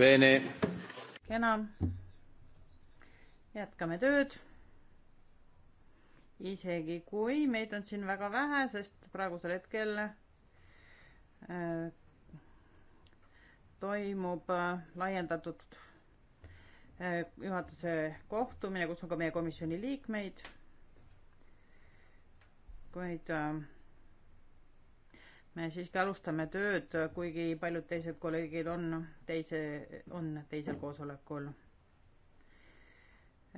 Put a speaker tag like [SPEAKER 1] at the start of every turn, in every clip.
[SPEAKER 1] Bene.
[SPEAKER 2] kena. jätkame tööd. isegi kui meid on siin väga vähe, sest praegusel hetkel äh, toimub äh, laiendatud äh, juhatuse kohtumine, kus on ka meie komisjoni liikmeid. kuid äh, me siiski alustame tööd, kuigi paljud teised kolleegid on teise, on teisel koosolekul.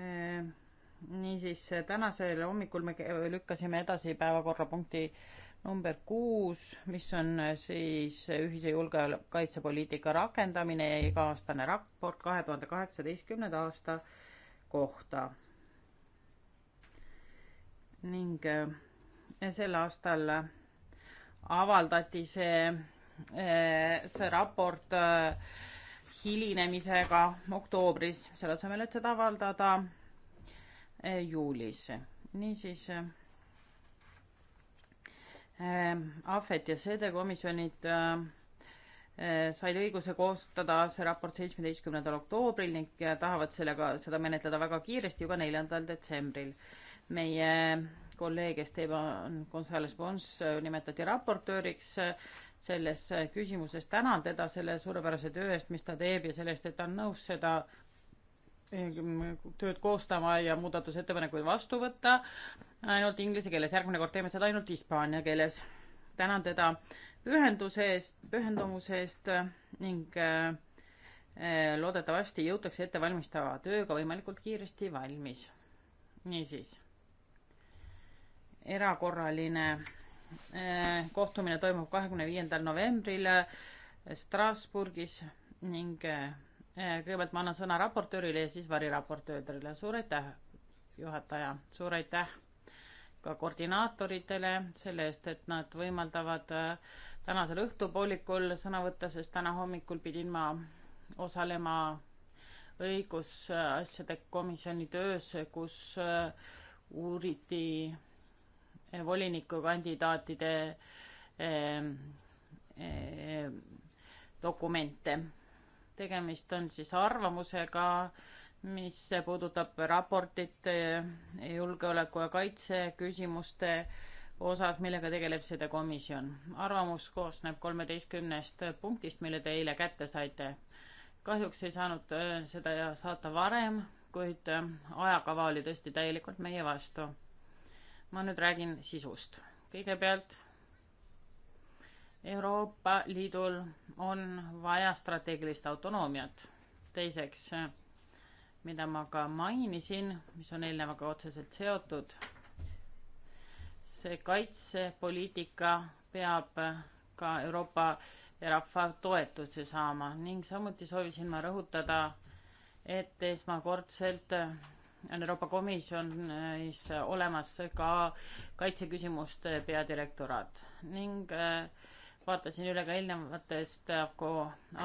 [SPEAKER 2] Ehm, niisiis, tänasel hommikul me lükkasime edasi päevakorrapunkti number kuus, mis on siis ühise julgekaitsepoliitika rakendamine ja iga-aastane raport kahe tuhande kaheksateistkümnenda aasta kohta. ning eh, sel aastal avaldati see, eh, see raport eh, hilinemisega oktoobris, selle asemel, et seda avaldada eh, juulis. niisiis Ahvet ja Sede komisjonid said õiguse koostada see raport seitsmeteistkümnendal oktoobril ning tahavad sellega, seda menetleda väga kiiresti juba neljandal detsembril. meie kolleeg Esteban Gonzalez Pons äh, nimetati raportööriks äh, selles äh, küsimuses. tänan teda selle suurepärase töö eest, mis ta teeb ja selle eest, et ta on nõus seda tööd koostama ja muudatusettepanekuid vastu võtta ainult inglise keeles. järgmine kord teeme seda ainult hispaania keeles. tänan teda pühenduse eest, pühendumuse eest ning äh, loodetavasti jõutakse ettevalmistava tööga võimalikult kiiresti valmis. niisiis erakorraline eh, kohtumine toimub kahekümne viiendal novembril eh, Strasburgis ning eh, kõigepealt ma annan sõna raportöörile ja siis variraportöörile. suur aitäh, juhataja, suur aitäh ka koordinaatoritele selle eest, et nad võimaldavad tänasel õhtupoolikul sõna võtta, sest täna hommikul pidin ma osalema õigusasjade komisjoni töös, kus uuriti volinikukandidaatide ehm, ehm, dokumente. tegemist on siis arvamusega, mis puudutab raportit eh, julgeoleku ja kaitse küsimuste osas, millega tegeleb seda komisjon. arvamus koosneb kolmeteistkümnest punktist, mille te eile kätte saite. kahjuks ei saanud eh, seda saata varem, kuid eh, ajakava oli tõesti täielikult meie vastu ma nüüd räägin sisust. kõigepealt Euroopa Liidul on vaja strateegilist autonoomiat. teiseks, mida ma ka mainisin, mis on eelnevaga otseselt seotud, see kaitsepoliitika peab ka Euroopa rahva toetuse saama ning samuti soovisin ma rõhutada, et esmakordselt on Euroopa Komisjonis olemas ka kaitseküsimuste peadirektoraat ning äh, vaatasin üle ka eelnevatest AFCO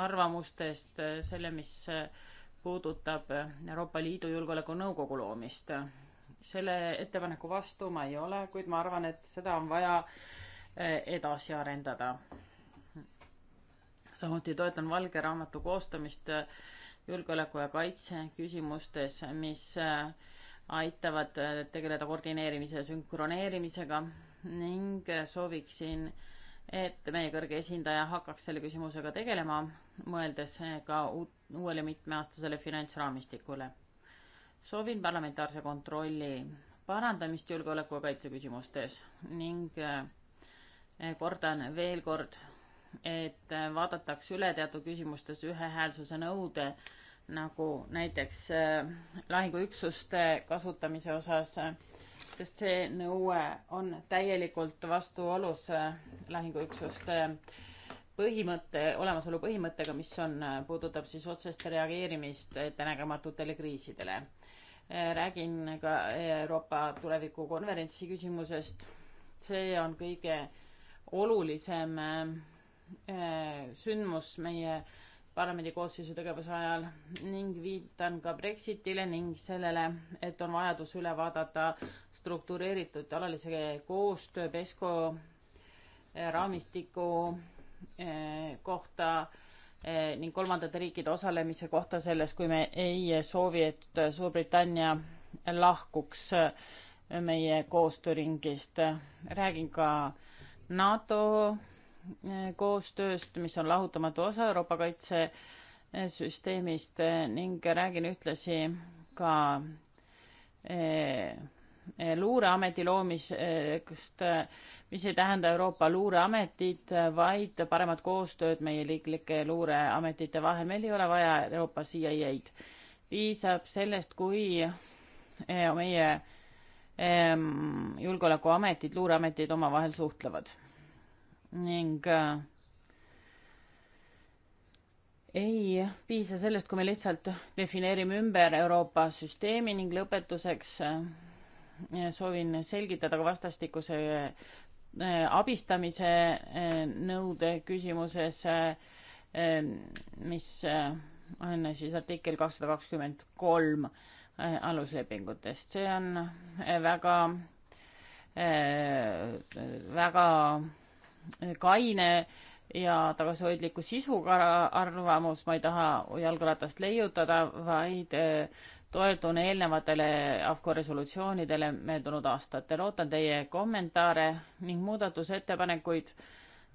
[SPEAKER 2] arvamustest äh, selle, mis äh, puudutab Euroopa Liidu Julgeolekunõukogu loomist. selle ettepaneku vastu ma ei ole, kuid ma arvan, et seda on vaja edasi arendada. samuti toetan valge raamatu koostamist julgeoleku ja kaitse küsimustes, mis äh, aitavad äh, tegeleda koordineerimise ja sünkroneerimisega ning äh, sooviksin, et meie kõrge esindaja hakkaks selle küsimusega tegelema, mõeldes ka uut, uuele mitmeaastasele finantsraamistikule. soovin parlamentaarse kontrolli parandamist julgeoleku ja kaitse küsimustes ning kordan veel kord et äh, vaadatakse üle teatud küsimustes ühehäälsuse nõude, nagu näiteks äh, lahinguüksuste kasutamise osas, sest see nõue on täielikult vastuolus äh, lahinguüksuste põhimõtte, olemasolu põhimõttega, mis on, puudutab siis otsest reageerimist ettenägematutele kriisidele. räägin ka Euroopa tulevikukonverentsi küsimusest. see on kõige olulisem Äh, sündmus meie parlamendi koosseisu tegevuse ajal ning viitan ka Brexitile ning sellele, et on vajadus üle vaadata struktureeritud alalise koostöö PESCO äh, raamistiku äh, kohta ning kolmandate riikide osalemise kohta selles, kui me ei soovi, et Suurbritannia lahkuks meie koostööringist. räägin ka NATO koostööst, mis on lahutamatu osa Euroopa kaitsesüsteemist eh, ning räägin ühtlasi ka eh, luureameti loomisest, mis ei tähenda Euroopa luureametit, vaid paremat koostööd meie liiklike luureametite vahel. meil ei ole vaja Euroopa CIA-d. piisab sellest, kui eh, meie julgeolekuametid, luureametid omavahel suhtlevad ning äh, ei piisa sellest, kui me lihtsalt defineerime ümber Euroopa süsteemi ning lõpetuseks äh, soovin selgitada ka vastastikuse äh, abistamise nõude küsimuses, mis on siis artikkel kakssada kakskümmend kolm aluslepingutest. see on väga, väga kaine ja tagasihoidliku sisuga arvamus, ma ei taha jalgratast leiutada, vaid eh, toetun eelnevatele AFCO resolutsioonidele möödunud aastatel. ootan teie kommentaare ning muudatusettepanekuid,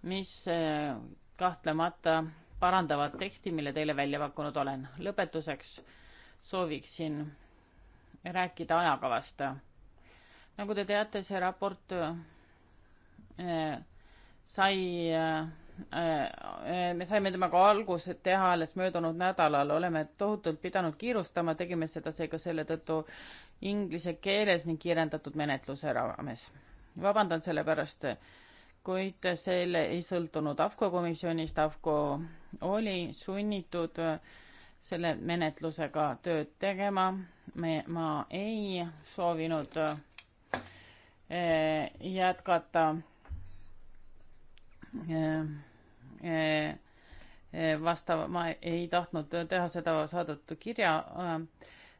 [SPEAKER 2] mis eh, kahtlemata parandavad teksti, mille teile välja pakkunud olen. lõpetuseks sooviksin rääkida ajakavast. nagu te teate, see raport äh, sai äh, äh, me saime temaga alguse teha alles möödunud nädalal, oleme tohutult pidanud kiirustama, tegime seda seega selle tõttu inglise keeles ning kiirendatud menetluse raames. vabandan selle pärast, kuid selle ei sõltunud AFCO komisjonist, AFCO oli sunnitud selle menetlusega tööd tegema, me, ma ei soovinud äh, jätkata Äh, äh, äh, vastav, ma ei tahtnud teha seda saadud kirja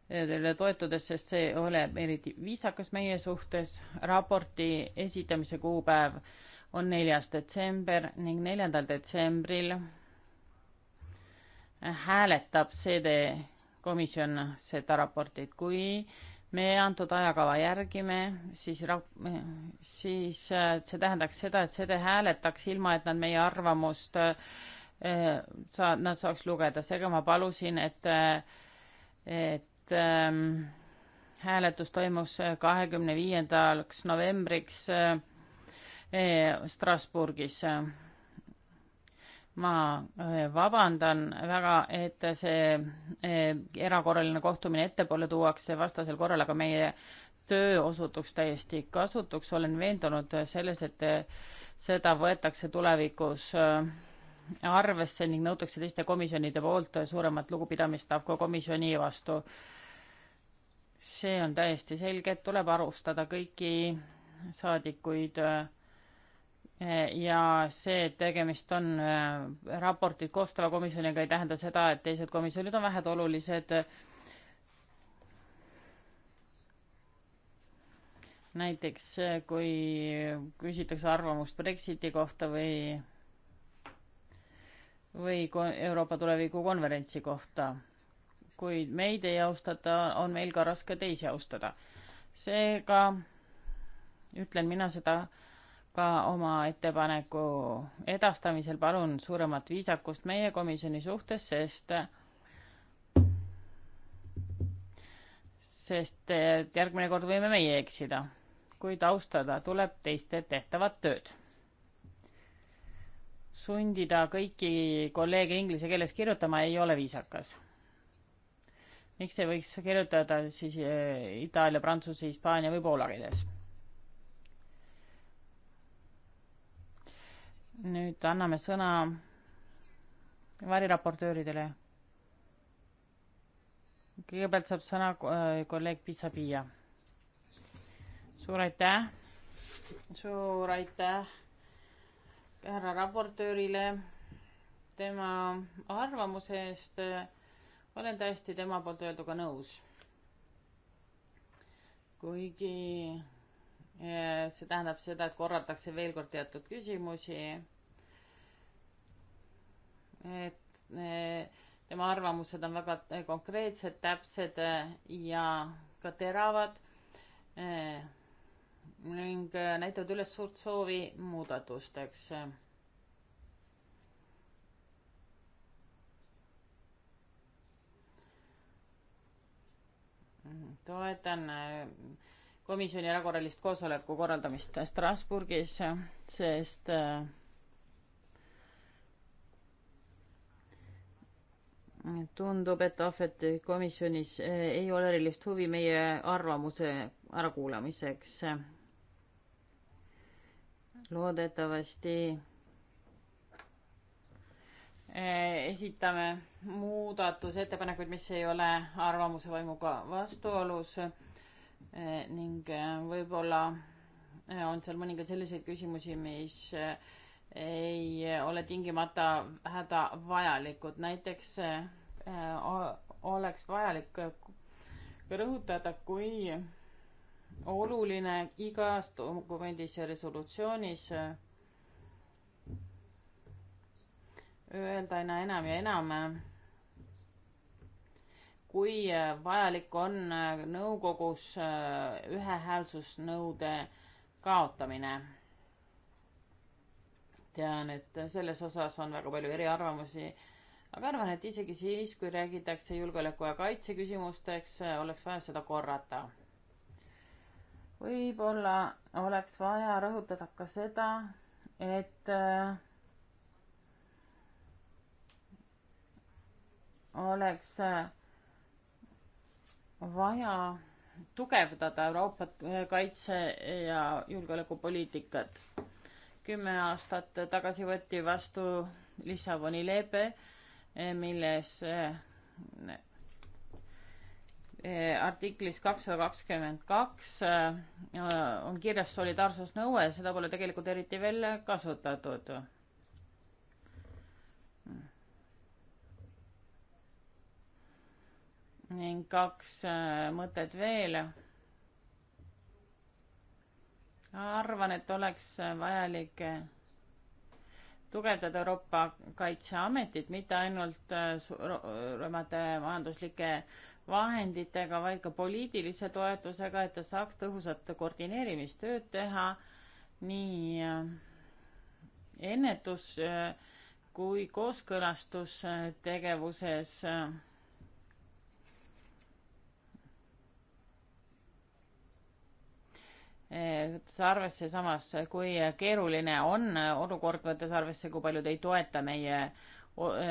[SPEAKER 2] teile toetudes, sest see ei ole eriti viisakas meie suhtes. raporti esitamise kuupäev on neljas detsember ning neljandal detsembril hääletab CD komisjon seda raportit, kui me antud ajakava järgime, siis, eh, siis eh, see tähendaks seda, et CD hääletaks ilma, et nad meie arvamust eh, saa-, nad saaks lugeda, seega ma palusin, et, et ähm, hääletus toimus kahekümne viiendaks novembriks äh, Strasbourgis ma äh, vabandan väga, et see äh, erakorraline kohtumine ettepoole tuuakse vastasel korral, aga meie töö osutuks täiesti kasutuks, olen veendunud selles, et äh, seda võetakse tulevikus arvesse ning nõutakse teiste komisjonide poolt suuremat lugupidamist AFCO komisjoni vastu. see on täiesti selge, et tuleb arvestada kõiki saadikuid äh, ja see, et tegemist on äh, raportit koostava komisjoniga, ei tähenda seda, et teised komisjonid on vähed olulised. näiteks äh, kui küsitakse arvamust Brexiti kohta või, või Euroopa tulevikukonverentsi kohta. kui meid ei austata, on meil ka raske teisi austada. seega ütlen mina seda ka oma ettepaneku edastamisel palun suuremat viisakust meie komisjoni suhtes, sest sest järgmine kord võime meie eksida, kuid austada tuleb teiste tehtavat tööd. sundida kõiki kolleege inglise keeles kirjutama ei ole viisakas. miks ei võiks kirjutada siis eh, itaalia, prantsuse, hispaania või poola keeles? nüüd anname sõna variraportööridele. kõigepealt saab sõna äh, kolleeg Pissapia. suur aitäh, suur aitäh härra raportöörile tema arvamuse eest. olen täiesti tema poolt öelduga nõus. kuigi Äh, see tähendab seda, et korratakse veel kord teatud küsimusi. et äh, tema arvamused on väga äh, konkreetsed, täpsed ja ka teravad ning näitavad üles suurt soovi muudatusteks toetan komisjoni erakorralist koosoleku korraldamist Strasbourgis, sest äh, tundub, et Ahvet komisjonis äh, ei ole erilist huvi meie arvamuse ärakuulamiseks. loodetavasti äh, esitame muudatusettepanekuid, mis ei ole arvamuse vaimuga vastuolus Eh, ning eh, võib-olla eh, on seal mõningaid selliseid küsimusi, mis ei ole tingimata hädavajalikud, näiteks oleks vajalik rõhutada, kui oluline igas dokumendis ja resolutsioonis öelda aina enam ja enam kui äh, vajalik on äh, nõukogus äh, ühehäälsusnõude kaotamine. tean, et selles osas on väga palju eriarvamusi, aga arvan, et isegi siis, kui räägitakse julgeoleku ja kaitse küsimusteks, oleks vaja seda korrata. võib-olla oleks vaja rõhutada ka seda, et oleks vaja tugevdada Euroopa äh, kaitse- ja julgeolekupoliitikat. kümme aastat tagasi võeti vastu Lissaboni lepe, äh, milles äh, artiklis kakssada kakskümmend kaks on kirjas solidaarsusnõue, seda pole tegelikult eriti veel kasutatud ning kaks äh, mõtet veel. arvan, et oleks äh, vajalik äh, tugevdada Euroopa Kaitseametit mitte ainult suuremate majanduslike vahenditega, vaid ka poliitilise toetusega, et ta saaks tõhusat koordineerimistööd teha nii ennetus kui kooskõlastustegevuses võttes arvesse samas, kui keeruline on olukord, võttes arvesse, kui paljud ei toeta meie,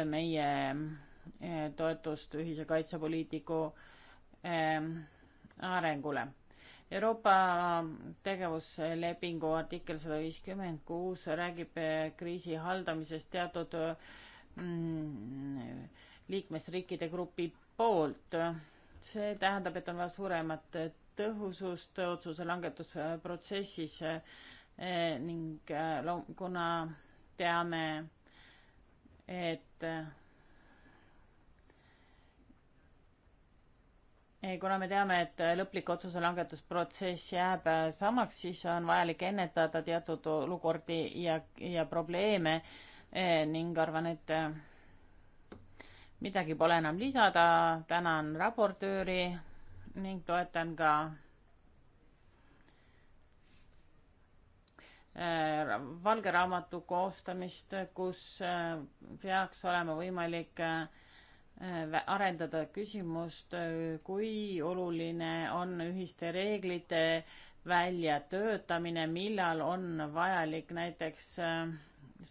[SPEAKER 2] meie eh, toetust ühise kaitsepoliitiku eh, arengule. Euroopa tegevuslepingu artikkel sada viiskümmend kuus räägib eh, kriisi haldamisest teatud mm, liikmesriikide grupi poolt. see tähendab, et on vaja suuremat tõhusust otsuse langetusprotsessis eh, ning eh, kuna teame, et eh, kuna me teame, et lõplik otsuse langetusprotsess jääb samaks, siis on vajalik ennetada teatud olukordi ja, ja probleeme ning arvan, et midagi pole enam lisada. tänan raportööri ning toetan ka äh, valge raamatu koostamist, kus äh, peaks olema võimalik äh, arendada küsimust, kui oluline on ühiste reeglite väljatöötamine, millal on vajalik näiteks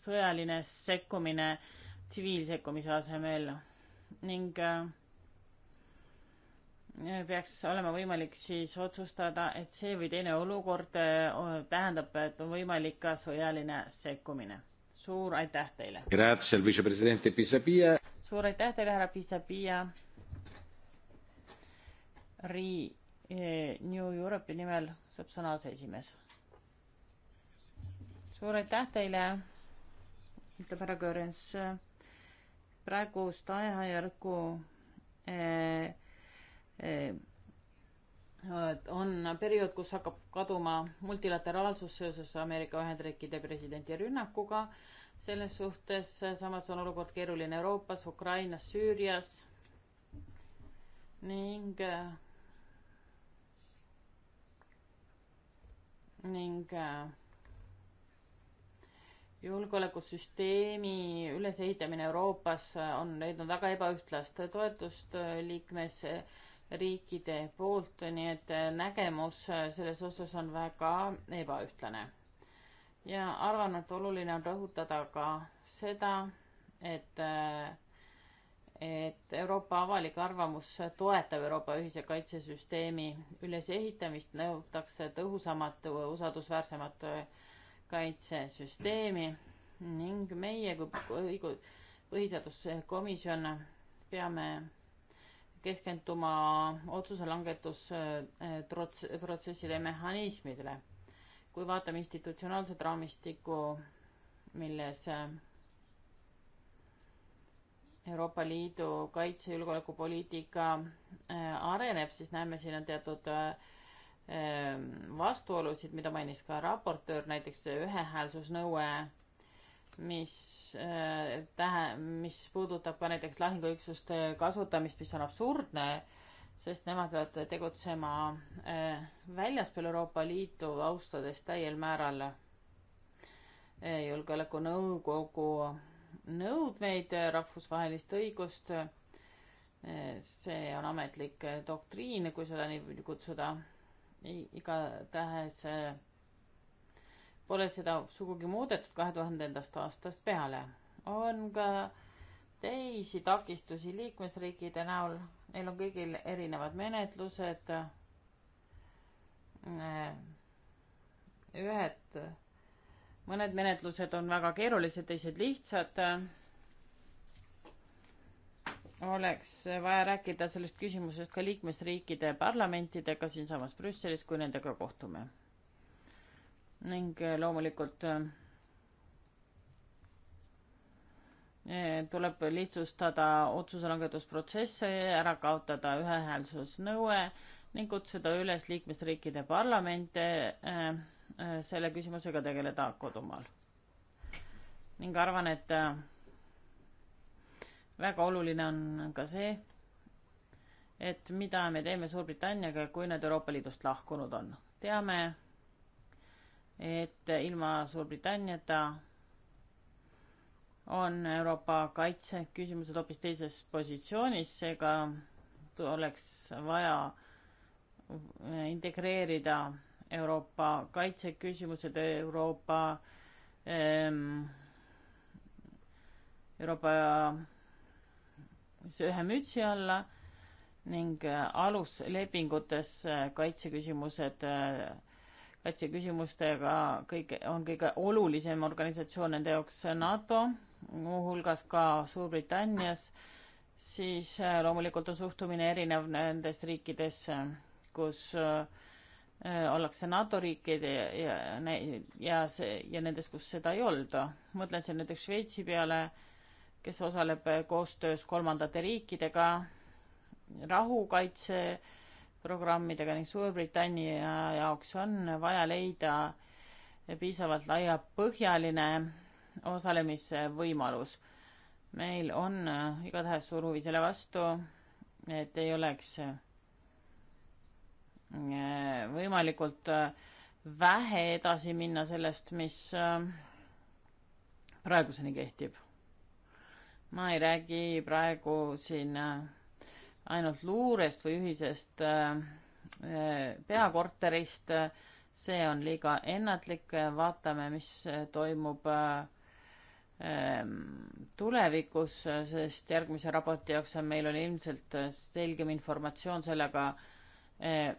[SPEAKER 2] sõjaline sekkumine tsiviilsekkumise asemel ning äh, peaks olema võimalik siis otsustada, et see või teine olukord eh, tähendab, et on võimalik ka sõjaline sekkumine. suur aitäh teile! suur aitäh teile, härra Pisapia! Ri-, eh, New Europe'i nimel saab sõna aseesimees. suur aitäh teile, ütleb härra Görens. praegust ajajärku eh, Ehm, on periood, kus hakkab kaduma multilateraalsus seoses Ameerika Ühendriikide presidendi rünnakuga. selles suhtes samas on olukord keeruline Euroopas, Ukrainas, Süürias ning ning julgeolekusüsteemi ülesehitamine Euroopas on leidnud väga ebaühtlast toetust liikmes riikide poolt, nii et äh, nägemus äh, selles osas on väga ebaühtlane. ja arvan, et oluline on rõhutada ka seda, et äh, et Euroopa avalik arvamus toetab Euroopa ühise kaitsesüsteemi ülesehitamist, nõutakse tõhusamat, usaldusväärsemat kaitsesüsteemi ning meie kui põhiseaduskomisjon peame keskenduma otsuse langetusprotsessile eh, ja mehhanismidele. kui vaatame institutsionaalset raamistikku, milles eh, Euroopa Liidu kaitse- ja julgeolekupoliitika eh, areneb, siis näeme, siin on teatud vastuolusid, mida mainis ka raportöör, näiteks see ühehäälsusnõue mis äh, tähe-, mis puudutab ka näiteks lahinguüksuste kasutamist, mis on absurdne, sest nemad peavad tegutsema äh, väljaspool Euroopa Liitu, austades täiel määral äh, julgeolekunõukogu nõudmeid, rahvusvahelist õigust. see on ametlik doktriin, kui seda nii kutsuda. igatahes Pole seda sugugi muudetud kahe tuhandendast aastast peale. on ka teisi takistusi liikmesriikide näol, neil on kõigil erinevad menetlused. ühed, mõned menetlused on väga keerulised, teised lihtsad. oleks vaja rääkida sellest küsimusest ka liikmesriikide parlamentidega siinsamas Brüsselis, kui nendega kohtume ning eh, loomulikult eh, eh, tuleb lihtsustada otsuse langetusprotsesse, ära kaotada ühehäälsusnõue ning kutsuda üles liikmesriikide parlamente selle küsimusega tegeleda kodumaal. ning arvan, et väga oluline on ka see, et mida me teeme Suurbritanniaga, kui nad Euroopa Liidust lahkunud on. teame et ilma Suurbritanniata on Euroopa kaitseküsimused hoopis teises positsioonis, seega oleks vaja integreerida Euroopa kaitseküsimused Euroopa ähm, Euroopa ühe mütsi alla ning aluslepingutes kaitseküsimused äh, kaitseküsimustega kõige, on kõige olulisem organisatsioon nende jaoks NATO, muuhulgas ka Suurbritannias, siis äh, loomulikult on suhtumine erinev nendes riikides, kus äh, ollakse NATO riikide ja, ja, ja see ja nendes, kus seda ei olda. mõtlen siin näiteks Šveitsi peale, kes osaleb koostöös kolmandate riikidega rahukaitse äh, programmidega ning Suurbritannia jaoks on vaja leida piisavalt laiapõhjaline osalemisvõimalus. meil on igatahes suur huvi selle vastu, et ei oleks äh, võimalikult äh, vähe edasi minna sellest, mis äh, praeguseni kehtib. ma ei räägi praegu siin ainult luurest või ühisest äh, äh, peakorterist, see on liiga ennatlik, vaatame, mis toimub äh, ähm, tulevikus, sest järgmise raporti jaoks on, meil on ilmselt selgem informatsioon sellega,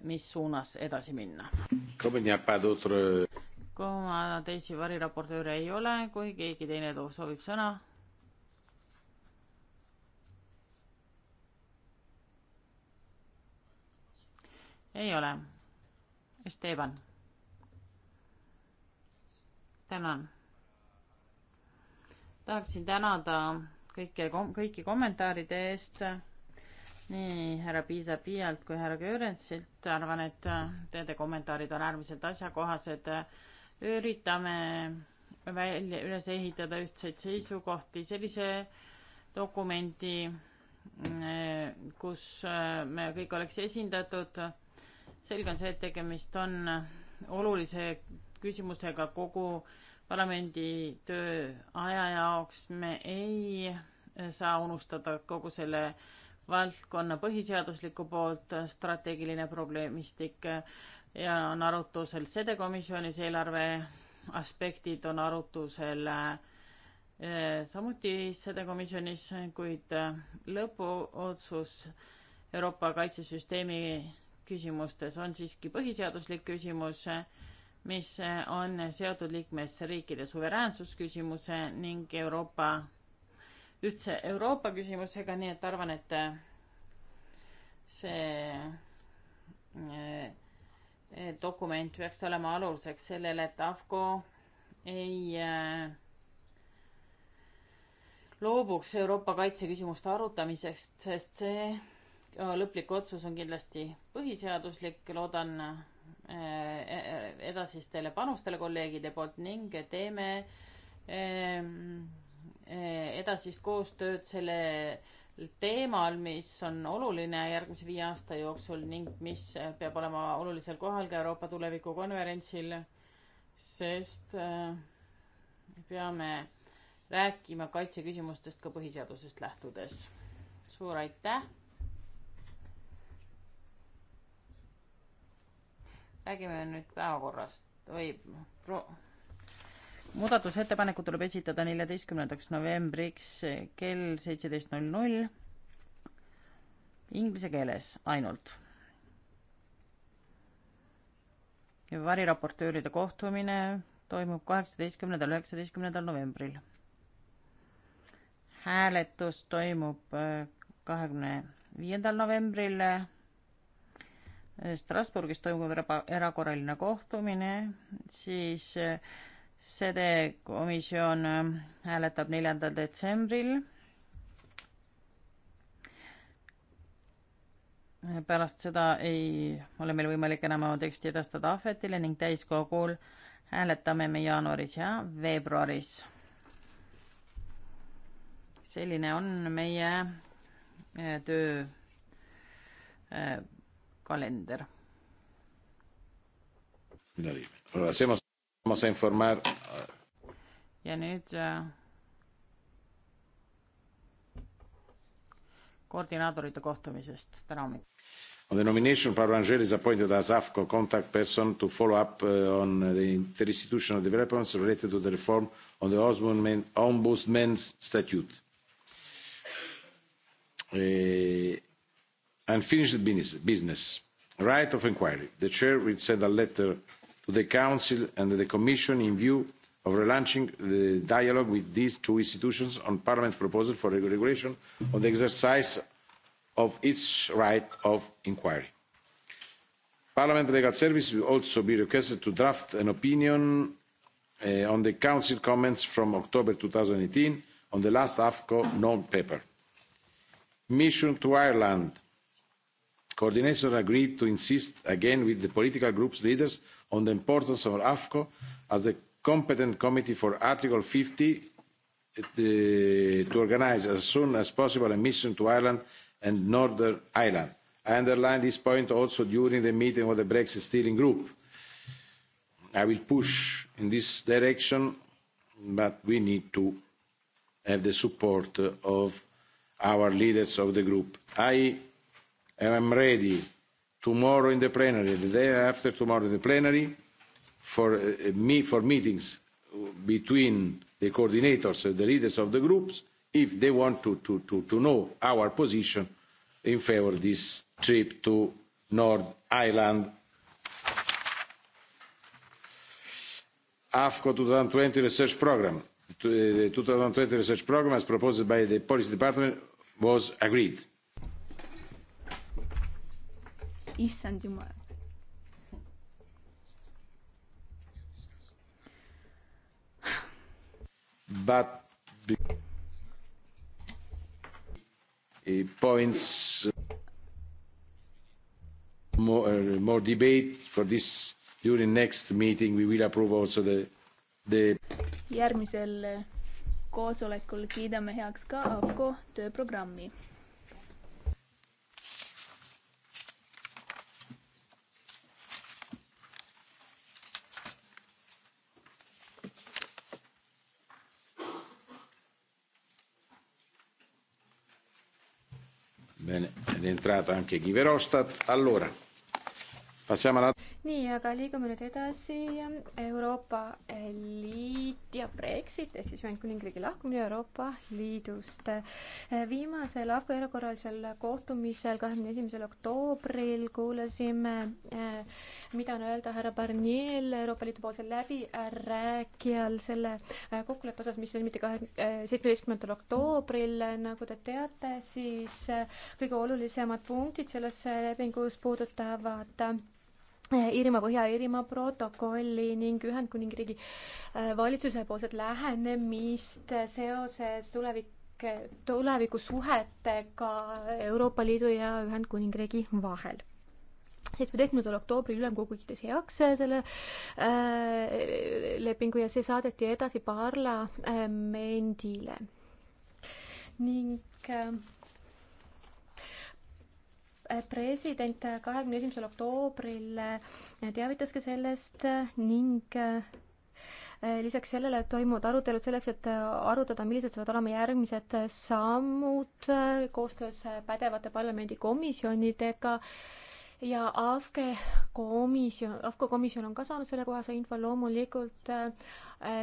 [SPEAKER 2] mis suunas edasi minna. kuna teisi variraportööre ei ole, kui keegi teine soovib sõna ei ole. Esteban. tänan. tahaksin tänada kõike, kõiki kommentaaride eest nii härra Piisa-Piialt kui härra Göransilt, arvan, et teie kommentaarid on äärmiselt asjakohased. üritame välja, üles ehitada ühtseid seisukohti sellise dokumendi, kus me kõik oleks esindatud selge on see, et tegemist on olulise küsimusega kogu parlamendi töö aja jaoks. me ei saa unustada kogu selle valdkonna põhiseaduslikku poolt, strateegiline probleemistik ja on arutusel sede komisjonis, eelarve aspektid on arutusel eh, samuti sede komisjonis, kuid eh, lõpuotsus Euroopa kaitsesüsteemi küsimustes on siiski põhiseaduslik küsimus, mis on seotud liikmesriikide suveräänsusküsimuse ning Euroopa, üldse Euroopa küsimusega, nii et arvan, et see eh, dokument peaks olema aluseks sellele, et AFCO ei eh, loobuks Euroopa kaitseküsimuste arutamisest, sest see lõplik otsus on kindlasti põhiseaduslik, loodan eh, eh, edasistele panustele kolleegide poolt ning teeme eh, edasist koostööd selle teemal, mis on oluline järgmise viie aasta jooksul ning mis peab olema olulisel kohal ka Euroopa tulevikukonverentsil, sest peame rääkima kaitseküsimustest ka põhiseadusest lähtudes. suur aitäh räägime nüüd päevakorrast või pro-, muudatusettepanekud tuleb esitada neljateistkümnendaks novembriks kell seitseteist null null inglise keeles ainult. variraportööride kohtumine toimub kaheksateistkümnendal, üheksateistkümnendal novembril. hääletus toimub äh, kahekümne viiendal novembril Strasbourgis toimuv erakorraline kohtumine, siis sede eh, komisjon eh, hääletab neljandal detsembril. Eh, pärast seda ei ole meil võimalik enam oma teksti edastada ahvetile ning täiskogul hääletame me jaanuaris ja veebruaris. selline on meie töö kalender.
[SPEAKER 1] Ah,
[SPEAKER 2] ja nüüd äh, koordinaatorite kohtumisest täna hommikul.
[SPEAKER 1] On the nomination, Paolo Angeli is appointed as AFCO contact person to follow up uh, on the interinstitutional developments related to the reform on the Ombudsman, Ombudsman's Statute. Eh, unfinished business right of inquiry the chair will send a letter to the council and the commission in view of relaunching the dialogue with these two institutions on parliament's proposal for a regulation on the exercise of its right of inquiry. parliament's legal service will also be requested to draft an opinion uh, on the council comments from october two thousand and eighteen on the last afco non paper. mission to ireland coordinators agreed to insist again with the political groups' leaders on the importance of afco as the competent committee for article fifty uh, to organise as soon as possible a mission to ireland and northern ireland. i underlined this point also during the meeting of the brexit steering group. i will push in this direction but we need to have the support of our leaders of the group. i and I'm ready tomorrow in the plenary, the day after tomorrow in the plenary, for, uh, uh, me, for meetings between the coordinators and the leaders of the groups if they want to, to, to, to know our position in favour of this trip to Nord Island. AFCO 2020 research programme. The 2020 research programme as proposed by the policy department was agreed
[SPEAKER 3] issand jumal.
[SPEAKER 1] But points uh, more, uh, more debate for this during next meeting we will approve also the the
[SPEAKER 3] järgmisel uh, koosolekul kiidame heaks ka AFCO tööprogrammi
[SPEAKER 1] è entrato anche guy verhofstadt
[SPEAKER 4] nii, aga liigume nüüd edasi. Euroopa Liit ja Brexit ehk siis Ühendkuningriigi lahkumine Euroopa Liidust. viimasel AFCO erakorralisel kohtumisel, kahekümne esimesel oktoobril kuulasime, mida on öelda härra Barniel, Euroopa Liidu poolsel läbirääkijal selle kokkuleppe osas, mis sõlmiti kahe, seitsmeteistkümnendal oktoobril, nagu te teate, siis kõige olulisemad punktid selles lepingus puudutavad Iirimaa, Põhja-Iirimaa protokolli ning Ühendkuningriigi äh, valitsusepoolset lähenemist seoses tulevik, tulevikusuhetega Euroopa Liidu ja Ühendkuningriigi vahel. seitsmeteistkümnendal oktoobril ülemkogu kiitis heaks äh, selle äh, lepingu ja see saadeti edasi parlamendile äh,. ning äh, president kahekümne esimesel oktoobril teavitas ka sellest ning äh, lisaks sellele toimuvad arutelud selleks, et arutada, millised saavad olema järgmised sammud äh, koostöös pädevate parlamendikomisjonidega ja AFCE komisjon, AFCO komisjon on ka saanud sellekohase info, loomulikult äh,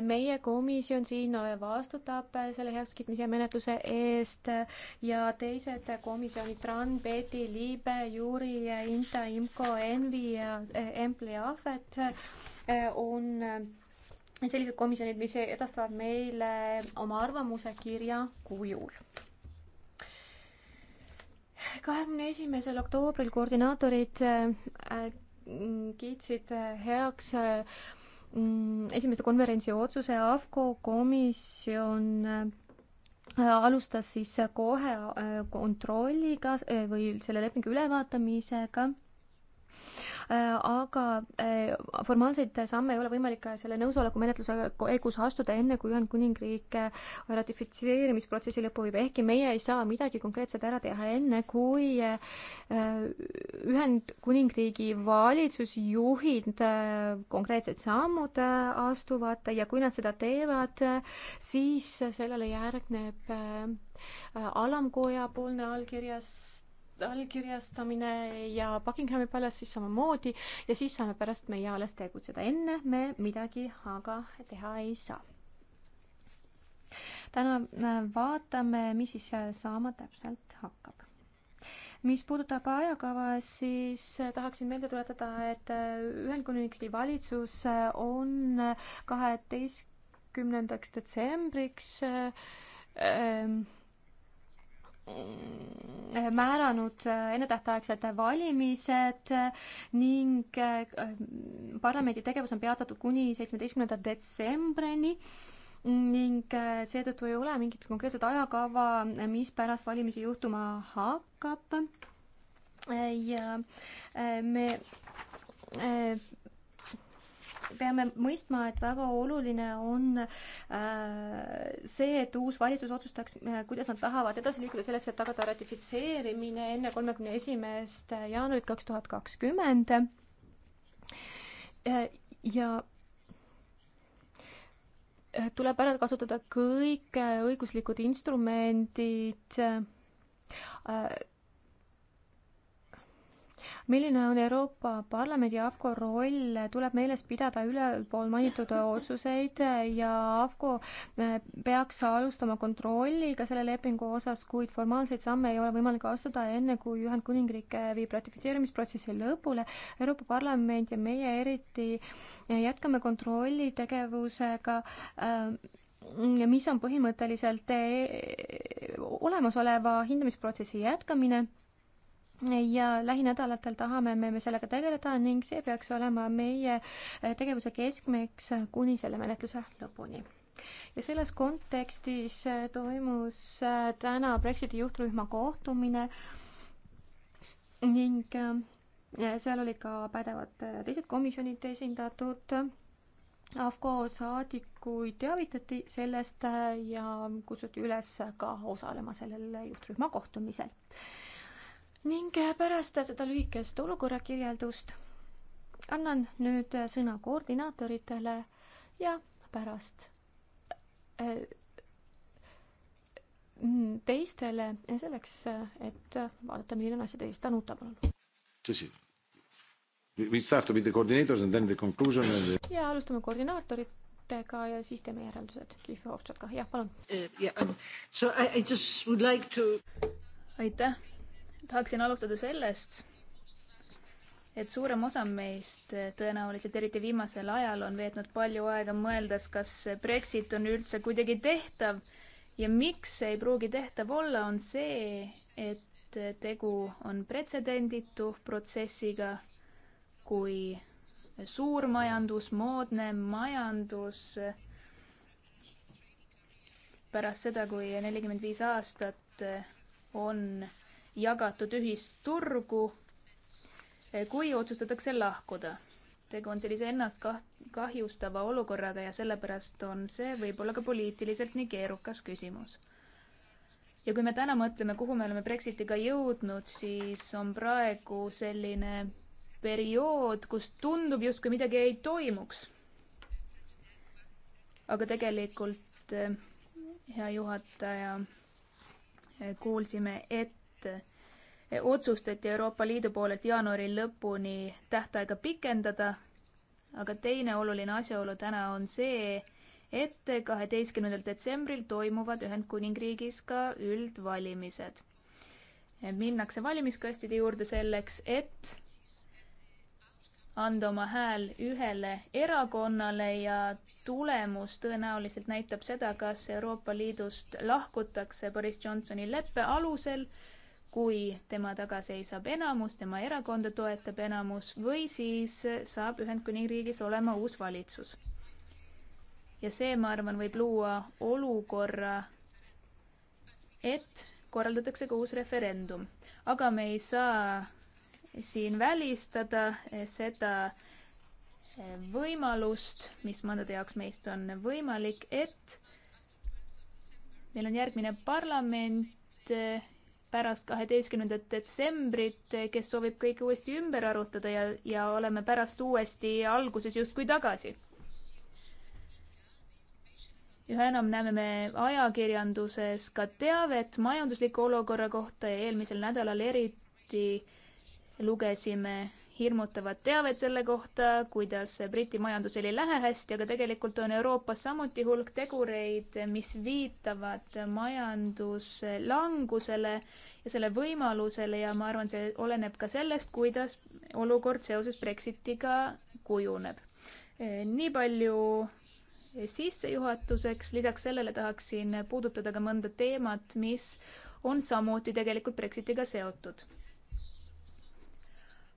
[SPEAKER 4] meie komisjon siin äh, vastutab äh, selle heakskiitmise menetluse eest ja teised komisjonid, TRAN, PETI, LIBE, JURI, INTA, IMCO, ENVI ja EMPL ja AFET on sellised komisjonid, mis edastavad meile oma arvamuse kirja kujul kahekümne esimesel oktoobril koordinaatorid äh, kiitsid äh, heaks äh, mm, esimeste konverentsi otsuse AFCO komisjon alustas siis kohe kontrolliga või selle lepingu ülevaatamisega Äh, aga äh, formaalseid samme ei ole võimalik äh, selle nõusoleku menetluse käigus astuda enne, kui Ühendkuningriik ratifitseerimisprotsessi lõppu viib, ehkki meie ei saa midagi konkreetset ära teha enne, kui Ühendkuningriigi valitsusjuhid konkreetsed sammud astuvad ja kui nad seda teevad, siis sellele järgneb alamkoja poolne allkirjast allkirjastamine ja Buckinghami Palace'is samamoodi ja siis saame pärast meie alles tegutseda. enne me midagi aga teha ei saa. täna äh, vaatame, mis siis äh, saama täpselt hakkab mis puudutab ajakava, siis äh, tahaksin meelde tuletada, et Ühendkuningriigi valitsus on kaheteistkümnendaks detsembriks ähm, Äh, määranud äh, ennetähtaegsed valimised ning äh, parlamendi tegevus on peatatud kuni seitsmeteistkümnenda detsembrini ning seetõttu ei ole mingit konkreetset ajakava, mis pärast valimisi juhtuma hakkab. ja me peame mõistma, et väga oluline on äh, see, et uus valitsus otsustaks, äh, kuidas nad tahavad edasi liikuda selleks, et tagada ratifitseerimine enne kolmekümne esimest jaanuarit kaks tuhat kakskümmend. Äh, ja tuleb ära kasutada kõik õiguslikud instrumendid milline on Euroopa Parlamendi ja AFCO roll, tuleb meeles pidada ülepool mainitud otsuseid ja AFCO eh, peaks alustama kontrolliga selle lepingu osas, kuid formaalseid samme ei ole võimalik astuda enne, kui Ühendkuningriik viib ratifitseerimisprotsessi lõpule. Euroopa Parlament ja meie eriti eh, jätkame kontrollitegevusega eh, mis on põhimõtteliselt olemasoleva hindamisprotsessi jätkamine ja lähinädalatel tahame me, me sellega tegeleda ning see peaks olema meie äh, tegevuse keskmeks kuni selle menetluse lõpuni. ja selles kontekstis äh, toimus äh, täna Brexiti juhtrühma kohtumine ning seal olid ka pädevad teised komisjonid esindatud. AFCO saadikuid teavitati sellest ja kutsuti üles ka osalema sellel juhtrühma kohtumisel ning pärast seda lühikest olukorra kirjeldust annan nüüd sõna koordinaatoritele ja pärast äh, teistele selleks, et vaadata, milline on asjade seis. Danuta, palun.
[SPEAKER 1] tõsi? We start with the coordinators and then the conclusion and the...
[SPEAKER 4] ja alustame koordinaatoritega ja
[SPEAKER 3] siis teeme järeldused. Kihv ja Hofstad ka, jah, palun uh,. Yeah, um, so I, I just would like to aitäh tahaksin alustada sellest, et suurem osa meist tõenäoliselt, eriti viimasel ajal, on veetnud palju aega mõeldes, kas Brexit on üldse kuidagi tehtav ja miks see ei pruugi tehtav olla, on see, et tegu on pretsedenditu protsessiga, kui suur majandus, moodne majandus pärast seda, kui nelikümmend viis aastat on jagatud ühisturgu, eh, kui otsustatakse lahkuda. tegu on sellise ennast kahjustava olukorraga ja sellepärast on see võib-olla ka poliitiliselt nii keerukas küsimus. ja kui me täna mõtleme, kuhu me oleme Brexitiga jõudnud, siis on praegu selline periood, kus tundub justkui midagi ei toimuks. aga tegelikult, eh, hea juhataja, eh, kuulsime, et et eh, otsustati Euroopa Liidu poolelt jaanuari lõpuni tähtaega pikendada, aga teine oluline asjaolu täna on see, et kaheteistkümnendal detsembril toimuvad Ühendkuningriigis ka üldvalimised. minnakse valimiskastide juurde selleks, et anda oma hääl ühele erakonnale ja tulemus tõenäoliselt näitab seda, kas Euroopa Liidust lahkutakse Boris Johnsoni leppe alusel kui tema taga seisab enamus, tema erakonda toetab enamus või siis saab Ühendkuningriigis olema uus valitsus. ja see, ma arvan, võib luua olukorra, et korraldatakse ka uus referendum, aga me ei saa siin välistada seda võimalust, mis mõndade jaoks meist on võimalik, et meil on järgmine parlament pärast kaheteistkümnendat detsembrit, kes soovib kõike uuesti ümber arutada ja, ja oleme pärast uuesti alguses justkui tagasi. üha enam näeme me ajakirjanduses ka teavet majandusliku olukorra kohta ja eelmisel nädalal eriti lugesime hirmutavat teavet selle kohta, kuidas Briti majandusel ei lähe hästi, aga tegelikult on Euroopas samuti hulk tegureid, mis viitavad majanduslangusele ja selle võimalusele ja ma arvan, see oleneb ka sellest, kuidas olukord seoses Brexitiga kujuneb. nii palju sissejuhatuseks, lisaks sellele tahaksin puudutada ka mõnda teemat, mis on samuti tegelikult Brexitiga seotud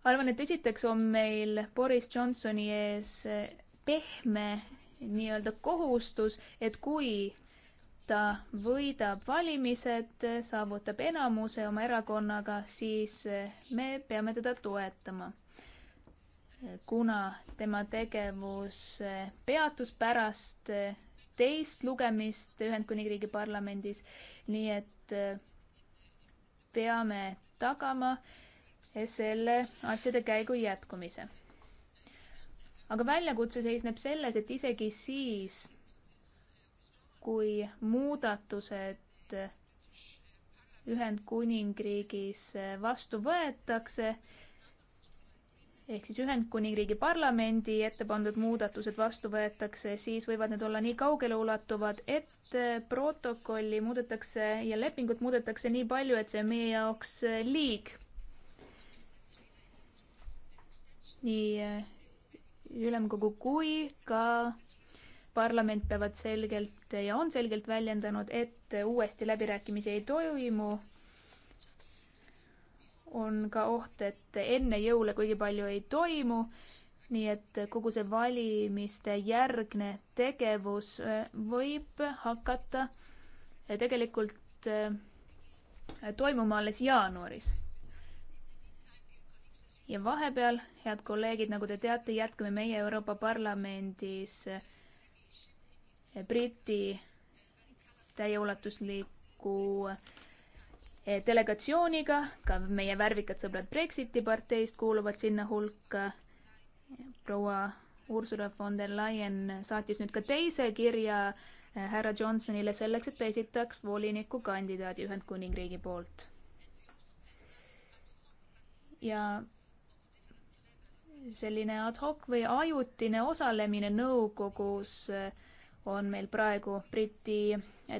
[SPEAKER 3] arvan, et esiteks on meil Boris Johnsoni ees pehme nii-öelda kohustus, et kui ta võidab valimised, saavutab enamuse oma erakonnaga, siis me peame teda toetama. kuna tema tegevus peatus pärast teist lugemist Ühendkuningriigi parlamendis, nii et peame tagama, selle asjade käigu jätkumise. aga väljakutse seisneb selles, et isegi siis, kui muudatused Ühendkuningriigis vastu võetakse, ehk siis Ühendkuningriigi parlamendi ette pandud muudatused vastu võetakse, siis võivad need olla nii kaugeleulatuvad, et protokolli muudetakse ja lepingut muudetakse nii palju, et see on meie jaoks liig nii äh, ülemkogu kui ka parlament peavad selgelt ja on selgelt väljendanud, et uuesti läbirääkimisi ei toimu. on ka oht, et enne jõule kuigi palju ei toimu. nii et kogu see valimiste järgne tegevus äh, võib hakata äh, tegelikult toimuma alles jaanuaris ja vahepeal, head kolleegid, nagu te teate, jätkame meie Euroopa Parlamendis eh, Briti täieulatusliku eh, delegatsiooniga, ka meie värvikad sõbrad Brexiti parteist kuuluvad sinna hulka. proua Ursula von der Leyen saatis nüüd ka teise kirja eh, härra Johnsonile selleks, et ta esitaks volinikukandidaadi Ühendkuningriigi poolt. ja selline ad hoc või ajutine osalemine nõukogus eh, on meil praegu Briti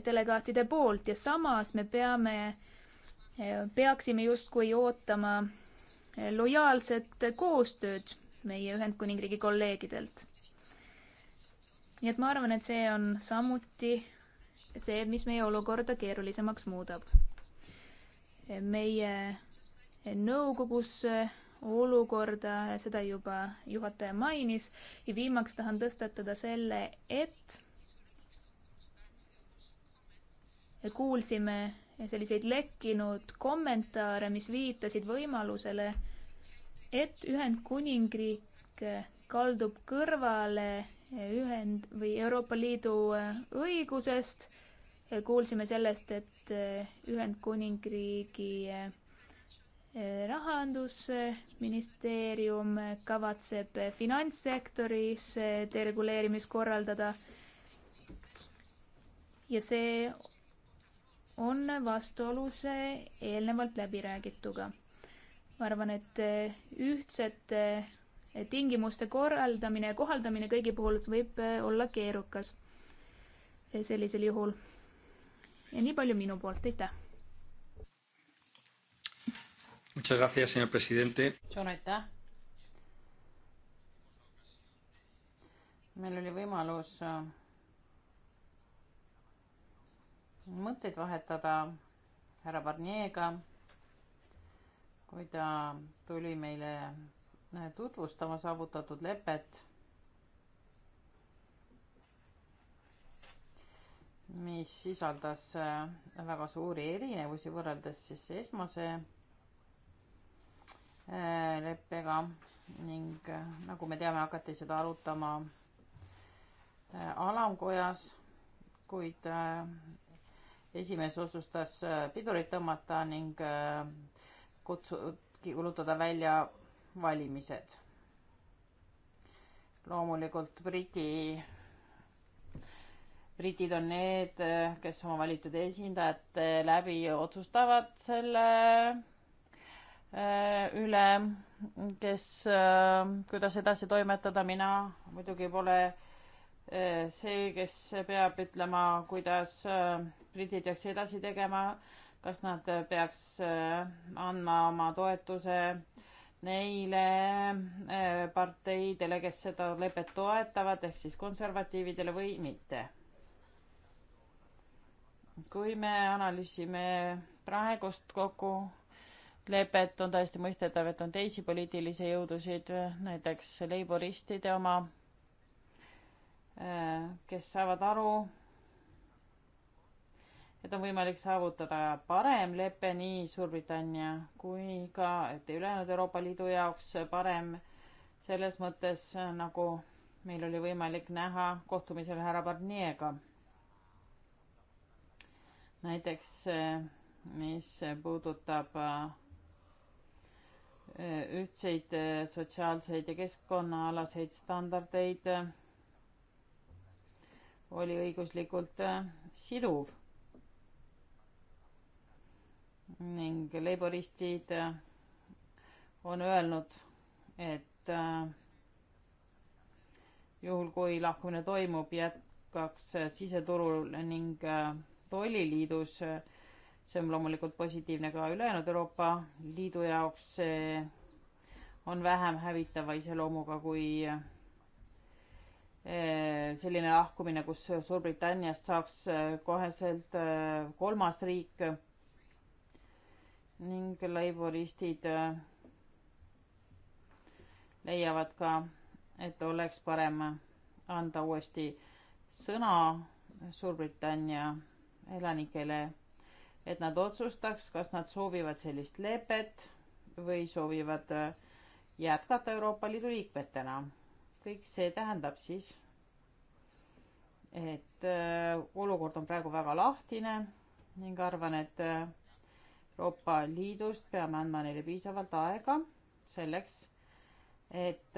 [SPEAKER 3] delegaatide poolt ja samas me peame, eh, peaksime justkui ootama eh, lojaalset koostööd meie Ühendkuningriigi kolleegidelt. nii et ma arvan, et see on samuti see, mis meie olukorda keerulisemaks muudab. meie nõukogus olukorda, seda juba juhataja mainis ja viimaks tahan tõstatada selle, et kuulsime selliseid lekkinud kommentaare, mis viitasid võimalusele, et Ühendkuningriik kaldub kõrvale ühend- või Euroopa Liidu õigusest. kuulsime sellest, et Ühendkuningriigi rahandusministeerium kavatseb finantssektoris dereguleerimist korraldada. ja see on vastuolus eelnevalt läbiräägituga. ma arvan, et ühtsete tingimuste korraldamine ja kohaldamine kõigi puhul võib olla keerukas sellisel juhul. ja nii palju minu poolt, aitäh!
[SPEAKER 1] suur
[SPEAKER 2] aitäh. meil oli võimalus äh, mõtteid vahetada härra Barnier'ga, kui ta tuli meile äh, tutvustama saavutatud lepet, mis sisaldas äh, väga suuri erinevusi võrreldes siis esmase Äh, leppega ning äh, nagu me teame, hakati seda arutama äh, alamkojas, kuid esimees otsustas pidurit tõmmata ning kutsu-, kuulutada välja valimised. loomulikult Briti, britid on need, kes oma valitud esindajate läbi otsustavad selle Äh, üle, kes, äh, kuidas edasi toimetada, mina muidugi pole äh, see, kes peab ütlema, kuidas britid peaks edasi tegema, kas nad peaks andma oma toetuse neile parteidele, kes seda lepet toetavad, ehk siis konservatiividele või mitte. kui me analüüsime praegust kokku lepet, on täiesti mõistetav, et on teisi poliitilisi jõudusid, näiteks leiboristide oma, äh, kes saavad aru, et on võimalik saavutada parem lepe nii Suurbritannia kui ka ülejäänud Euroopa Liidu jaoks parem selles mõttes, nagu meil oli võimalik näha kohtumisel härra Barnier'ga. näiteks äh, mis puudutab äh, ühtseid sotsiaalseid ja keskkonnaalaseid standardeid oli õiguslikult äh, siduv ning laboristid äh, on öelnud, et äh, juhul, kui lahkumine toimub, jätkaks siseturul ning tolliliidus äh, see on loomulikult positiivne ka ülejäänud Euroopa Liidu jaoks, see on vähem hävitava iseloomuga kui eh, selline lahkumine, kus Suurbritanniast saaks eh, koheselt eh, kolmas riik ning laboristid leiavad ka, et oleks parem anda uuesti sõna Suurbritannia elanikele et nad otsustaks, kas nad soovivad sellist lepet või soovivad äh, jätkata Euroopa Liidu liikmetena. kõik see tähendab siis, et äh, olukord on praegu väga lahtine ning arvan, et äh, Euroopa Liidust peame andma neile piisavalt aega selleks, et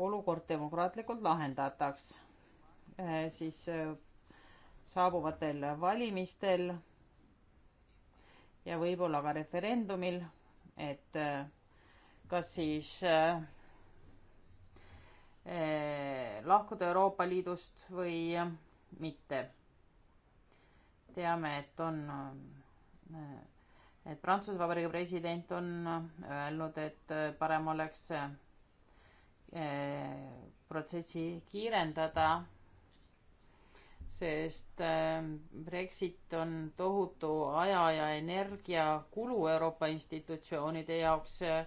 [SPEAKER 2] olukord demokraatlikult lahendataks siis saabuvatel valimistel ja võib-olla ka referendumil, et äh, kas siis äh, eh, lahkuda Euroopa Liidust või äh, mitte. teame, et on, et Prantsuse Vabariigi president on öelnud, et parem oleks eh, protsessi kiirendada sest ähm, Brexit on tohutu aja ja energiakulu Euroopa institutsioonide jaoks, äh,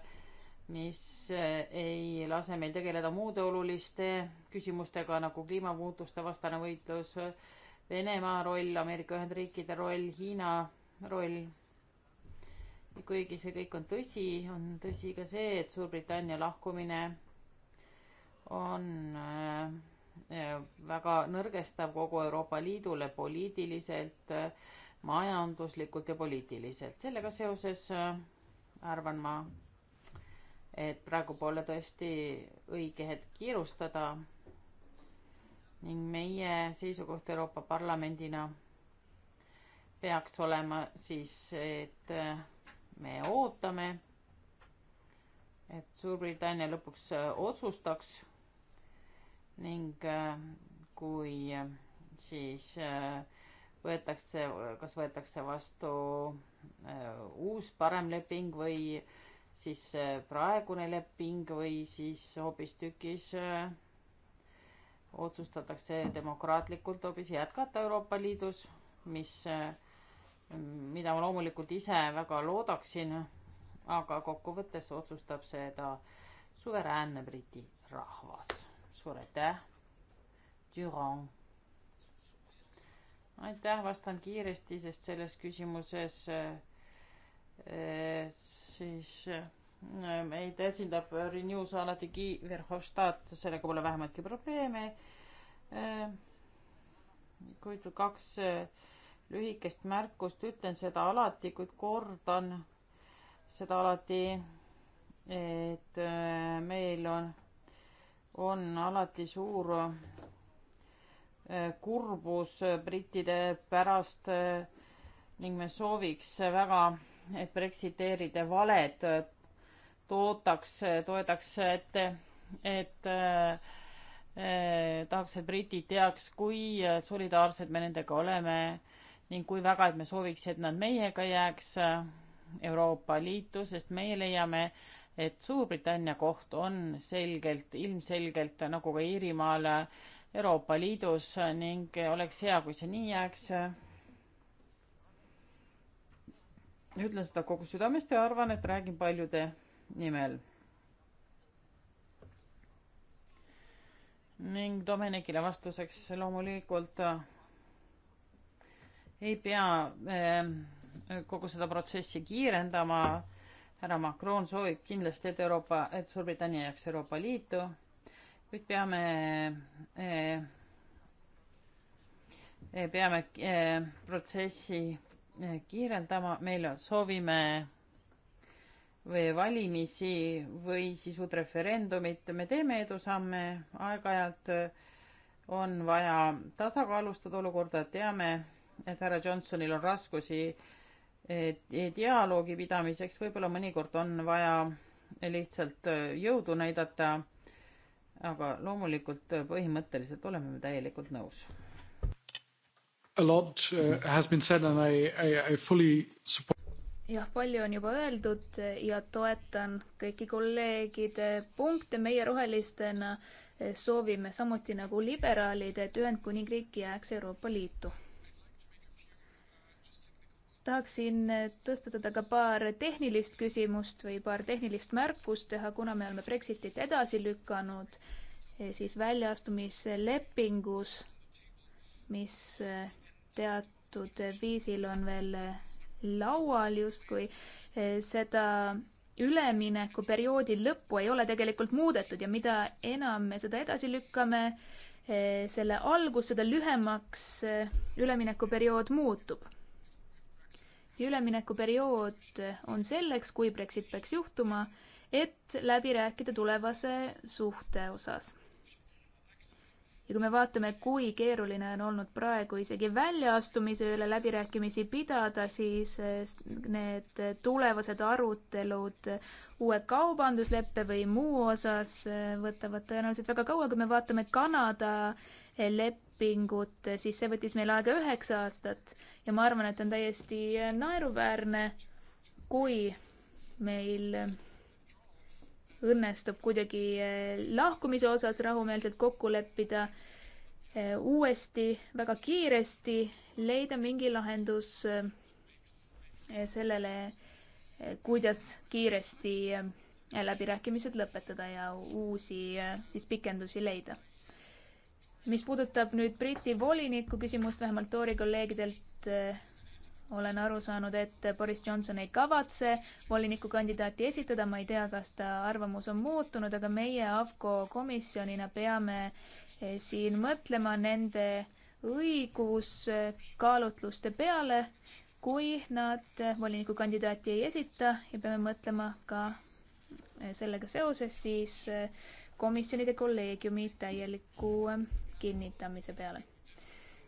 [SPEAKER 2] mis äh, ei lase meil tegeleda muude oluliste küsimustega nagu kliimamuutuste vastane võitlus, Venemaa roll, Ameerika Ühendriikide roll, Hiina roll. kuigi see kõik on tõsi, on tõsi ka see, et Suurbritannia lahkumine on äh, Äh, väga nõrgestav kogu Euroopa Liidule poliitiliselt, majanduslikult ja poliitiliselt. sellega seoses äh, arvan ma, et praegu pole tõesti õige hetk kiirustada ning meie seisukoht Euroopa Parlamendina peaks olema siis, et äh, me ootame, et Suurbritannia lõpuks otsustaks ning äh, kui äh, siis äh, võetakse, kas võetakse vastu uus parem leping või siis praegune leping või siis hoopistükkis otsustatakse demokraatlikult hoopis jätkata Euroopa Liidus, mis, mida ma loomulikult ise väga loodaksin, aga kokkuvõttes otsustab seda suveräänne Briti rahvas suur aitäh, Durand. aitäh, vastan kiiresti, sest selles küsimuses eh, siis eh, meid esindab Renews alati Guy Verhofstadt, sellega pole vähematki probleemi. Eh, kuid kaks lühikest märkust, ütlen seda alati, kuid kordan seda alati, et meil on on alati suur eh, kurbus brittide pärast eh, ning me sooviks väga, et Brexiteeride valed eh, toodaks, toetaks, et, et eh, tahaks, et britid teaks, kui solidaarsed me nendega oleme ning kui väga, et me sooviks, et nad meiega jääks Euroopa Liitu, sest meie leiame, et Suurbritannia koht on selgelt, ilmselgelt nagu ka Iirimaal Euroopa Liidus ning oleks hea, kui see nii jääks. ütlen seda kogu südamest ja arvan, et räägin paljude nimel. ning Dominikile vastuseks loomulikult ei pea eh, kogu seda protsessi kiirendama härra Macron soovib kindlasti, et Euroopa, et Suurbritannia jääks Euroopa Liitu, kuid peame eh, eh, peame eh, protsessi kiireldama, meil soovime või valimisi või siis uut referendumit, me teeme edusamme, aeg-ajalt on vaja tasakaalustada olukorda, teame, et härra Johnsonil on raskusi Eh, dialoogi pidamiseks, võib-olla mõnikord on vaja lihtsalt eh, jõudu näidata, aga loomulikult eh, põhimõtteliselt oleme me täielikult nõus.
[SPEAKER 1] A lot has been said and I, I, I fully support
[SPEAKER 2] jah, palju
[SPEAKER 3] on juba öeldud ja toetan kõiki kolleegide punkte. meie rohelistena soovime samuti nagu liberaalid, et Ühendkuningriik jääks Euroopa Liitu tahaksin tõstatada ka paar tehnilist küsimust või paar tehnilist märkust teha, kuna me oleme Brexitit edasi lükanud, eh, siis väljaastumislepingus, mis eh, teatud viisil on veel eh, laual justkui, seda üleminekuperioodi lõppu ei ole tegelikult muudetud ja mida enam me seda edasi lükkame, selle algus, seda lühemaks üleminekuperiood muutub ja üleminekuperiood on selleks, kui Brexit peaks juhtuma, et läbi rääkida tulevase suhte osas. ja kui me vaatame, kui keeruline on olnud praegu isegi väljaastumise üle läbirääkimisi pidada, siis eh, need tulevased arutelud uue kaubandusleppe või muu osas eh, võtavad tõenäoliselt väga kaua, kui me vaatame Kanada lepingut, siis see võttis meil aega üheksa aastat ja ma arvan, et on täiesti naeruväärne, kui meil õnnestub kuidagi eh, lahkumise osas rahumeelselt kokku leppida, eh, uuesti väga kiiresti leida mingi lahendus eh, sellele, kuidas kiiresti läbirääkimised lõpetada ja uusi siis pikendusi leida mis puudutab nüüd Briti voliniku küsimust vähemalt Toori kolleegidelt, eh, olen aru saanud, et Boris Johnson ei kavatse volinikukandidaati esitada, ma ei tea, kas ta arvamus on muutunud, aga meie AFCO komisjonina peame eh, siin mõtlema nende õiguskaalutluste peale, kui nad volinikukandidaati ei esita ja peame mõtlema ka eh, sellega seoses siis komisjonide kolleegiumi täieliku kinnitamise peale.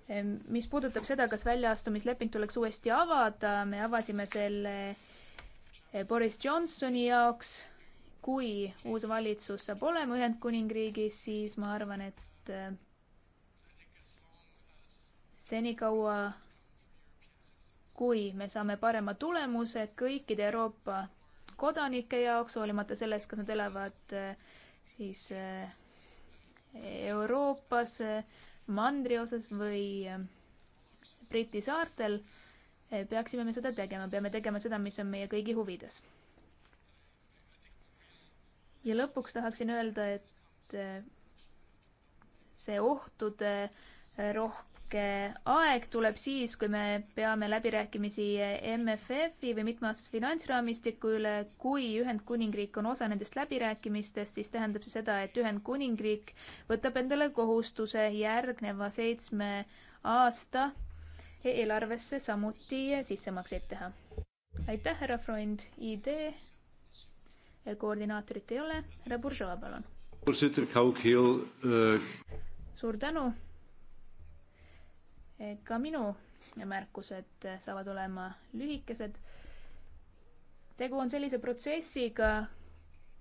[SPEAKER 3] Ehm, mis puudutab seda, kas väljaastumisleping tuleks uuesti avada, me avasime selle eh, Boris Johnsoni jaoks. kui uus valitsus saab olema Ühendkuningriigis, siis ma arvan, et eh, senikaua, kui me saame parema tulemuse kõikide Euroopa kodanike jaoks, hoolimata sellest, kas nad elavad eh, siis Euroopas mandriosas või ehm, Briti saartel, eh, peaksime me seda tegema, peame tegema seda, mis on meie kõigi huvides. ja lõpuks tahaksin öelda, et eh, see ohtude eh, rohke õige aeg tuleb siis, kui me peame läbirääkimisi MFF-i või mitmeaastase finantsraamistiku üle. kui Ühendkuningriik on osa nendest läbirääkimistest, siis tähendab see seda, et Ühendkuningriik võtab endale kohustuse järgneva seitsme aasta eelarvesse samuti sissemakseid teha. aitäh, härra Freund, idee koordinaatorit ei ole. härra Buržova, palun. Eh, suur tänu ka minu märkused saavad olema lühikesed. tegu on sellise protsessiga,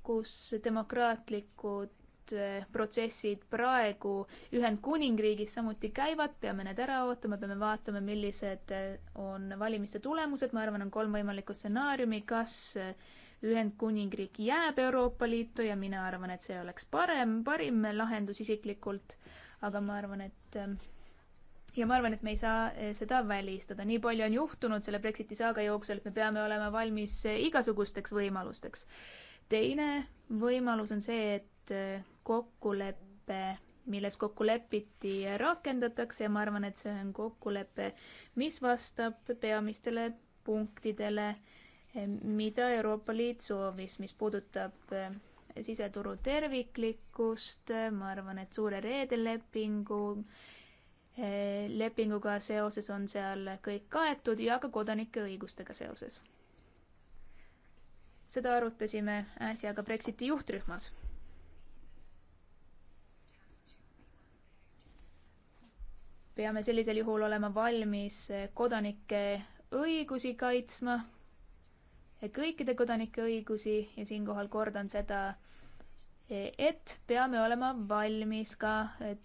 [SPEAKER 3] kus demokraatlikud eh, protsessid praegu Ühendkuningriigis samuti käivad, peame need ära ootama, peame vaatama, millised eh, on valimiste tulemused, ma arvan, on kolm võimalikku stsenaariumi, kas eh, Ühendkuningriik jääb Euroopa Liitu ja mina arvan, et see oleks parem, parim lahendus isiklikult, aga ma arvan, et ja ma arvan, et me ei saa eh, seda välistada, nii palju on juhtunud selle Brexiti saaga jooksul, et me peame olema valmis eh, igasugusteks võimalusteks. teine võimalus on see, et eh, kokkulepe, milles kokku lepiti, rakendatakse ja ma arvan, et see on kokkulepe, mis vastab peamistele punktidele, mida Euroopa Liit soovis, mis puudutab siseturu terviklikkust, ma arvan, et suure reede lepingu äh, Eh, lepinguga seoses on seal kõik kaetud ja ka kodanike õigustega seoses. seda arutasime äsja ka Brexiti juhtrühmas. peame sellisel juhul olema valmis kodanike õigusi kaitsma, kõikide kodanike õigusi ja siinkohal kordan seda, et peame olema valmis ka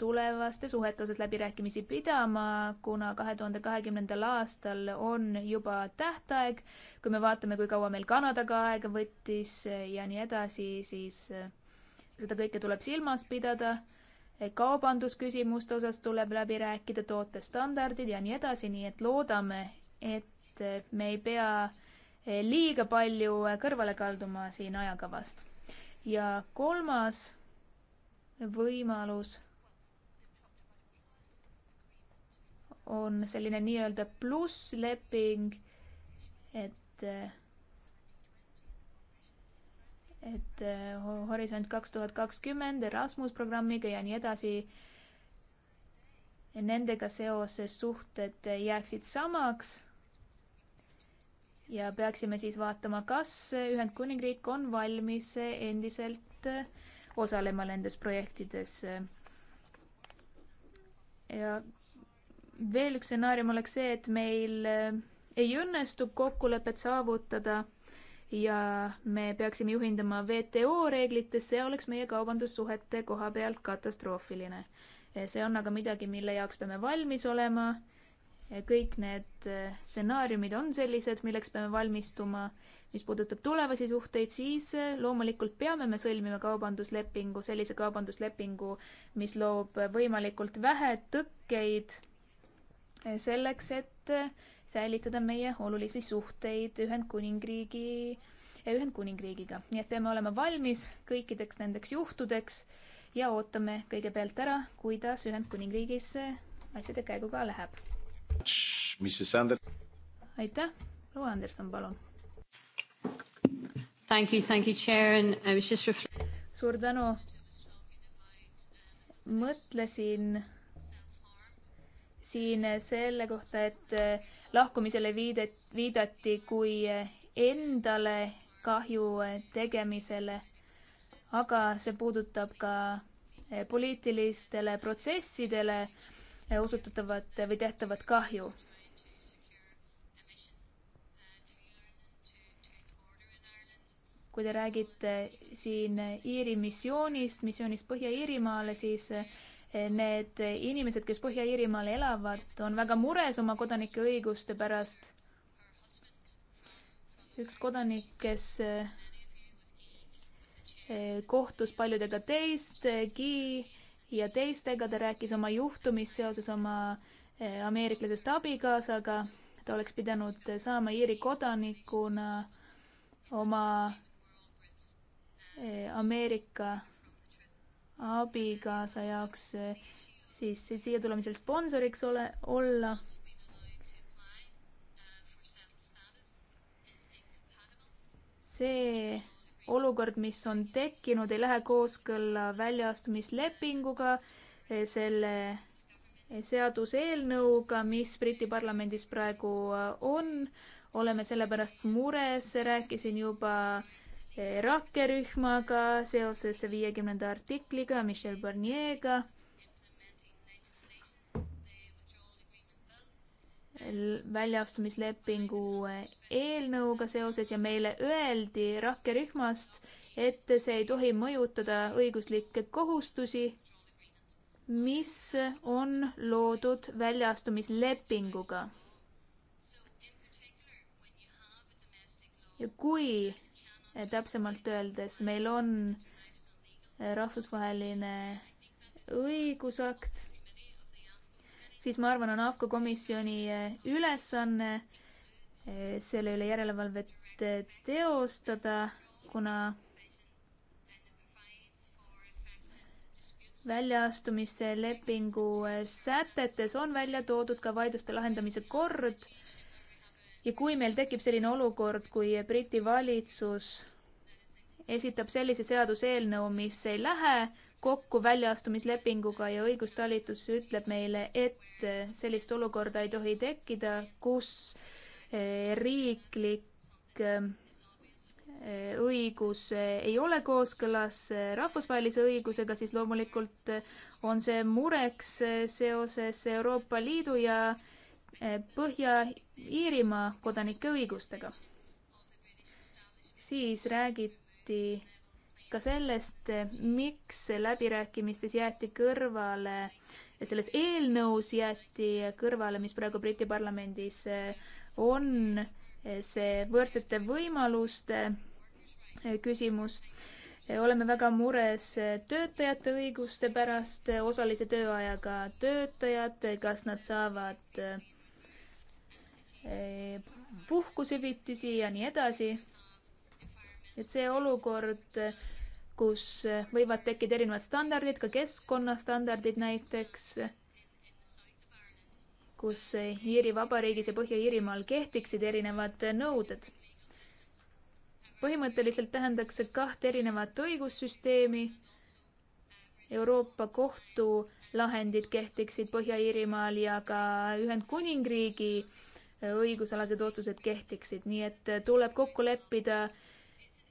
[SPEAKER 3] tulevastes suhetuses läbirääkimisi pidama, kuna kahe tuhande kahekümnendal aastal on juba tähtaeg. kui me vaatame, kui kaua meil Kanadaga aega võttis ja nii edasi, siis seda kõike tuleb silmas pidada. kaubandusküsimuste osas tuleb läbi rääkida, tootestandardid ja nii edasi, nii et loodame, et me ei pea liiga palju kõrvale kalduma siin ajakavast ja kolmas võimalus on selline nii-öelda plussleping, et, et eh, Horisont kaks tuhat kakskümmend Erasmus programmiga ja nii edasi. Nendega seoses suhted jääksid samaks ja peaksime siis vaatama, kas Ühendkuningriik on valmis endiselt eh, osalema nendes projektides. ja veel üks stsenaarium oleks see, et meil eh, ei õnnestu kokkulepet saavutada ja me peaksime juhinduma WTO reeglitest, see oleks meie kaubandussuhete koha pealt katastroofiline. Eh, see on aga midagi, mille jaoks peame valmis olema kõik need äh, stsenaariumid on sellised, milleks peame valmistuma. mis puudutab tulevasi suhteid, siis äh, loomulikult peame me sõlmima kaubanduslepingu, sellise kaubanduslepingu, mis loob võimalikult vähe tõkkeid äh, selleks, et säilitada meie olulisi suhteid Ühendkuningriigi, Ühendkuningriigiga. nii et peame olema valmis kõikideks nendeks juhtudeks ja ootame kõigepealt ära, kuidas Ühendkuningriigis asjade käiguga läheb aitäh, proua Anderson, palun. Thank you, thank you, chair and I was just reflect-. suur tänu. mõtlesin siin selle kohta, et eh, lahkumisele viidet-, viidati kui eh, endale kahju eh, tegemisele, aga see puudutab ka poliitilistele protsessidele osutatavat või tehtavat kahju. kui te räägite siin Iiri missioonist, missioonist Põhja-Iirimaale, siis eh, need inimesed, kes Põhja-Iirimaal elavad, on väga mures oma kodanike õiguste pärast. üks kodanik, kes eh, eh, kohtus paljudega teist, Gi ja teistega, ta rääkis oma juhtumist seoses oma eh, ameeriklasest abikaasaga, ta oleks pidanud saama Iiri kodanikuna oma eh, Ameerika abikaasa jaoks eh, siis siia tulemisel sponsoriks ole, olla see olukord, mis on tekkinud, ei lähe kooskõlla väljaastumislepinguga, eh, selle eh, seaduseelnõuga, mis Briti parlamendis praegu eh, on. oleme selle pärast mures, rääkisin juba rakkerühmaga seoses viiekümnenda artikliga, Michel Barnier'ga väljaastumislepingu eelnõuga seoses ja meile öeldi rakkerühmast, et see ei tohi mõjutada õiguslikke kohustusi, mis on loodud väljaastumislepinguga. ja kui täpsemalt öeldes meil on rahvusvaheline õigusakt siis ma arvan, on AFCO komisjoni eh, ülesanne eh, selle üle järelevalvet eh, teostada, kuna väljaastumise lepingu sätetes on välja toodud ka vaidluste lahendamise kord ja kui meil tekib selline olukord, kui Briti valitsus esitab sellise seaduseelnõu, mis ei lähe kokku väljaastumislepinguga ja õigustalitus ütleb meile, et sellist olukorda ei tohi tekkida, kus eh, riiklik eh, õigus eh, ei ole kooskõlas rahvusvahelise õigusega, siis loomulikult on see mureks seoses Euroopa Liidu ja Põhja-Iirimaa kodanike õigustega. siis räägid räägiti ka sellest, miks läbirääkimistes jäeti kõrvale, selles eelnõus jäeti kõrvale, mis praegu Briti parlamendis on, see võrdsete võimaluste küsimus. oleme väga mures töötajate õiguste pärast, osalise tööajaga töötajad, kas nad saavad eh, puhkusehüvitisi ja nii edasi et see olukord, kus võivad tekkida erinevad standardid, ka keskkonnastandardid näiteks, kus Iiri Vabariigis ja Põhja-Iirimaal kehtiksid erinevad nõuded. põhimõtteliselt tähendaks see kahte erinevat õigussüsteemi. Euroopa Kohtu lahendid kehtiksid Põhja-Iirimaal ja ka Ühendkuningriigi õigusalased otsused kehtiksid, nii et tuleb kokku leppida äh,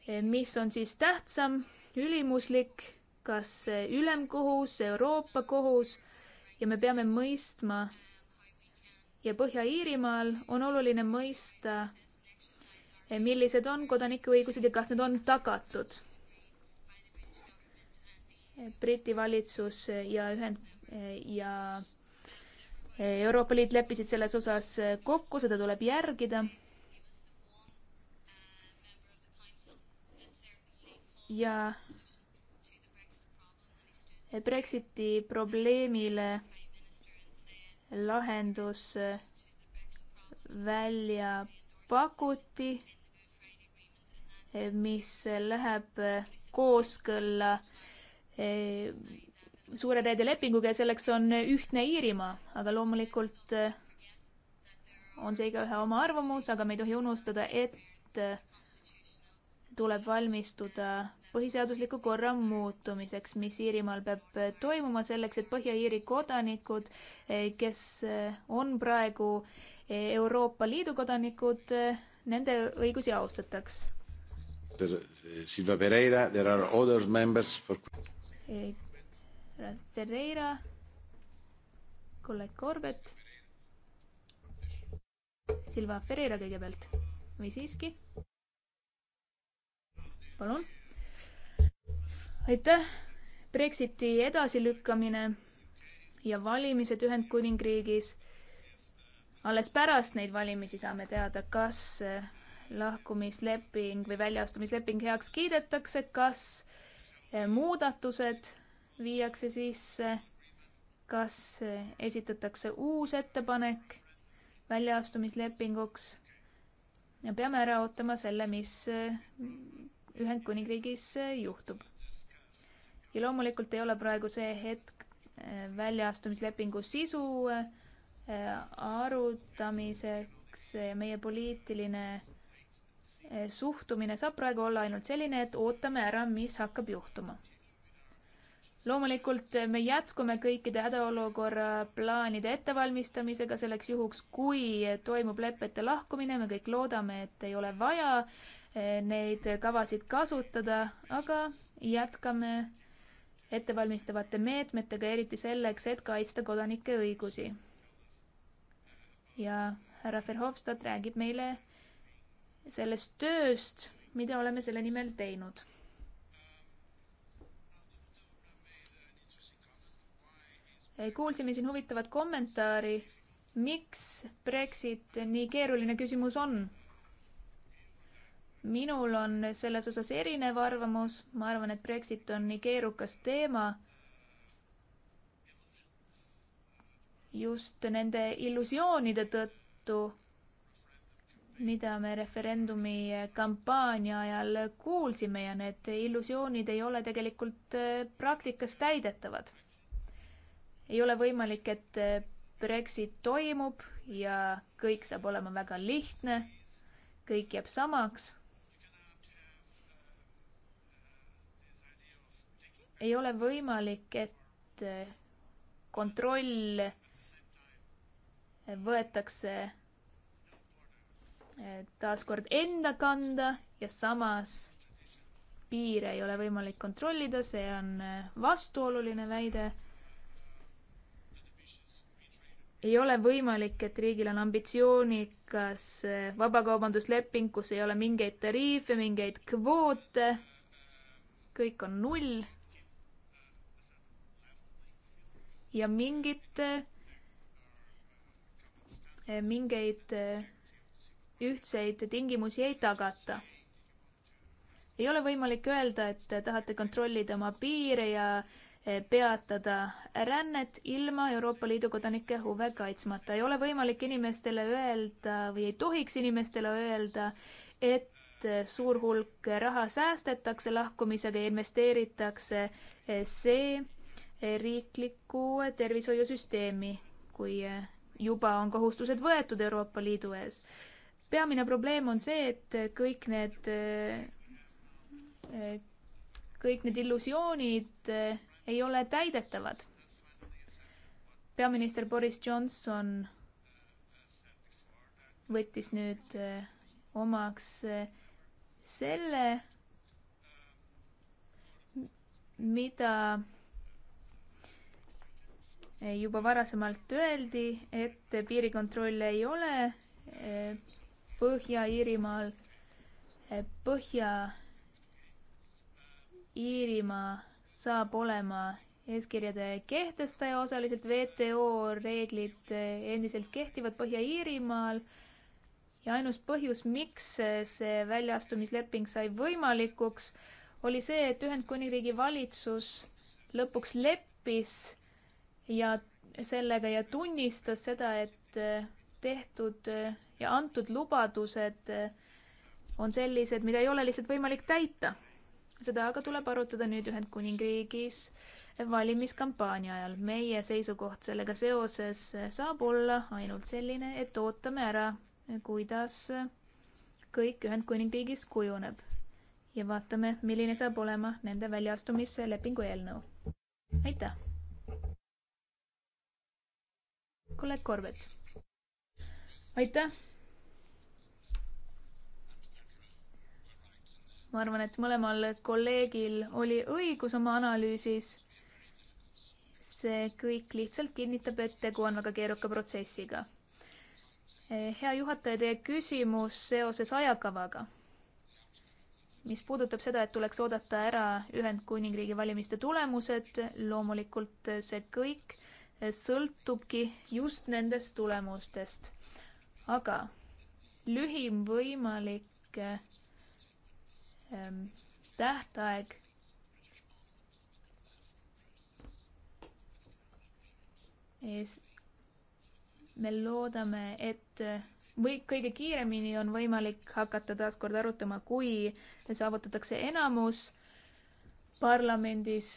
[SPEAKER 3] Eh, mis on siis tähtsam, ülimuslik, kas ülemkohus, Euroopa kohus ja me peame mõistma ja Põhja-Iirimaal on oluline mõista, eh, millised on kodanikuõigused ja kas need on tagatud. Eh, Briti valitsus ja ühend- ja Euroopa Liit leppisid selles osas kokku, seda tuleb järgida ja Brexiti probleemile lahendus välja pakuti, mis läheb kooskõlla eh, suure reede lepinguga ja selleks on ühtne Iirimaa, aga loomulikult eh, on see igaühe oma arvamus, aga me ei tohi unustada, et eh, tuleb valmistuda põhiseadusliku korra muutumiseks, mis Iirimaal peab eh, toimuma selleks, et Põhja-Iiri kodanikud, eh, kes eh, on praegu Euroopa Liidu kodanikud, nende õigusi austataks.
[SPEAKER 1] Silva Pereira, there are other members for.
[SPEAKER 3] Pereira, kolleeg Korbet. Silva Pereira kõigepealt või siiski? palun. aitäh. Brexiti edasilükkamine ja valimised Ühendkuningriigis. alles pärast neid valimisi saame teada, kas lahkumisleping või väljaastumisleping heaks kiidetakse, kas eh, muudatused viiakse sisse, kas eh, esitatakse uus ettepanek väljaastumislepinguks ja peame ära ootama selle, mis eh, Ühendkuningriigis juhtub. ja loomulikult ei ole praegu see hetk äh, väljaastumislepingu sisu äh, arutamiseks ja äh, meie poliitiline suhtumine saab praegu olla ainult selline, et ootame ära, mis hakkab juhtuma loomulikult eh, me jätkume kõikide hädaolukorra plaanide ettevalmistamisega selleks juhuks, kui toimub lepete lahkumine, me kõik loodame, et ei ole vaja eh, neid kavasid kasutada, aga jätkame ettevalmistavate meetmetega, eriti selleks, et kaitsta kodanike õigusi. ja härra Verhofstadt räägib meile sellest tööst, mida oleme selle nimel teinud kuulsime siin huvitavat kommentaari, miks Brexit nii keeruline küsimus on. minul on selles osas erinev arvamus, ma arvan, et Brexit on nii keerukas teema just nende illusioonide tõttu, mida me referendumi kampaania ajal kuulsime ja need illusioonid ei ole tegelikult eh, praktikas täidetavad ei ole võimalik, et äh, Brexit toimub ja kõik saab olema väga lihtne, kõik jääb samaks. ei ole võimalik, et äh, kontroll äh, võetakse taaskord enda kanda ja samas piire ei ole võimalik kontrollida, see on vastuoluline väide ei ole võimalik, et riigil on ambitsioonikas vabakaubandusleping, kus ei ole mingeid tariife, mingeid kvoote. kõik on null. ja mingit, eh, mingeid eh, ühtseid tingimusi ei tagata. ei ole võimalik öelda, et tahate kontrollida oma piire ja Eh, peatada rännet ilma Euroopa Liidu kodanike huve kaitsmata. ei ole võimalik inimestele öelda või ei tohiks inimestele öelda, et eh, suur hulk raha säästetakse lahkumisega ja investeeritakse eh, see riiklikku tervishoiusüsteemi, kui juba on kohustused võetud Euroopa Liidu ees. peamine probleem on see, et kõik need kõik need illusioonid ei ole täidetavad. peaminister Boris Johnson võttis nüüd eh, omaks eh, selle, mida juba varasemalt öeldi, et piirikontrolle ei ole eh, Põhja-Iirimaal, Põhja-Iirimaa saab olema eeskirjade kehtestaja osaliselt, WTO reeglid endiselt kehtivad Põhja-Iirimaal ja ainus põhjus, miks see väljaastumisleping sai võimalikuks, oli see, et Ühendkuningriigi valitsus lõpuks leppis ja sellega ja tunnistas seda, et tehtud ja antud lubadused on sellised, mida ei ole lihtsalt võimalik täita seda aga tuleb arutada nüüd Ühendkuningriigis valimiskampaania ajal. meie seisukoht sellega seoses saab olla ainult selline, et ootame ära, kuidas kõik Ühendkuningriigis kujuneb ja vaatame, milline saab olema nende väljaastumise lepingu eelnõu. aitäh! kolleeg Korvet. aitäh! ma arvan, et mõlemal kolleegil oli õigus oma analüüsis. see kõik lihtsalt kinnitab, et tegu on väga keeruka protsessiga. Eh, hea juhataja, teie küsimus seoses ajakavaga, mis puudutab seda, et tuleks oodata ära Ühendkuningriigi valimiste tulemused, loomulikult see kõik sõltubki just nendest tulemustest. aga lühim võimalik eh, Ehm, tähtaeg. me loodame, et eh, või kõige kiiremini on võimalik hakata taaskord arutama, kui saavutatakse enamus parlamendis.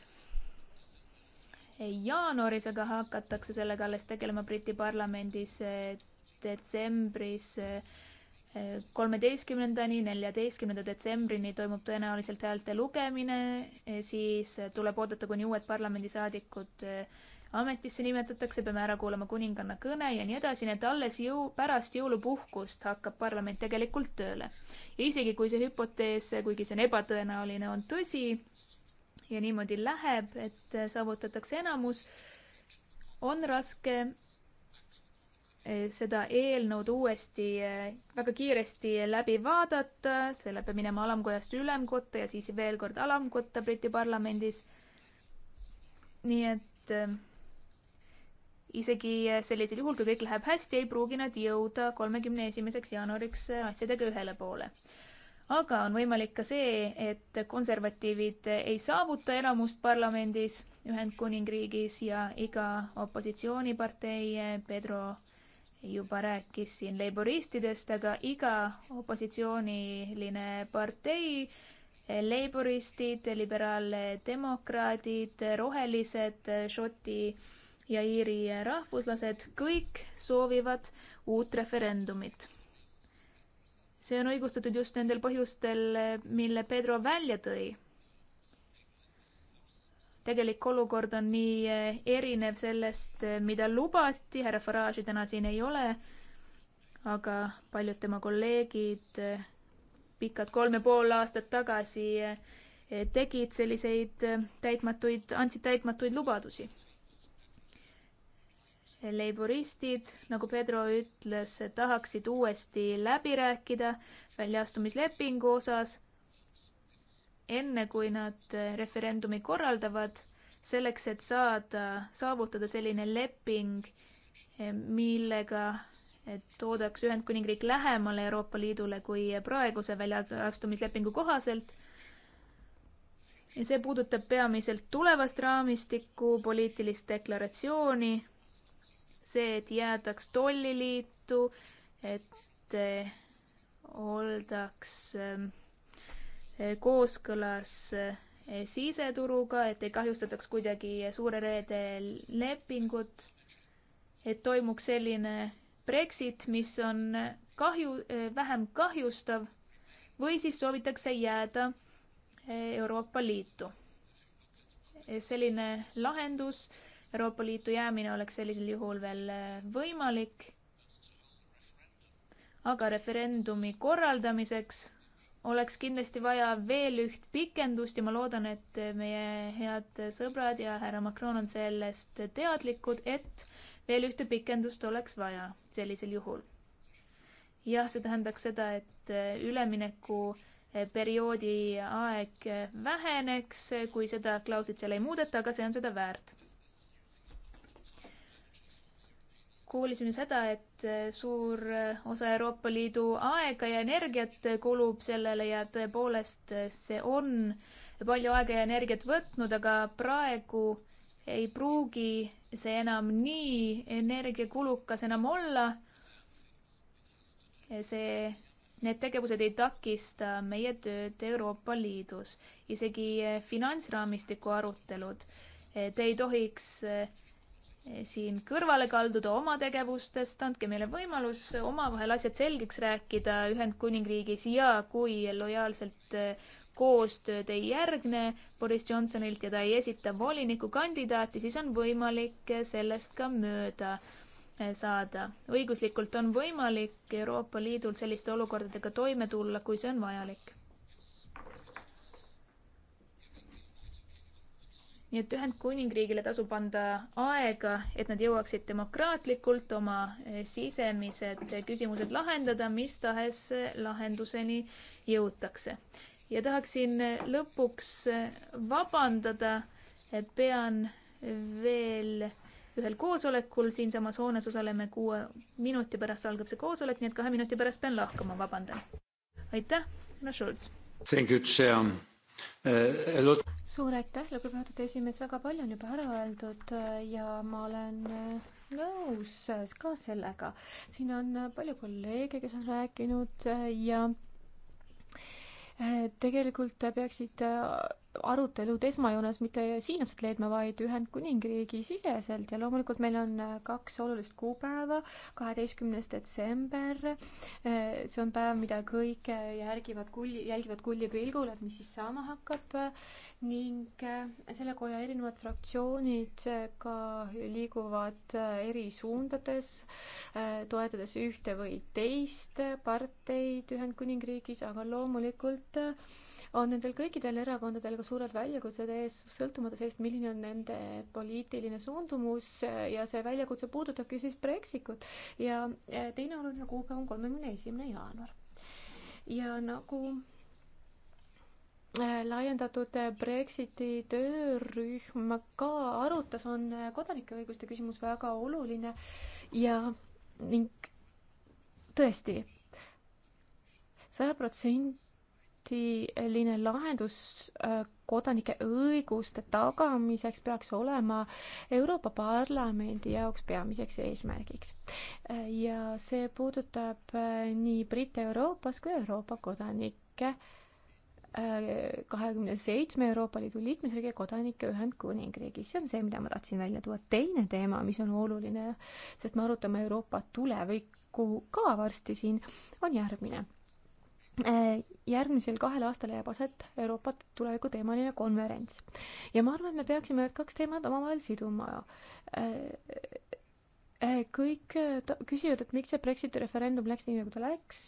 [SPEAKER 3] jaanuaris aga hakatakse sellega alles tegelema Briti parlamendis eh, detsembris äh, kolmeteistkümnendani, neljateistkümnenda detsembrini toimub tõenäoliselt häälte lugemine, eh, siis tuleb oodata, kuni uued parlamendisaadikud eh, ametisse nimetatakse, peame ära kuulama kuninganna kõne ja nii edasi, nii et alles jõu, pärast jõulupuhkust hakkab parlament tegelikult tööle. ja isegi, kui see hüpotees, kuigi see on ebatõenäoline, on tõsi ja niimoodi läheb, et eh, saavutatakse enamus, on raske Eh, seda eelnõud uuesti eh, väga kiiresti läbi vaadata, selle peab minema alamkojast ülemkotta ja siis veel kord alamkotta Briti parlamendis. nii et eh, isegi sellisel juhul, kui kõik läheb hästi, ei pruugi nad jõuda kolmekümne esimeseks jaanuariks asjadega ühele poole. aga on võimalik ka see, et konservatiivid ei saavuta enamust parlamendis Ühendkuningriigis ja iga opositsioonipartei Pedro juba rääkis siin leiboristidest, aga iga opositsiooniline partei, eh, leiboristid, liberaaldemokraadid, rohelised, Šoti ja Iiri rahvuslased, kõik soovivad uut referendumit. see on õigustatud just nendel põhjustel, mille Pedro välja tõi tegelik olukord on nii eh, erinev sellest, eh, mida lubati, härra Farage'i täna siin ei ole, aga paljud tema kolleegid eh, pikad kolm ja pool aastat tagasi tegid selliseid täitmatuid, andsid täitmatuid lubadusi. Leiboristid, nagu Pedro ütles, tahaksid uuesti läbi rääkida väljaastumislepingu osas enne, kui nad referendumi korraldavad, selleks, et saada, saavutada selline leping, millega toodaks Ühendkuningriik lähemale Euroopa Liidule kui praeguse väljaastumislepingu kohaselt. ja see puudutab peamiselt tulevast raamistikku, poliitilist deklaratsiooni, see, et jäädaks tolliliitu, et eh, oldaks äh, kooskõlas eh, siseturuga, et ei kahjustataks kuidagi Suure Reede lepingut, et toimuks selline Brexit, mis on kahju, eh, vähem kahjustav või siis soovitakse jääda eh, Euroopa Liitu. selline lahendus, Euroopa Liitu jäämine oleks sellisel juhul veel võimalik. aga referendumi korraldamiseks oleks kindlasti vaja veel üht pikendust ja ma loodan, et meie head sõbrad ja härra Macron on sellest teadlikud, et veel ühte pikendust oleks vaja sellisel juhul. jah, see tähendaks seda, et üleminekuperioodi aeg väheneks, kui seda klauslit seal ei muudeta, aga see on seda väärt kuulisime seda, et äh, suur äh, osa Euroopa Liidu aega ja energiat äh, kulub sellele ja tõepoolest see on palju aega ja energiat võtnud, aga praegu ei pruugi see enam nii energiakulukas enam olla. see, need tegevused ei takista meie tööd Euroopa Liidus, isegi finantsraamistiku arutelud. Te ei tohiks äh, siin kõrvale kalduda oma tegevustest, andke meile võimalus omavahel asjad selgeks rääkida Ühendkuningriigis ja kui lojaalselt eh, koostööd ei järgne Boris Johnsonilt ja ta ei esita volinikukandidaati, siis on võimalik sellest ka mööda eh, saada. õiguslikult on võimalik Euroopa Liidul selliste olukordadega toime tulla, kui see on vajalik. nii et Ühendkuningriigile tasub anda aega, et nad jõuaksid demokraatlikult oma eh, sisemised eh, küsimused lahendada, mis tahes eh, lahenduseni jõutakse. ja tahaksin lõpuks vabandada, pean veel ühel koosolekul siinsamas hoones osaleme kuue minuti pärast algab see koosolek, nii et kahe minuti pärast pean lahkuma, vabandan. aitäh, härra Schulz.
[SPEAKER 1] Thank you, Chair. Eh,
[SPEAKER 3] suur aitäh, lugupeetud esimees, väga palju on juba ära
[SPEAKER 4] öeldud eh, ja ma olen eh, nõus ka sellega. siin on palju kolleege, kes on rääkinud ja tegelikult peaksid arutelud esmajoones mitte siin otsast leidma, vaid Ühendkuningriigi siseselt ja loomulikult meil on äh, kaks olulist kuupäeva, kaheteistkümnes detsember, äh, see on päev, mida kõik äh, järgivad kulli, jälgivad kulli pilgul, et mis siis saama hakkab, ning selle koja erinevad fraktsioonid ka liiguvad eri suundades, toetades ühte või teist parteid Ühendkuningriigis, aga loomulikult on nendel kõikidel erakondadel ka suured väljakutsed ees, sõltumata sellest, milline on nende poliitiline suundumus eh, ja see väljakutse puudutabki siis Brexitut ja eh, teine oluline kuupäev on kolmekümne esimene jaanuar. ja nagu eh, laiendatud Brexiti töörühm ka arutas, on kodanike õiguste küsimus väga oluline ja ning tõesti, saja protsendi positiivne lahendus äh, kodanike õiguste tagamiseks peaks olema Euroopa Parlamendi jaoks peamiseks eesmärgiks. Äh, ja see puudutab äh, nii Briti Euroopas kui Euroopa kodanikke, kahekümne seitsme Euroopa Liidu liikmesriigi kodanikke Ühendkuningriigis, see on see, mida ma tahtsin välja tuua. teine teema, mis on oluline, sest me arutame Euroopa tulevikku ka varsti siin, on järgmine Äh, järgmisel kahel aastal jääb aset Euroopa tuleviku teemaline konverents ja ma arvan, et me peaksime need kaks teemat omavahel siduma. Äh, äh, kõik küsivad, et miks see Brexiti referendum läks nii, nagu ta läks.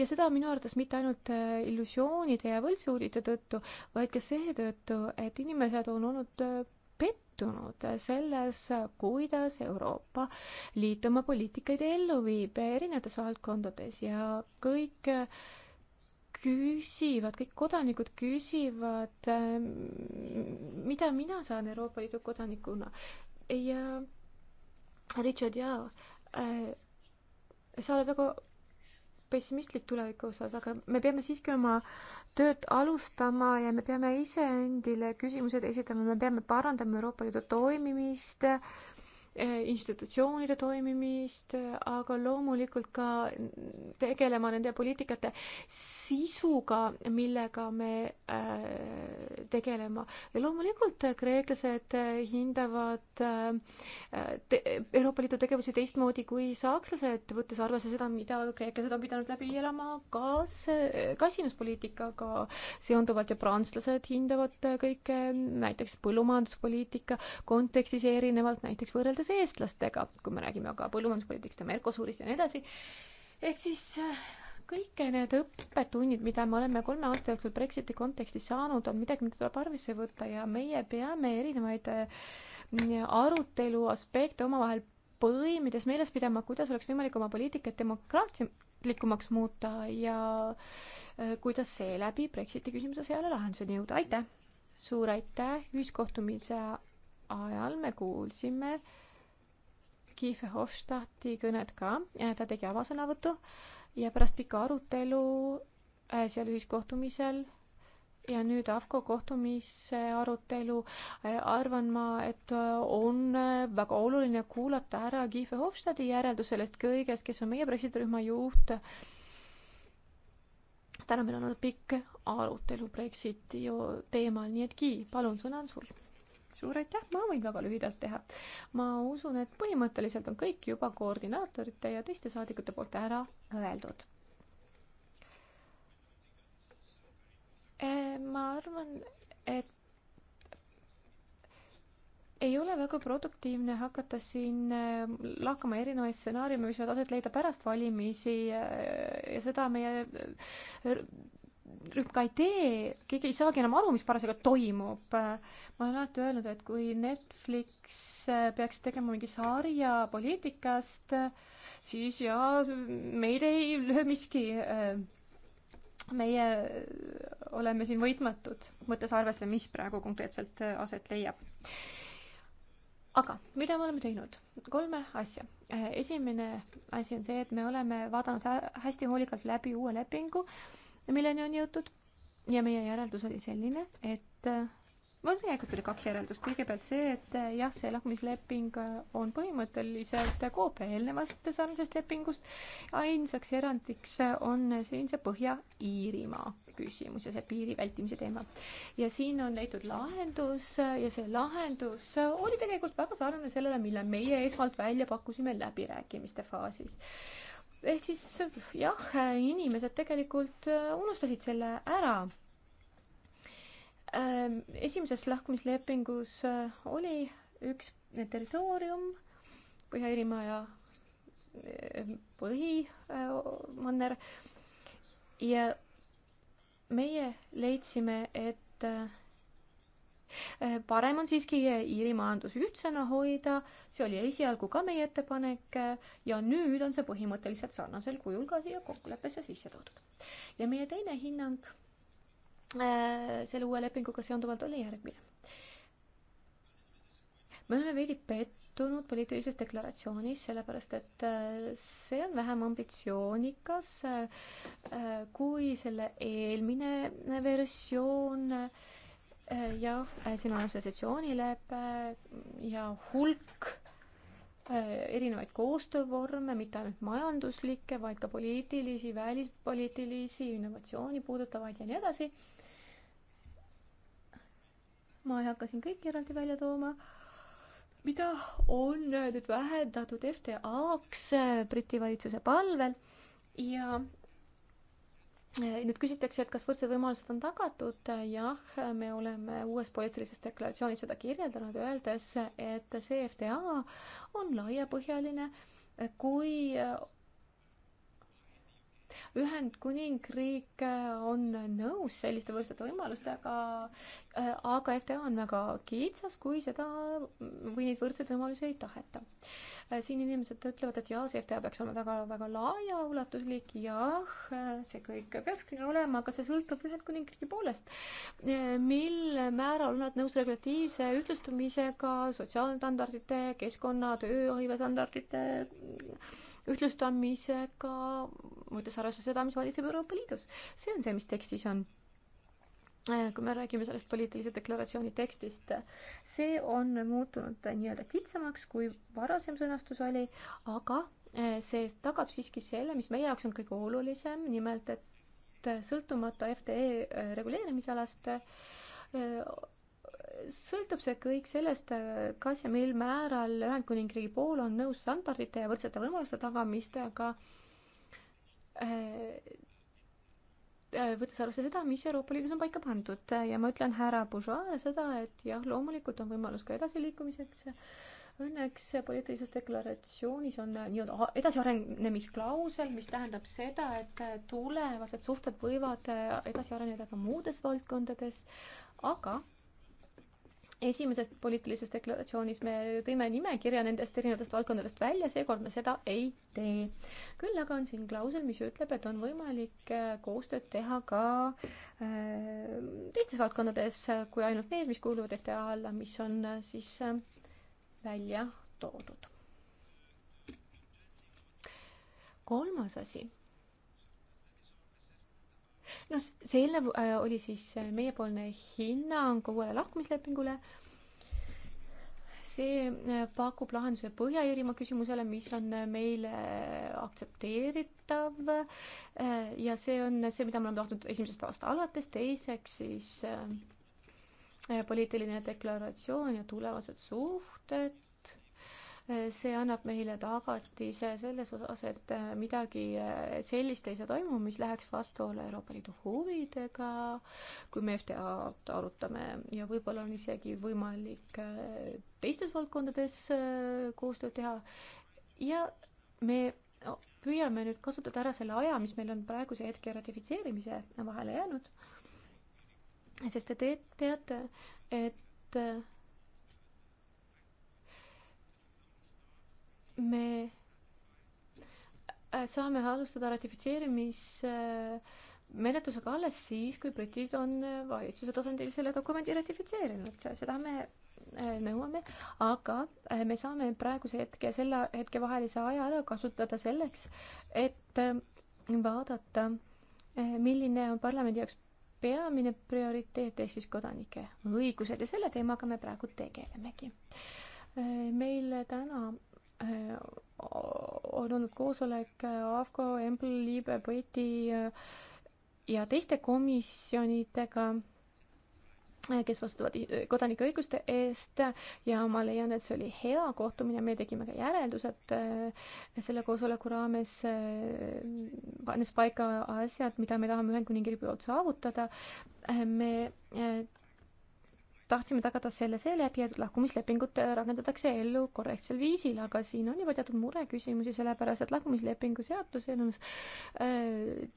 [SPEAKER 4] ja seda minu arvates mitte ainult illusioonide ja võltsuudiste tõttu, vaid ka seetõttu, et inimesed on olnud pettunud selles, kuidas Euroopa Liit oma poliitikaid ellu viib erinevates valdkondades ja kõik küsivad, kõik kodanikud küsivad, mida mina saan Euroopa Liidu kodanikuna ja Richard Jaa äh,, sa oled väga pessimistlik tuleviku osas, aga me peame siiski oma tööd alustama ja me peame iseendile küsimused esitama, me peame parandama Euroopa Liidu toimimist, Eh, institutsioonide toimimist, aga loomulikult ka tegelema nende poliitikate sisuga, millega me eh, tegelema. ja loomulikult kreeklased hindavad eh, Euroopa Liidu tegevusi teistmoodi kui sakslased, võttes arvesse seda, mida kreeklased on pidanud läbi elama kas kasinuspoliitikaga seonduvalt ja prantslased hindavad kõike näiteks põllumajanduspoliitika kontekstis erinevalt, näiteks võrreldes suhetes eestlastega, kui me räägime aga põllumajanduspoliitikast ja Mercosurist ja nii edasi. ehk siis äh, kõik need õppetunnid, mida me oleme kolme aasta jooksul Brexiti kontekstis saanud, on midagi, mida tuleb arvesse võtta ja meie peame erinevaid äh, arutelu aspekte omavahel põimides meeles pidama, kuidas oleks võimalik oma poliitikat demokraatlikumaks muuta ja äh, kuidas seeläbi Brexiti küsimuse seale lahenduseni jõuda, aitäh! suur aitäh, ühiskohtumise ajal me kuulsime äh, Kiefer-Hofstadti kõnet ka, ta tegi avasõnavõtu ja pärast pikka arutelu äh, seal ühiskohtumisel ja nüüd AFCO kohtumise arutelu äh, arvan ma, et äh, on väga oluline kuulata ära Kiefer Hofstadi järeldus sellest kõigest, kes on meie pressirühma juht. täna meil on olnud pikk arutelu Brexiti teemal, nii et Kii, palun, sõna on sul suur aitäh, ma võin väga lühidalt teha. ma usun, et põhimõtteliselt on kõik juba koordinaatorite ja teiste saadikute poolt ära öeldud. Äh, ma arvan, et ei ole väga produktiivne hakata siin äh, lahkama erinevaid stsenaariume, mis võivad aset leida pärast valimisi äh, ja seda meie rühm ka ei tee, keegi ei saagi enam aru, mis parasjagu toimub. ma olen alati öelnud, et kui Netflix peaks tegema mingi sarja poliitikast, siis jaa, meid ei löö miski. meie oleme siin võitmatud, võttes arvesse, mis praegu konkreetselt aset leiab. aga mida me oleme teinud? kolme asja esimene asi on see, et me oleme vaadanud hästi hoolikalt läbi uue lepingu äh, milleni on jõutud. ja meie järeldus oli selline, et mul äh, tegelikult oli kaks järeldust, kõigepealt see, et äh, jah, see lahkumisleping äh, on põhimõtteliselt koopia eelnevast sarnasest lepingust, ainsaks erandiks on siin see Põhja-Iirimaa küsimus ja see piiri vältimise teema. ja siin on leitud lahendus ja see lahendus oli tegelikult väga sarnane sellele, mille meie esmalt välja pakkusime läbirääkimiste faasis ehk siis jah, inimesed tegelikult äh, unustasid selle ära. Ähm, esimeses lahkumislepingus äh, oli üks territoorium, Põhja-Iirimaa ja äh, põhimanner ja meie leidsime, et Äh, parem on siiski äh, Iiri majandus ühtsena hoida, see oli esialgu ka meie ettepanek äh, ja nüüd on see põhimõtteliselt sarnasel kujul ka siia kokkuleppesse sisse toodud. ja meie teine hinnang selle uue lepinguga seonduvalt oli järgmine. me oleme veidi pettunud poliitilises deklaratsioonis, sellepärast et see on vähem ambitsioonikas kui selle eelmine versioon äh, Äh, jah, äh, siin on assotsiatsioonilepe äh, ja hulk erinevaid koostöövorme, mitte ainult majanduslikke, vaid ka poliitilisi, välispoliitilisi, innovatsiooni puudutavaid ja nii edasi. ma ei hakka siin kõiki eraldi välja tooma. mida on nüüd vähendatud FTA-ks Briti valitsuse palvel ja Äh, nüüd küsitakse, et kas võrdsed võimalused on tagatud, äh, jah, me oleme uues poliitilises deklaratsioonis seda kirjeldanud, öeldes, et CFTA on laiapõhjaline, äh, kui Ühendkuningriik äh, on nõus selliste võrdsete võimalustega, äh, aga FTA on väga kitsas, kui seda või neid võrdseid võimalusi ei taheta. Äh, siin inimesed ütlevad, et jaa, see FTA peaks olema väga-väga laiaulatuslik, jah, see kõik peakski olema, aga see sõltub Ühendkuningriigi poolest. mil määral on nad nõus regulatiivse ühtlustamisega sotsiaalstandardite, keskkonna, tööhõivestandardite ühtlustamisega, võttes arvesse seda, mis valitseb Euroopa Liidus. see on see, mis tekstis on äh, kui me räägime sellest poliitilise deklaratsiooni tekstist, see on muutunud nii-öelda kitsamaks, kui varasem sõnastus oli, aga äh, see tagab siiski selle, mis meie jaoks on kõige olulisem, nimelt et äh, sõltumata FTE reguleerimisalast sõltub see kõik sellest, kas ja mil määral Ühendkuningriigi pool on nõus standardite ja võrdsete võimaluste tagamistega, äh, äh, võttes arvesse seda, mis Euroopa Liidus on paika pandud ja ma ütlen härra Bourgeois seda, et jah, loomulikult on võimalus ka edasiliikumiseks. Õnneks poliitilises deklaratsioonis on äh, nii-öelda edasiarenemisklausel, mis tähendab seda, et tulevased suhted võivad edasi areneda ka muudes valdkondades, aga esimeses poliitilises deklaratsioonis me tõime nimekirja nendest erinevatest valdkondadest välja, seekord me seda ei tee. küll aga on siin klausel, mis ütleb, et on võimalik äh, koostööd teha ka äh, teistes valdkondades äh, kui ainult need, mis kuuluvad FTA alla, mis on siis välja toodud. kolmas asi noh, see eelnev äh, oli siis äh, meiepoolne hinnang uuele lahkumislepingule. see äh, pakub lahenduse Põhja-Iirimaa küsimusele, mis on äh, meile äh, aktsepteeritav äh,. ja see on see, mida me oleme tahtnud esimesest päevast alates, teiseks siis äh, äh poliitiline deklaratsioon ja tulevased suhted see annab meile tagatise selles osas, et äh, midagi äh, sellist ei saa toimuma, mis läheks vastuollu Euroopa Liidu huvidega, kui me FTA-d arutame ja võib-olla on isegi võimalik äh, teistes valdkondades koostööd teha. ja me püüame nüüd kasutada ära selle aja, mis meil on praeguse hetke ratifitseerimise vahele jäänud, sest te teate, et me äh, saame alustada ratifitseerimismenetlusega alles siis, kui britid on äh, valitsuse tasandil selle dokumendi ratifitseerinud, seda me äh, nõuame, aga me saame praeguse hetke, selle hetke vahelise aja ära kasutada selleks, et vaadata, milline on parlamendi jaoks peamine prioriteet ehk siis kodanike õigused ja selle teemaga me praegu tegelemegi. meil täna Äh, on olnud koosolek äh, AFCO, EMBL, Liibe, Põti äh, ja teiste komisjonidega, kes vastutavad kodanike õiguste eest ja ma leian, et see oli hea kohtumine, me tegime ka järeldused selle koosoleku raames, pannes paika asjad, mida me tahame Ühendkuningriigi poolt saavutada. me tahtsime tagada selle seeläbi, et lahkumislepingut äh, rakendatakse ellu korrektsel viisil, aga siin on juba teatud mureküsimusi, sellepärast et lahkumislepingu seadus eelnõus äh,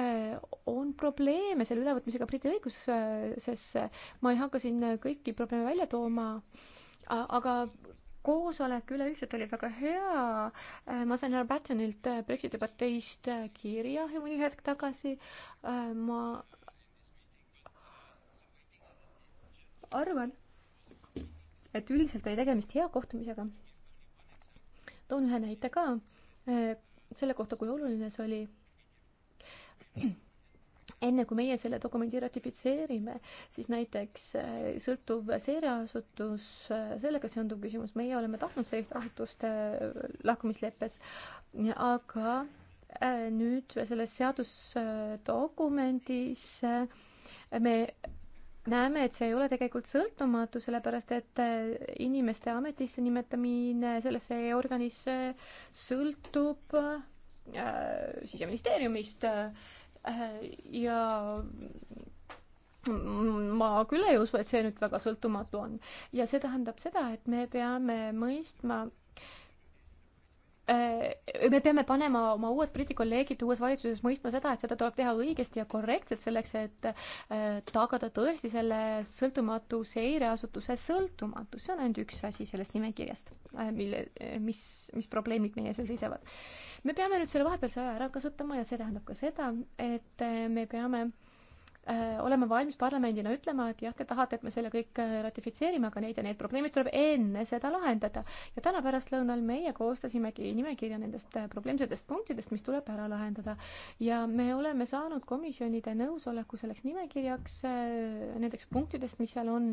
[SPEAKER 4] äh, on probleeme selle ülevõtmisega Briti õigusesse. ma ei hakka siin kõiki probleeme välja tooma, aga koosolek üleüldiselt oli väga hea. Äh, ma sain härra Battonilt Brexiti parteist kirja mõni hetk tagasi. ma arvan, et üldiselt oli tegemist hea kohtumisega. toon ühe näite ka eh, selle kohta, kui oluline see oli. enne kui meie selle dokumendi ratifitseerime, siis näiteks eh, sõltuv seeriaasutus, eh, sellega seonduv küsimus, meie oleme tahtnud sellist asutust lahkumisleppes, aga nüüd selles seadusdokumendis me näeme, et see ei ole tegelikult sõltumatu, sellepärast et äh, inimeste ametisse nimetamine sellesse organisse sõltub äh, siseministeeriumist äh, ja ma küll ei usu, et see nüüd väga sõltumatu on. ja see tähendab seda, et me peame mõistma Äh, me peame panema oma uued Briti kolleegid uues valitsuses mõistma seda, et seda tuleb teha õigesti ja korrektselt, selleks et äh, tagada tõesti selle sõltumatu seireasutuse sõltumatus, see on ainult üks asi sellest nimekirjast, äh, mille, mis, mis probleemid meie seal seisavad. me peame nüüd selle vahepealse aja ära kasutama ja see tähendab ka seda, et me peame äh, Äh, oleme valmis parlamendina ütlema, et jah, te tahate, et me selle kõik äh, ratifitseerime, aga neid ja neid probleemid tuleb enne seda lahendada. ja täna pärastlõunal meie koostasimegi nimekirja nendest äh, probleemsetest punktidest, mis tuleb ära lahendada. ja me oleme saanud komisjonide nõusoleku selleks nimekirjaks, nendeks punktidest, mis seal on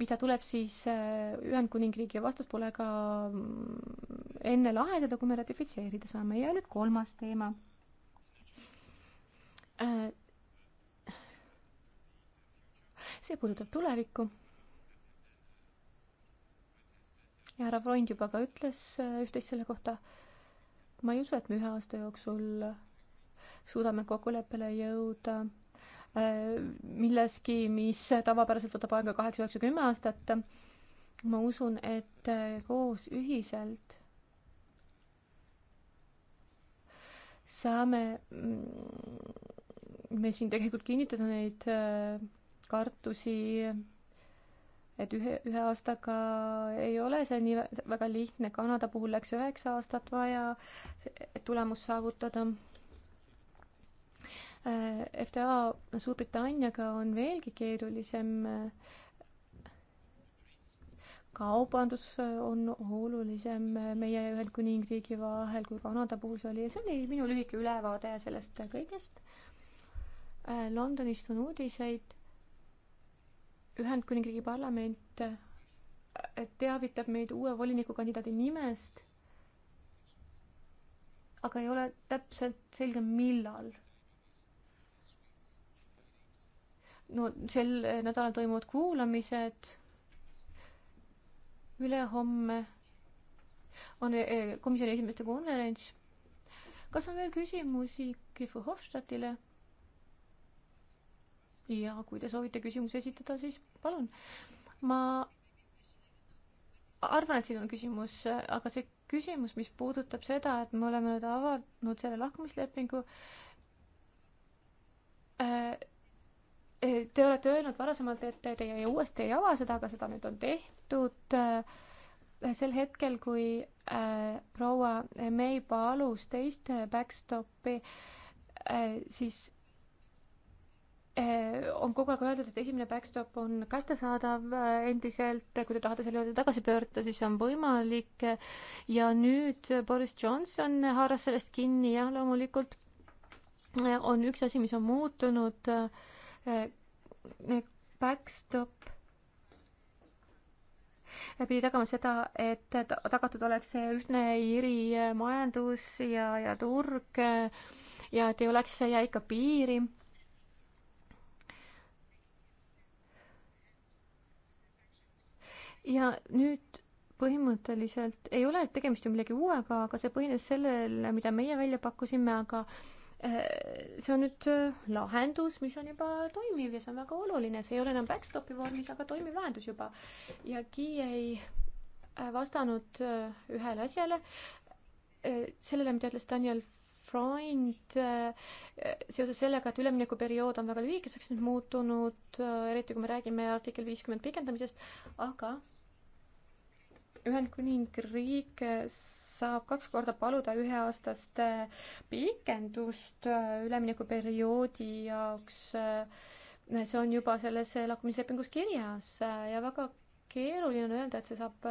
[SPEAKER 4] mida tuleb siis Ühendkuningriigi vastaspoolega mm, enne lahendada, kui me ratifitseerida saame. ja nüüd kolmas teema see puudutab tulevikku. ja härra Freund juba ka ütles äh, üht-teist selle kohta. ma ei usu, et me ühe aasta jooksul suudame kokkuleppele jõuda äh, milleski, mis tavapäraselt võtab aega kaheksa, üheksa, kümme aastat. ma usun, et äh, koos ühiselt saame mm, me siin tegelikult kinnitada neid kartusi, et ühe, ühe aastaga ei ole see nii väga lihtne, Kanada puhul läks üheksa aastat vaja, et tulemust saavutada. Äh, FTA Suurbritanniaga on veelgi keerulisem kaubandus on olulisem meie ja Ühendkuningriigi vahel kui Kanada puhul see oli ja see oli minu lühike ülevaade sellest kõigest. Äh, Londonist on uudiseid Ühendkuningriigi parlament äh, teavitab meid uue volinikukandidaadi nimest, aga ei ole täpselt selge, millal. no sel nädalal toimuvad kuulamised, ülehomme on äh, komisjoni esimeeste konverents. kas on veel küsimusi Kihvu Hofstadile? ja kui te soovite küsimusi esitada, siis palun. ma arvan, et siin on küsimus, aga see küsimus, mis puudutab seda, et me oleme nüüd avanud selle lahkumislepingu. Äh, äh, te olete öelnud varasemalt, et teie uuesti ei ava seda, aga seda nüüd on tehtud. Äh, sel hetkel, kui proua May palus teist backstopi, siis Eh, on kogu aeg öeldud, et esimene backstop on kättesaadav eh, endiselt, kui te tahate selle juurde tagasi pöörduda, siis see on võimalik. ja nüüd Boris Johnson haaras sellest kinni, jah, loomulikult eh, on üks asi, mis on muutunud. Backstop pidi tagama seda, et tagatud oleks ühtne Iiri majandus ja, ja turg ja et ei oleks jäika piiri ja nüüd põhimõtteliselt ei ole tegemist ju millegi uuega, aga see põhines sellele, mida meie välja pakkusime, aga äh, see on nüüd äh, lahendus, mis on juba toimiv ja see on väga oluline, see ei ole enam backstopi vormis, aga toimiv lahendus juba. ja Gi ei äh, vastanud ühele asjale, sellele, mida ütles Daniel Freund seoses sellega, et üleminekuperiood on väga lühikeseks nüüd muutunud, eriti kui me räägime artikkel viiskümmend pikendamisest, aga Ühendkuningriik saab kaks korda paluda üheaastast äh, pikendust äh, üleminekuperioodi jaoks. Äh, see on juba selles lakumislepingus kirjas ja väga keeruline on öelda, et see saab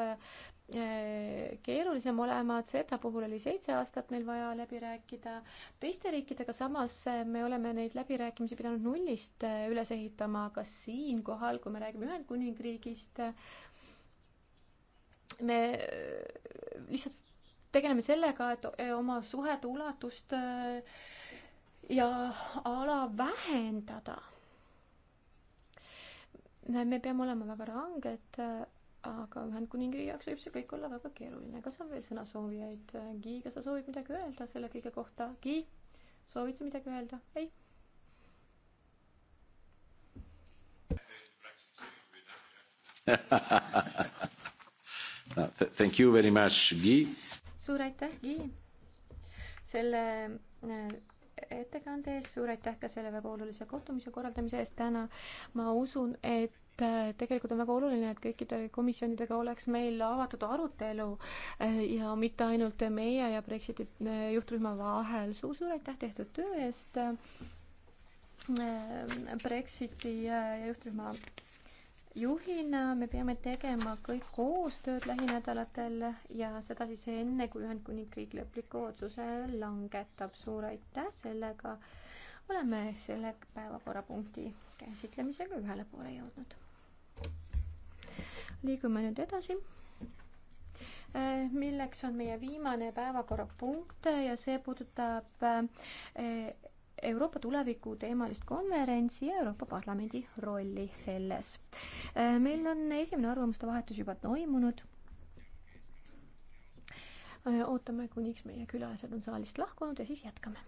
[SPEAKER 4] keerulisem olema, et seda puhul oli seitse aastat meil vaja läbi rääkida. teiste riikidega samas me oleme neid läbirääkimisi pidanud nullist üles ehitama, aga siinkohal, kui me räägime Ühendkuningriigist, me äh, lihtsalt tegeleme sellega, et äh, oma suhete ulatust äh, ja ala vähendada. me peame olema väga ranged, aga Ühendkuningriigi jaoks võib see kõik olla väga keeruline. kas on veel sõnasoovijaid? Gi, kas sa soovid midagi öelda selle kõige kohta? Gi, soovid sa midagi öelda? ei?
[SPEAKER 1] Thank you very much, Guy.
[SPEAKER 4] suur aitäh, Guy, selle äh, ettekande eest, suur aitäh ka selle väga olulise kohtumise korraldamise eest täna. ma usun, et äh, tegelikult on väga oluline, et kõikide komisjonidega oleks meil avatud arutelu äh, ja mitte ainult meie ja Brexiti juhtrühma vahel suur,. suur-suur aitäh tehtud töö eest. Brexiti juhtrühma juhina me peame tegema kõik koostööd lähinädalatel ja seda siis enne, kui Ühendkuningriik lõpliku otsuse langetab. suur aitäh, sellega oleme selle päevakorrapunkti käsitlemisega ühele poole jõudnud. liigume nüüd edasi äh, milleks on meie viimane päevakorrapunkt ja see puudutab äh, Euroopa tuleviku teemalist konverentsi ja Euroopa Parlamendi rolli selles. Äh, meil on esimene arvamuste vahetus juba toimunud. Äh, ootame, kuniks meie külalised on saalist lahkunud ja siis jätkame.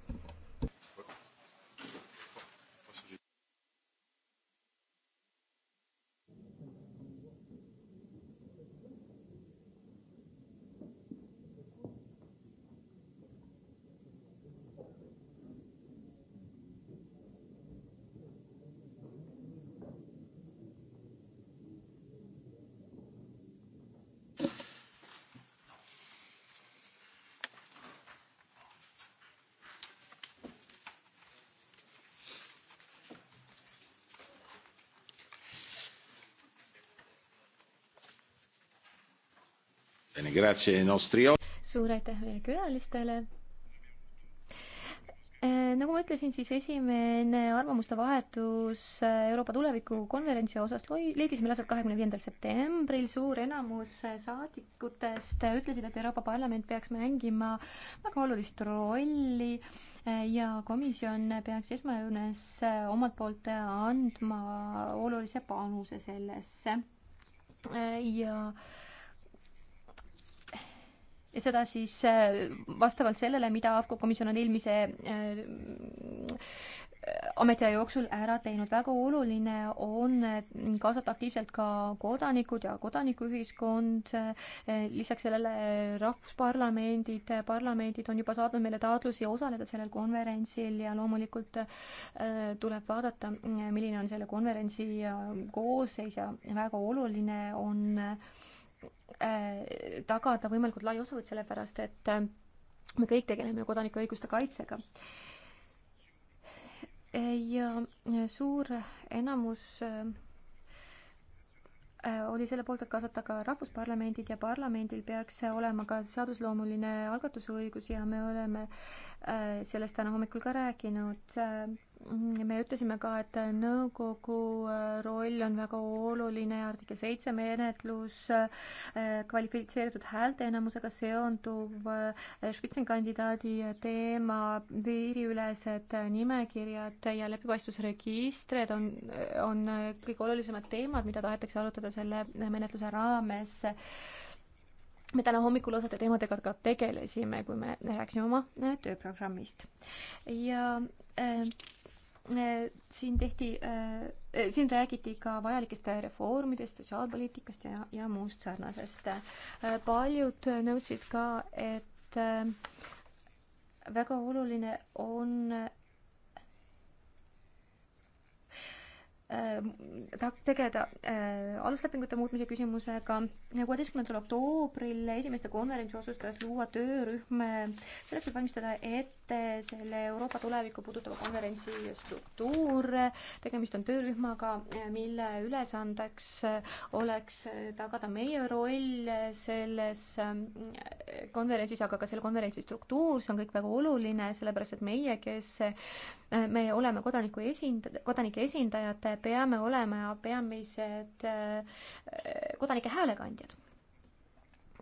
[SPEAKER 4] suur aitäh meie külalistele äh, nagu ma ütlesin, siis esimene arvamuste vahetus äh, Euroopa tuleviku konverentsi osas leidis meil aset kahekümne viiendal septembril. suur enamus äh, saadikutest ütlesid, et Euroopa Parlament peaks mängima väga olulist rolli ja komisjon peaks esmajoones omalt poolt andma olulise panuse sellesse. ja äh, ja seda siis äh, vastavalt sellele, mida AFCO komisjon on eelmise äh, ametiaja jooksul ära teinud. väga oluline on äh, kaasata aktiivselt ka kodanikud ja kodanikuühiskond. lisaks sellele rahvusparlamendid, parlamendid on juba saatnud meile taotlusi osaleda sellel konverentsil ja loomulikult tuleb vaadata, milline on selle konverentsi koosseis ja väga oluline on Äh, tagada võimalikult lai osavõtt, sellepärast et äh, me kõik tegeleme ju kodanikuõiguste kaitsega. ja suur enamus äh, oli selle poolt, et kaasata ka rahvusparlamendid ja parlamendil peaks olema ka seadusloomuline algatusõigus ja me oleme sellest täna hommikul ka rääkinud. Mm, me ütlesime ka, et nõukogu äh, roll on väga oluline, artikkel seitse menetlus, äh, kvalifitseeritud häälteenamusega seonduv, äh, spitsenkandidaadi teema, piiriülesed nimekirjad ja läbipaistvusregistrid on, on kõige olulisemad teemad, mida tahetakse arutada selle menetluse raames. me täna hommikul osade teemadega ka tegelesime, kui me rääkisime oma tööprogrammist ja äh, Äh, siin tehti, äh, äh, siin räägiti ka vajalikest reformidest, sotsiaalpoliitikast ja, ja muust sarnasest. paljud nõudsid ka, et väga oluline on Äh, tahab tegeleda äh, aluslepingute muutmise küsimusega. kuueteistkümnendal oktoobril esimeste konverentsi otsustas luua töörühm äh, selleks, et valmistada ette selle Euroopa tulevikku puudutava konverentsi struktuur. tegemist on töörühmaga, äh, mille ülesandeks oleks tagada meie roll selles konverentsis, aga ka selle konverentsi struktuur, see on kõik väga oluline, sellepärast et meie, kes me oleme kodaniku esind-, kodanike esindajad, peame olema peamised äh, kodanike häälekandjad.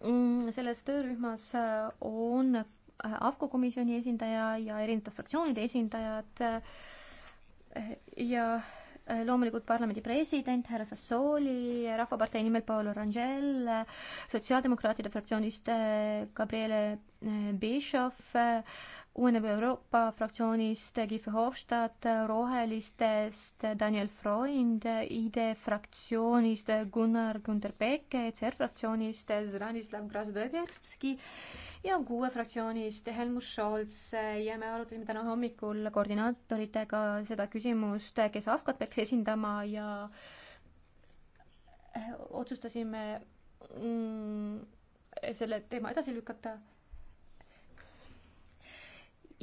[SPEAKER 4] Mm, selles töörühmas äh, on AFCO komisjoni esindaja ja erinevate fraktsioonide esindajad äh, ja loomulikult parlamendi president härra Sassooli, Rahvapartei nimel Paolo Rangel, sotsiaaldemokraatide fraktsioonist Gabriele Bischoff, uueneb Euroopa fraktsioonist Guy Verhofstadt, Rohelistest Daniel Freund, ID fraktsioonist Gunnar Günther Beke, ECR fraktsioonist Zranislav Krasnodõbjevski ja kuue fraktsioonist Helmut Scholz ja me arutasime täna hommikul koordinaatoritega seda küsimust, kes Afgat peaks esindama ja eh, otsustasime mm, selle teema edasi lükata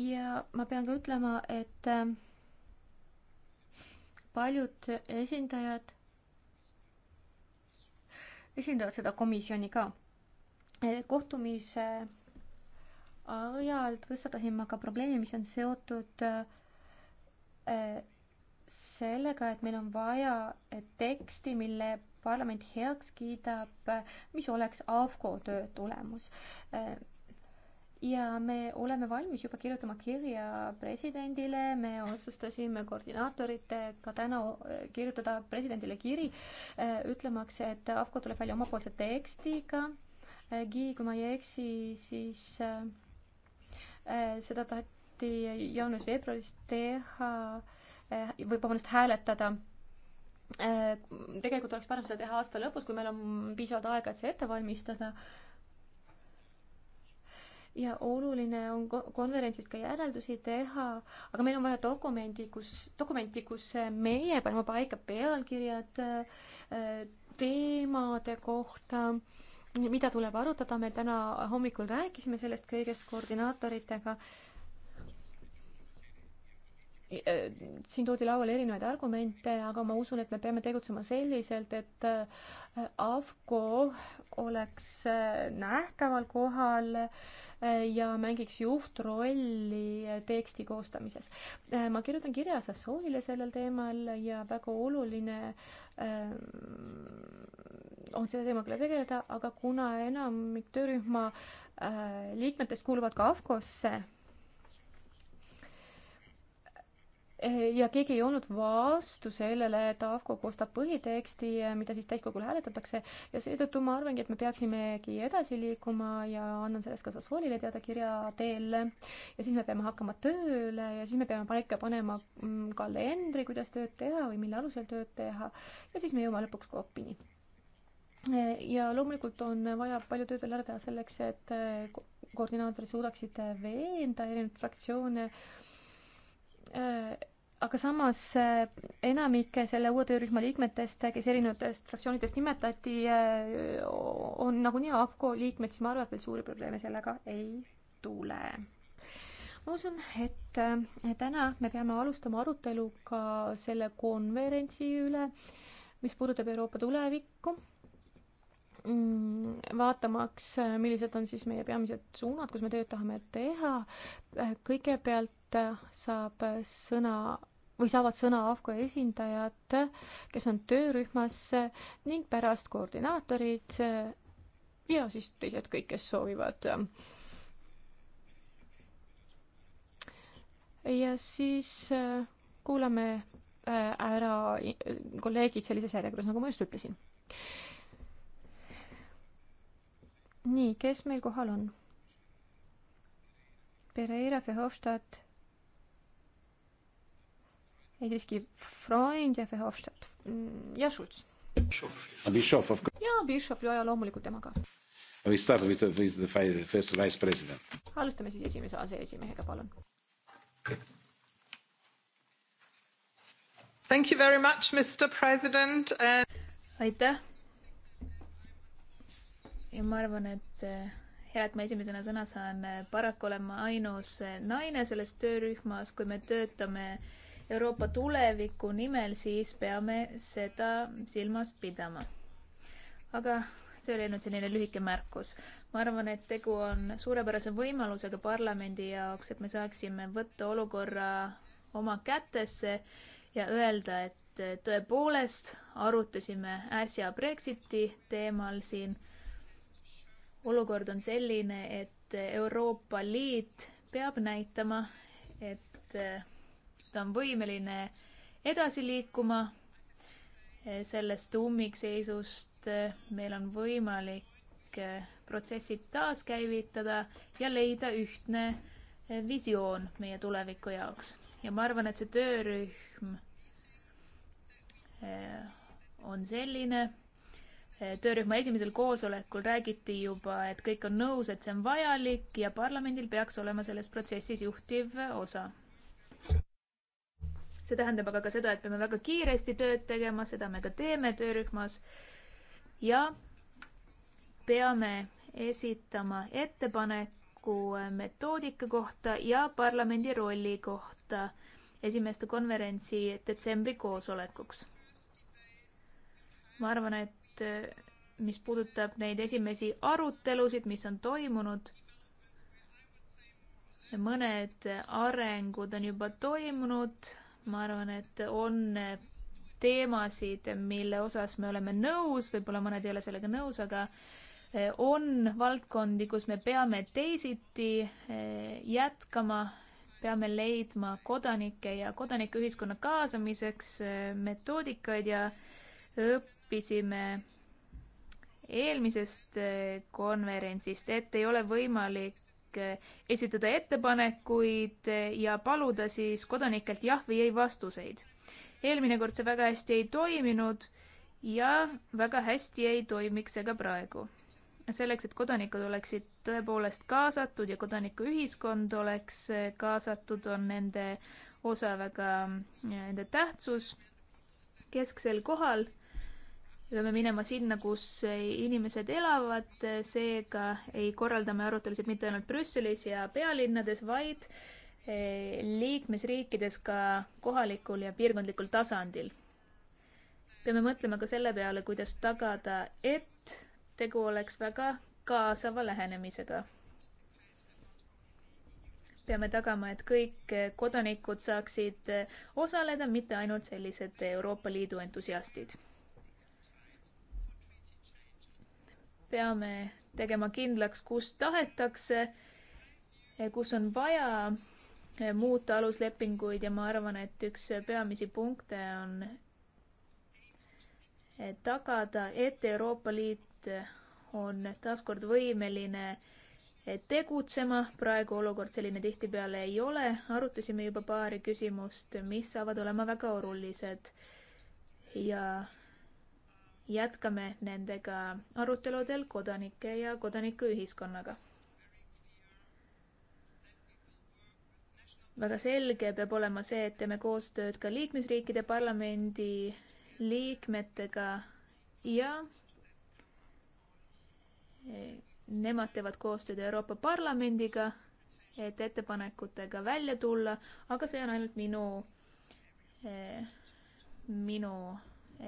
[SPEAKER 4] ja ma pean ka ütlema, et äh, paljud esindajad esindavad seda komisjoni ka. Äh, kohtumise ajal tõstatasin ma ka probleemi, mis on seotud äh, sellega, et meil on vaja teksti, mille parlament heaks kiidab, mis oleks AFCO töö tulemus ja me oleme valmis juba kirjutama kirja presidendile, me otsustasime koordinaatoritega täna eh, kirjutada presidendile kiri, eh, ütlemaks, et AFCO tuleb välja omapoolse tekstiga. Eh, Gi, kui ma ei eksi, siis äh, seda taheti jaanuaris-veebruaris teha äh, või vabandust, hääletada äh,. tegelikult oleks parem seda teha aasta lõpus, kui meil on piisavalt aega, et see ette valmistada äh, ja oluline on konverentsist ka järeldusi teha, aga meil on vaja dokumendi, kus, dokumenti, kus meie paneme paika pealkirjad äh, teemade kohta, mida tuleb arutada, me täna hommikul rääkisime sellest kõigest koordinaatoritega Äh, siin toodi lauale erinevaid argumente, aga ma usun, et me peame tegutsema selliselt, et äh, AFCO oleks äh, nähtaval kohal ja mängiks juhtrolli teksti koostamises. ma kirjutan kirja Sassoolile sellel teemal ja väga oluline on selle teemaga tegeleda, aga kuna enamik töörühma liikmetest kuuluvad ka AFCO-sse, ja keegi ei olnud vastu sellele, et AFCO koostab põhiteksti, mida siis täiskogul hääletatakse ja seetõttu ma arvangi, et me peaksimegi edasi liikuma ja annan sellest ka Sassoolile teada kirja teel. ja siis me peame hakkama tööle ja siis me peame paika panema mm, kalendri, kuidas tööd teha või mille alusel tööd teha ja siis me jõuame lõpuks koopini ja loomulikult on vaja palju tööd veel ära teha selleks, et koordinaatorid suudaksid veenda erinevaid fraktsioone äh, Äh, aga samas äh, enamik selle uue töörühma liikmetest, äh, kes erinevatest fraktsioonidest nimetati, on nagunii AFCO liikmed, siis ma arvan, et veel suuri probleeme sellega ei tule. ma usun, et täna me peame alustama arutelu ka selle konverentsi üle, mis puudutab Euroopa tulevikku mm, vaatamaks, millised on siis meie peamised suunad, kus me tööd tahame teha. kõigepealt nüüd saab sõna või saavad sõna AFCO esindajad, kes on töörühmas ning pärast koordinaatorid ja siis teised kõik, kes soovivad. ja siis äh, kuulame äh, ära kolleegid sellises järjekorras, nagu ma just ütlesin. nii, kes meil kohal on? Pereira, Verhofstadt ei siiski Freund ja Verhofstadt mm, ja Schulz.
[SPEAKER 1] Bischoff of course.
[SPEAKER 4] jaa, Bischoff ja, ja loomulikult tema ka.
[SPEAKER 1] We start with, with the first vice president.
[SPEAKER 4] alustame siis esimese
[SPEAKER 3] aseesimehega, palun. Thank you very much, Mr President and.... aitäh. ja ma arvan, et eh, hea, et ma esimesena sõna saan. paraku olen ma ainus naine selles töörühmas, kui me töötame äh, Euroopa tuleviku nimel, siis peame seda silmas pidama. aga see oli ainult selline lühike märkus. ma arvan, et tegu on suurepärase võimalusega parlamendi jaoks, et me saaksime võtta olukorra oma kätesse ja öelda, et tõepoolest arutasime äsja Brexiti teemal siin. olukord on selline, et Euroopa Liit peab näitama, et ta on võimeline edasi liikuma eh, sellest ummikseisust. Eh, meil on võimalik eh, protsessid taaskäivitada ja leida ühtne visioon meie tuleviku jaoks ja ma arvan, et see töörühm on selline. töörühma esimesel koosolekul räägiti juba, et kõik on nõus, et see on vajalik ja parlamendil peaks olema selles protsessis juhtiv osa see tähendab aga ka seda, et peame väga kiiresti tööd tegema, seda me ka teeme töörühmas. ja peame esitama ettepaneku metoodika kohta ja parlamendi rolli kohta esimeste konverentsi detsembri koosolekuks. ma arvan, et eh, mis puudutab neid esimesi arutelusid, mis on toimunud, mõned arengud on juba toimunud ma arvan, et on teemasid, mille osas me oleme nõus, võib-olla mõned ei ole sellega nõus, aga eh, on valdkondi, kus me peame teisiti eh, jätkama, peame leidma kodanike ja kodanikuühiskonna kaasamiseks eh, metoodikaid ja õppisime eelmisest konverentsist, et ei ole võimalik Äh, esitada ettepanekuid äh, ja paluda siis kodanikelt jah või ei vastuseid. eelmine kord see väga hästi ei toiminud ja väga hästi ei toimiks see ka praegu. selleks, et kodanikud oleksid tõepoolest kaasatud ja kodanikuühiskond oleks äh, kaasatud, on nende osa väga, nende tähtsus kesksel kohal me peame minema sinna, kus inimesed elavad, seega ei korralda me arutelusid mitte ainult Brüsselis ja pealinnades, vaid eh, liikmesriikides ka kohalikul ja piirkondlikul tasandil. peame mõtlema ka selle peale, kuidas tagada, et tegu oleks väga kaasava lähenemisega. peame tagama, et kõik kodanikud saaksid eh, osaleda, mitte ainult sellised Euroopa Liidu entusiastid peame tegema kindlaks, kus tahetakse, kus on vaja eh, muuta aluslepinguid ja ma arvan, et üks peamisi punkte on eh, tagada, et Euroopa Liit on taaskord võimeline eh, tegutsema. praegu olukord selline tihtipeale ei ole. arutasime juba paari küsimust, mis saavad olema väga olulised ja jätkame nendega aruteludel kodanike ja kodanikuühiskonnaga. väga selge peab olema see, et teeme koostööd ka liikmesriikide parlamendi liikmetega ja nemad teevad koostööd Euroopa Parlamendiga, et ettepanekutega välja tulla, aga see on ainult minu, eh, minu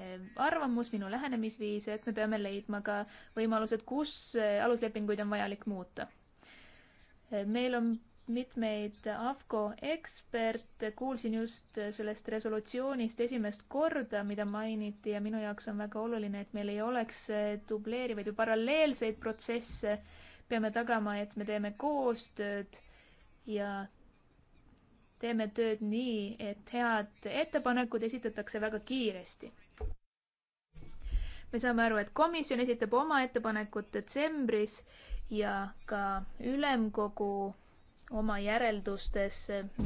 [SPEAKER 3] Eh, arvamus, minu lähenemisviis, et me peame leidma ka võimalused, kus eh, aluslepinguid on vajalik muuta. Eh, meil on mitmeid AFCO eksperte, kuulsin just sellest resolutsioonist esimest korda, mida mainiti ja minu jaoks on väga oluline, et meil ei oleks dubleerivaid või paralleelseid protsesse. peame tagama, et me teeme koostööd ja teeme tööd nii, et head ettepanekud esitatakse väga kiiresti me saame aru, et komisjon esitab oma ettepanekud detsembris ja ka ülemkogu oma järeldustes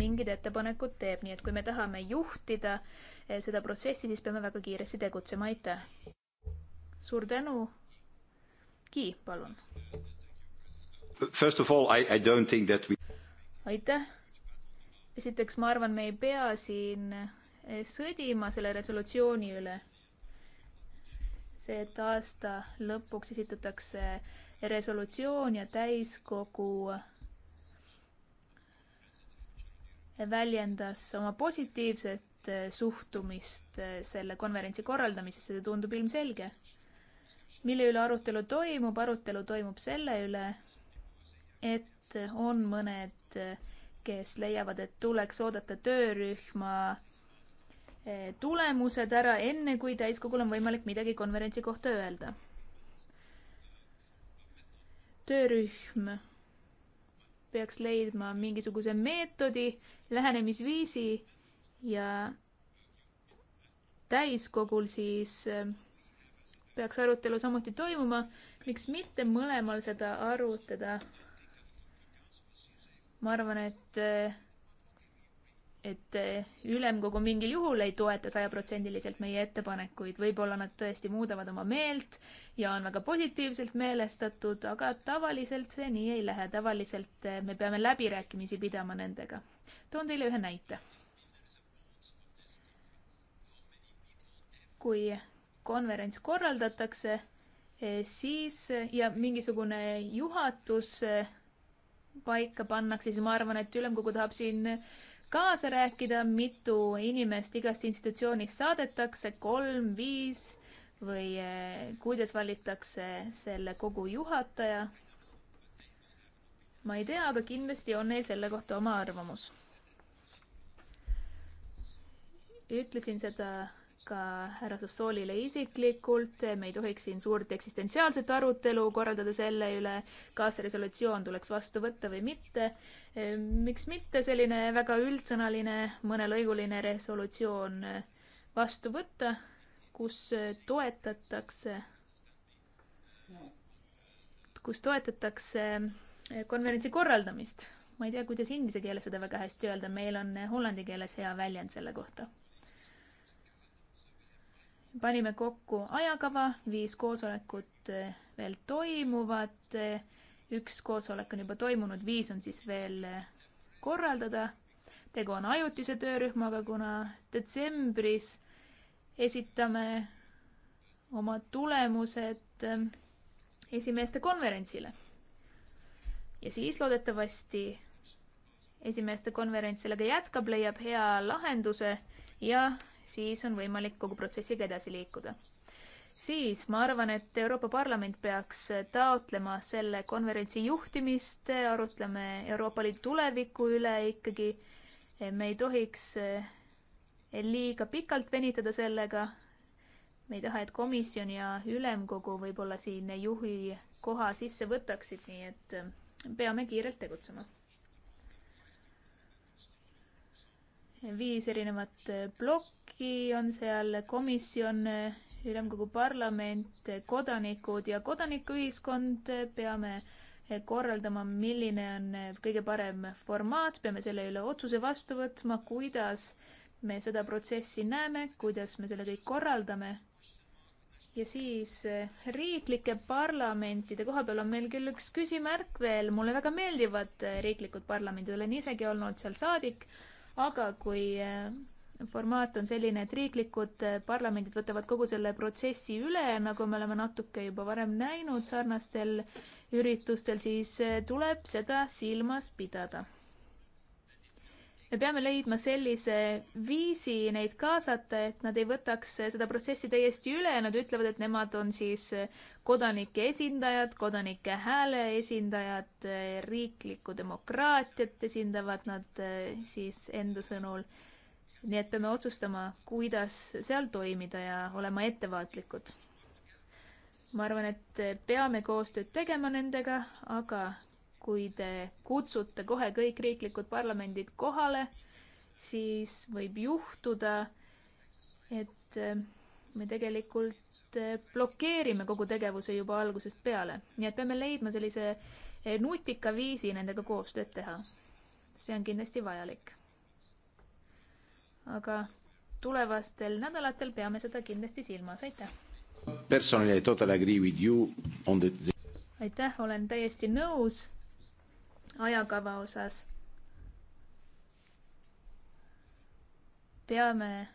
[SPEAKER 3] mingid ettepanekud teeb, nii et kui me tahame juhtida eh, seda protsessi, siis peame väga kiiresti tegutsema, aitäh. suur tänu. Ki, palun.
[SPEAKER 1] First of all, I, I don't think that we.
[SPEAKER 3] aitäh. esiteks, ma arvan, me ei pea siin eh, sõdima selle resolutsiooni üle see, et aasta lõpuks esitatakse resolutsioon ja täiskogu väljendas oma positiivset suhtumist selle konverentsi korraldamisesse, see tundub ilmselge. mille üle arutelu toimub, arutelu toimub selle üle, et on mõned, kes leiavad, et tuleks oodata töörühma Eh, tulemused ära, enne kui täiskogul on võimalik midagi konverentsi kohta öelda. töörühm peaks leidma mingisuguse meetodi, lähenemisviisi ja täiskogul siis eh, peaks arutelu samuti toimuma. miks mitte mõlemal seda arutada? ma arvan, et eh, et eh, ülemkogu mingil juhul ei toeta sajaprotsendiliselt meie ettepanekuid, võib-olla nad tõesti muudavad oma meelt ja on väga positiivselt meelestatud, aga tavaliselt see nii ei lähe, tavaliselt eh, me peame läbirääkimisi pidama nendega. toon teile ühe näite. kui konverents korraldatakse, eh, siis ja mingisugune juhatus paika pannakse, siis ma arvan, et ülemkogu tahab siin kaasa rääkida, mitu inimest igast institutsioonist saadetakse, kolm, viis või eh, kuidas valitakse selle kogu juhataja. ma ei tea, aga kindlasti on neil selle kohta oma arvamus. ütlesin seda ka härra Sassoolile isiklikult, me ei tohiks siin suurt eksistentsiaalset arutelu korraldada selle üle, kas resolutsioon tuleks vastu võtta või mitte. miks mitte selline väga üldsõnaline, mõnelõiguline resolutsioon vastu võtta, kus toetatakse, kus toetatakse konverentsi korraldamist. ma ei tea, kuidas inglise keeles seda väga hästi öelda, meil on hollandi keeles hea väljend selle kohta panime kokku ajakava, viis koosolekut eh, veel toimuvad, eh, üks koosolek on juba toimunud, viis on siis veel eh, korraldada. tegu on ajutise töörühmaga, kuna detsembris esitame oma tulemused esimeeste konverentsile. ja siis loodetavasti esimeeste konverents sellega jätkab, leiab hea lahenduse ja siis on võimalik kogu protsessiga edasi liikuda. siis ma arvan, et Euroopa Parlament peaks taotlema selle konverentsi juhtimist, arutleme Euroopa Liidu tuleviku üle ikkagi. me ei tohiks eh, liiga pikalt venitada sellega. me ei taha, et komisjon ja ülemkogu võib-olla siin juhi koha sisse võtaksid, nii et eh, peame kiirelt tegutsema viis erinevat plokki on seal komisjon, ülemkogu parlament, kodanikud ja kodanikuühiskond. peame korraldama, milline on kõige parem formaat, peame selle üle otsuse vastu võtma, kuidas me seda protsessi näeme, kuidas me selle kõik korraldame. ja siis riiklike parlamentide koha peal on meil küll üks küsimärk veel, mulle väga meeldivad riiklikud parlamendid, olen isegi olnud seal saadik aga kui äh, formaat on selline, et riiklikud äh, parlamendid võtavad kogu selle protsessi üle, nagu me oleme natuke juba varem näinud sarnastel üritustel, siis äh, tuleb seda silmas pidada me peame leidma sellise viisi neid kaasata, et nad ei võtaks seda protsessi täiesti üle, nad ütlevad, et nemad on siis kodanike esindajad, kodanike hääle esindajad, riiklikku demokraatiat esindavad nad eh, siis enda sõnul. nii et peame otsustama, kuidas seal toimida ja olema ettevaatlikud. ma arvan, et peame koostööd tegema nendega, aga kui te kutsute kohe kõik riiklikud parlamendid kohale, siis võib juhtuda, et äh, me tegelikult äh, blokeerime kogu tegevuse juba algusest peale, nii et peame leidma sellise äh, nutika viisi nendega koostööd teha. see on kindlasti vajalik. aga tulevastel nädalatel peame seda kindlasti silmas, aitäh.
[SPEAKER 1] personally I totally agree with you on the
[SPEAKER 3] aitäh, olen täiesti nõus ajakava osas. peame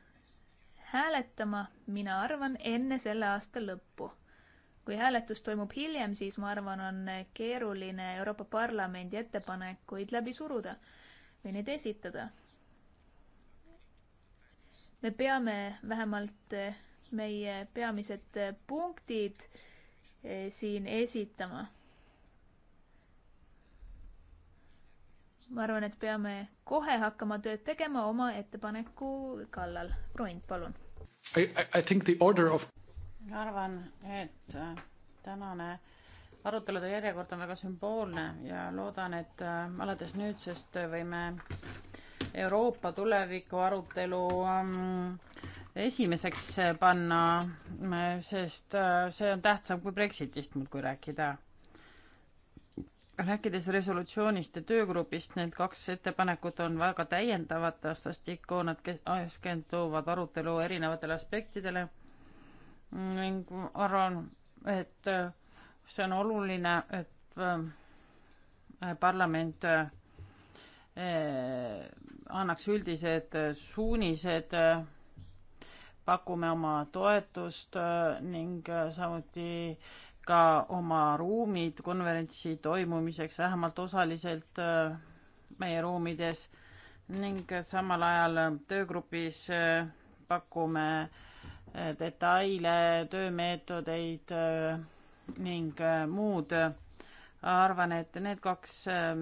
[SPEAKER 3] hääletama, mina arvan, enne selle aasta lõppu. kui hääletus toimub hiljem, siis ma arvan, on keeruline Euroopa Parlamendi ettepanekuid läbi suruda või neid esitada. me peame vähemalt meie peamised punktid eh, siin esitama ma arvan, et peame kohe hakkama tööd tegema oma ettepaneku kallal. Freund, palun.
[SPEAKER 5] Of...
[SPEAKER 2] ma arvan, et äh, tänane arutelude järjekord on väga sümboolne ja loodan, et äh, alates nüüdsest võime Euroopa tuleviku arutelu ähm, esimeseks panna, äh, sest see on tähtsam kui Brexitist mul, kui rääkida rääkides resolutsioonist ja töögrupist, need kaks ettepanekut on väga täiendavad vastastikku, nad keskenduvad arutelu erinevatele aspektidele ning ma arvan, et äh, see on oluline, et äh, parlament äh, annaks üldised suunised, pakume oma toetust ning samuti ka oma ruumid konverentsi toimumiseks vähemalt osaliselt äh, meie ruumides ning samal ajal töögrupis äh, pakume äh, detaile, töömeetodeid ning muud. arvan, et need kaks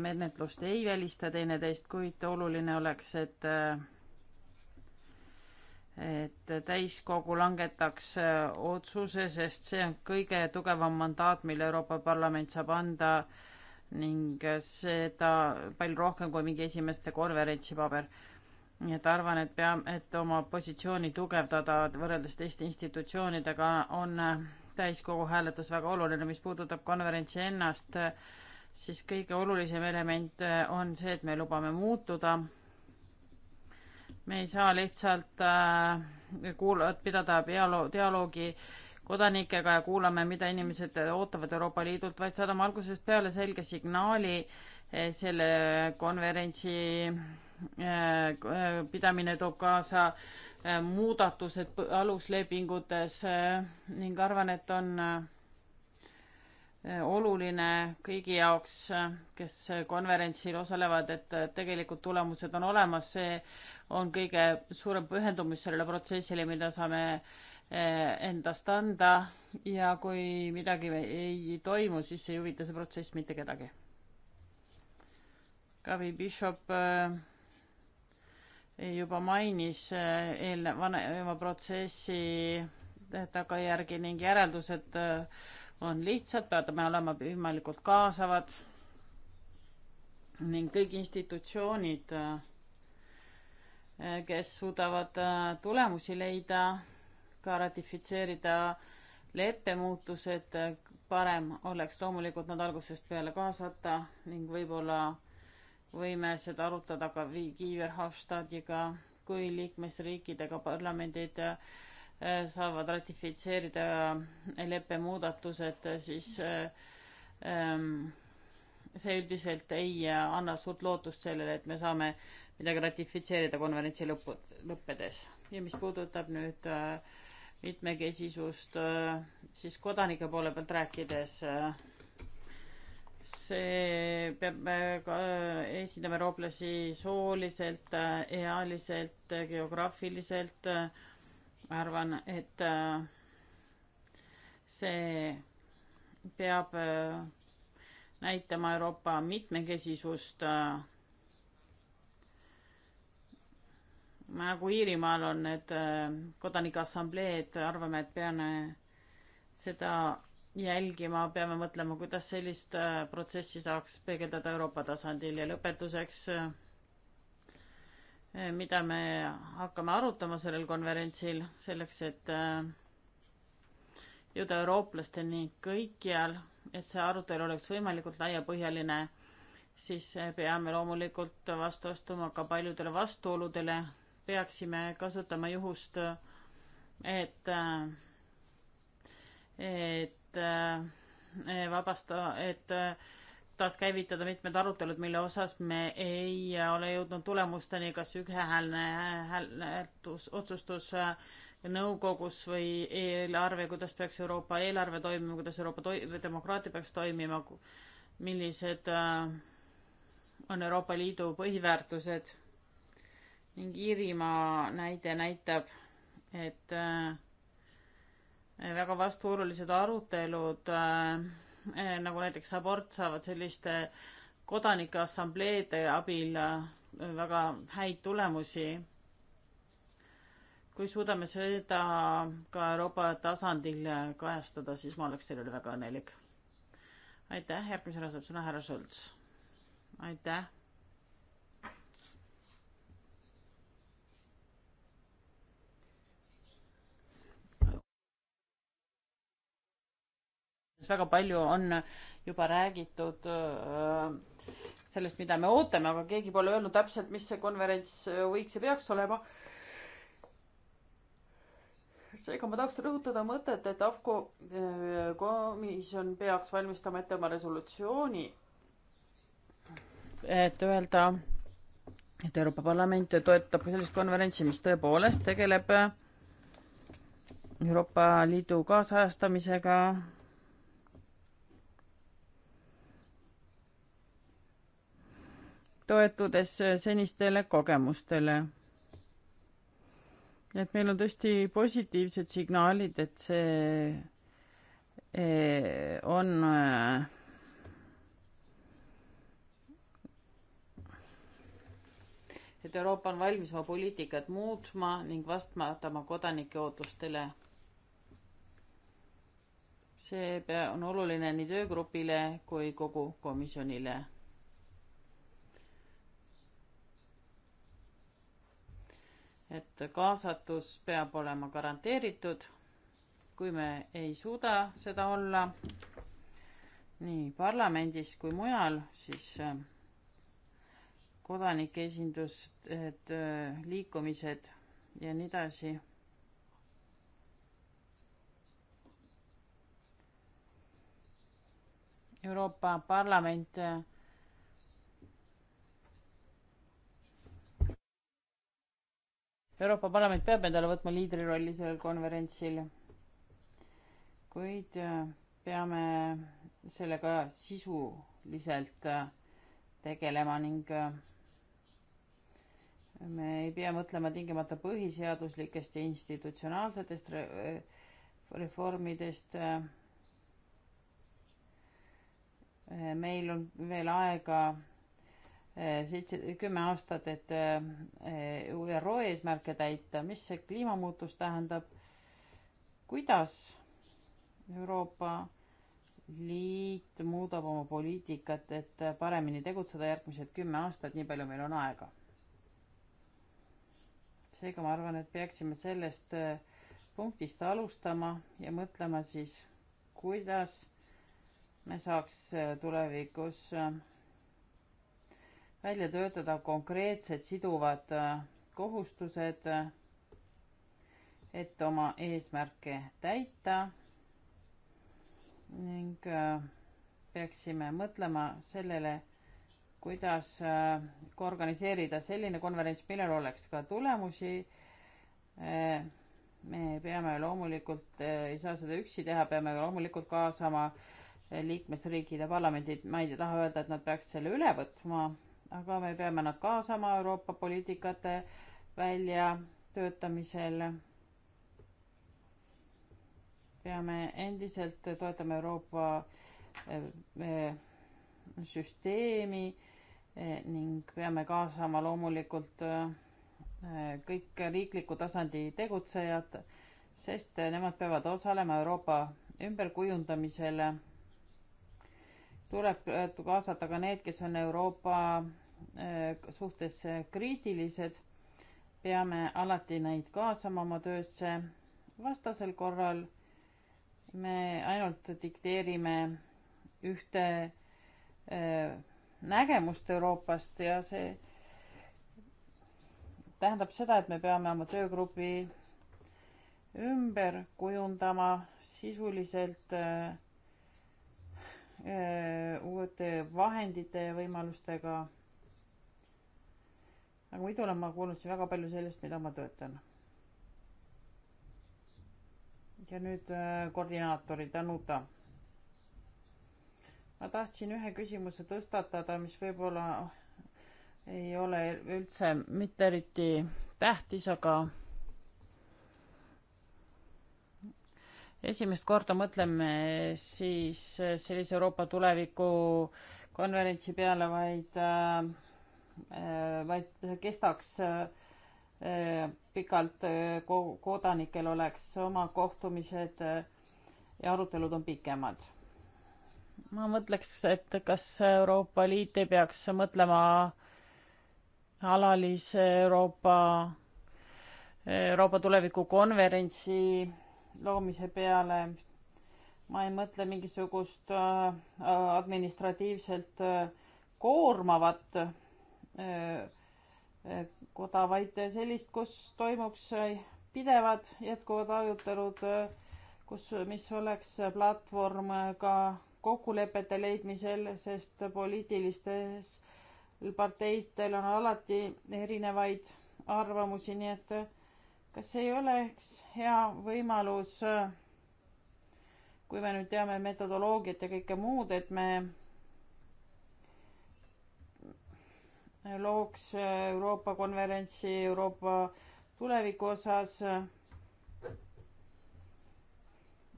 [SPEAKER 2] menetlust ei välista teineteist, kuid oluline oleks, et et täiskogu langetaks äh, otsuse, sest see on kõige tugevam mandaat, mille Euroopa Parlament saab anda ning äh, seda palju rohkem kui mingi esimeste konverentsi paber. nii et arvan, et pea, et oma positsiooni tugevdada võrreldes teiste institutsioonidega on äh, täiskogu hääletus väga oluline, mis puudutab konverentsi ennast, siis kõige olulisem element on see, et me lubame muutuda me ei saa lihtsalt äh, kuula-, pidada dialoo-, dialoogi kodanikega ja kuulame, mida inimesed ootavad Euroopa Liidult, vaid saadame algusest peale selge signaali eh, selle konverentsi eh, pidamine toob kaasa eh, muudatused aluslepingutes eh, ning arvan, et on oluline kõigi jaoks, kes konverentsil osalevad, et tegelikult tulemused on olemas, see on kõige suurem pühendumus sellele protsessile, mida saame eh, endast anda ja kui midagi ei toimu, siis ei huvita see protsess mitte kedagi. Gavi Bishop eh, juba mainis eh, eelneva protsessi tagajärgi ning järeldused äh, on lihtsad, peame olema võimalikult kaasavad ning kõik institutsioonid, eh, kes suudavad eh, tulemusi leida, ka ratifitseerida leppemuutused, eh, parem oleks loomulikult nad algusest peale kaasata ning võib-olla võime seda arutada ka Kiiver Hofstadiga, kui liikmesriikidega parlamendid äh, Äh, saavad ratifitseerida leppe muudatused, äh, siis äh, ähm, see üldiselt ei anna suurt lootust sellele, et me saame midagi ratifitseerida konverentsi lõpu, lõppedes. ja mis puudutab nüüd mitmekesisust, siis kodanike poole pealt rääkides, see peab ka esindama eurooplasi sooliselt, ealiselt, geograafiliselt ma arvan, et äh, see peab äh, näitama Euroopa mitmekesisust. Äh, nagu Iirimaal on need kodanikuassambleed, arvame, et peame seda jälgima, peame mõtlema, kuidas sellist protsessi saaks peegeldada Euroopa tasandil ja lõpetuseks äh, Eh, mida me hakkame arutama sellel konverentsil, selleks et eh, jõuda eurooplasteni kõikjal, et see arutelu oleks võimalikult laiapõhjaline, siis eh, peame loomulikult vastu astuma ka paljudele vastuoludele, peaksime kasutama juhust, et, et vabasta, et taaskäivitada mitmed arutelud, mille osas me ei ole jõudnud tulemusteni, kas ühehäälne hääletus, otsustus äh, nõukogus või eelarve, kuidas peaks Euroopa eelarve toimima, kuidas Euroopa toi-, demokraatia peaks toimima, millised äh, on Euroopa Liidu põhiväärtused ning Iirimaa näide näitab, et äh, väga vastuolulised arutelud äh, Eh, nagu näiteks abort, saavad selliste kodanike assambleede abil eh, väga häid tulemusi. kui suudame seda ka Euroopa tasandil kajastada, siis ma oleks selle üle väga õnnelik. aitäh, järgmisena saab sõna härra Šolts. aitäh väga palju on juba räägitud äh, sellest, mida me ootame, aga keegi pole öelnud täpselt, mis see konverents äh, võiks ja peaks olema. seega ma tahaks rõhutada mõtet, et AFCO äh, komisjon peaks valmistama ette oma resolutsiooni, et öelda, et Euroopa Parlament toetab sellist konverentsi, mis tõepoolest tegeleb Euroopa Liidu kaasajastamisega toetudes senistele kogemustele. et meil on tõesti positiivsed signaalid, et see e, on e, et Euroopa on valmis oma poliitikat muutma ning vastma oma kodanike ootustele. see on oluline nii töögrupile kui kogu komisjonile et kaasatus peab olema garanteeritud. kui me ei suuda seda olla nii parlamendis kui mujal, siis äh, kodanike esindused, äh, liikumised ja nii edasi. Euroopa Parlament äh, Euroopa Parlament peab endale võtma liidrirolli sellel konverentsil, kuid äh, peame sellega sisuliselt äh, tegelema ning äh, me ei pea mõtlema tingimata põhiseaduslikest ja institutsionaalsetest reformidest. meil on veel aega seitse, kümme aastat, et eh, ÜRO eesmärke täita, mis see kliimamuutus tähendab, kuidas Euroopa Liit muudab oma poliitikat, et paremini tegutseda järgmised kümme aastat, nii palju meil on aega. seega ma arvan, et peaksime sellest eh, punktist alustama ja mõtlema siis, kuidas me saaks eh, tulevikus äh, välja töötada konkreetsed siduvad äh, kohustused, äh, et oma eesmärke täita ning äh, peaksime mõtlema sellele, kuidas organiseerida selline konverents, millel oleks ka tulemusi. me peame loomulikult, ei saa seda üksi teha, peame loomulikult kaasama liikmesriigid ja parlamendid, ma ei taha öelda, et nad peaks selle üle võtma aga me peame nad kaasama Euroopa poliitikate väljatöötamisel. peame endiselt toetama Euroopa eh, eh, süsteemi eh, ning peame kaasama loomulikult kõik riikliku tasandi tegutsejad, sest nemad peavad osalema Euroopa ümberkujundamisel. tuleb kaasata ka need, kes on Euroopa Äh, suhtes äh, kriitilised, peame alati neid kaasama oma töösse, vastasel korral me ainult dikteerime ühte äh, nägemust Euroopast ja see tähendab seda, et me peame oma töögrupi ümber kujundama sisuliselt öö, uute vahendite ja võimalustega aga muidu olen ma kuulnud siin väga palju sellest, mida ma toetan. ja nüüd äh, koordinaatorid, Anuta. ma tahtsin ühe küsimuse tõstatada, mis võib-olla ei ole üldse mitte eriti tähtis, aga esimest korda mõtleme siis sellise Euroopa tuleviku konverentsi peale, vaid äh, Äh, vaid kestaks äh, pikalt, äh, kodanikel oleks oma kohtumised ja arutelud on pikemad. ma mõtleks, et kas Euroopa Liit ei peaks mõtlema alalise Euroopa, Euroopa tulevikukonverentsi loomise peale. ma ei mõtle mingisugust administratiivselt koormavat Äh, äh, koda, vaid sellist, kus toimuks äh, pidevad jätkuvad arutelud, kus, mis oleks platvorm ka kokkulepete leidmisel, sest poliitilistes parteistel on alati erinevaid arvamusi, nii et kas ei oleks hea võimalus, kui me nüüd teame metodoloogiat ja kõike muud, et me looks Euroopa konverentsi Euroopa tuleviku osas,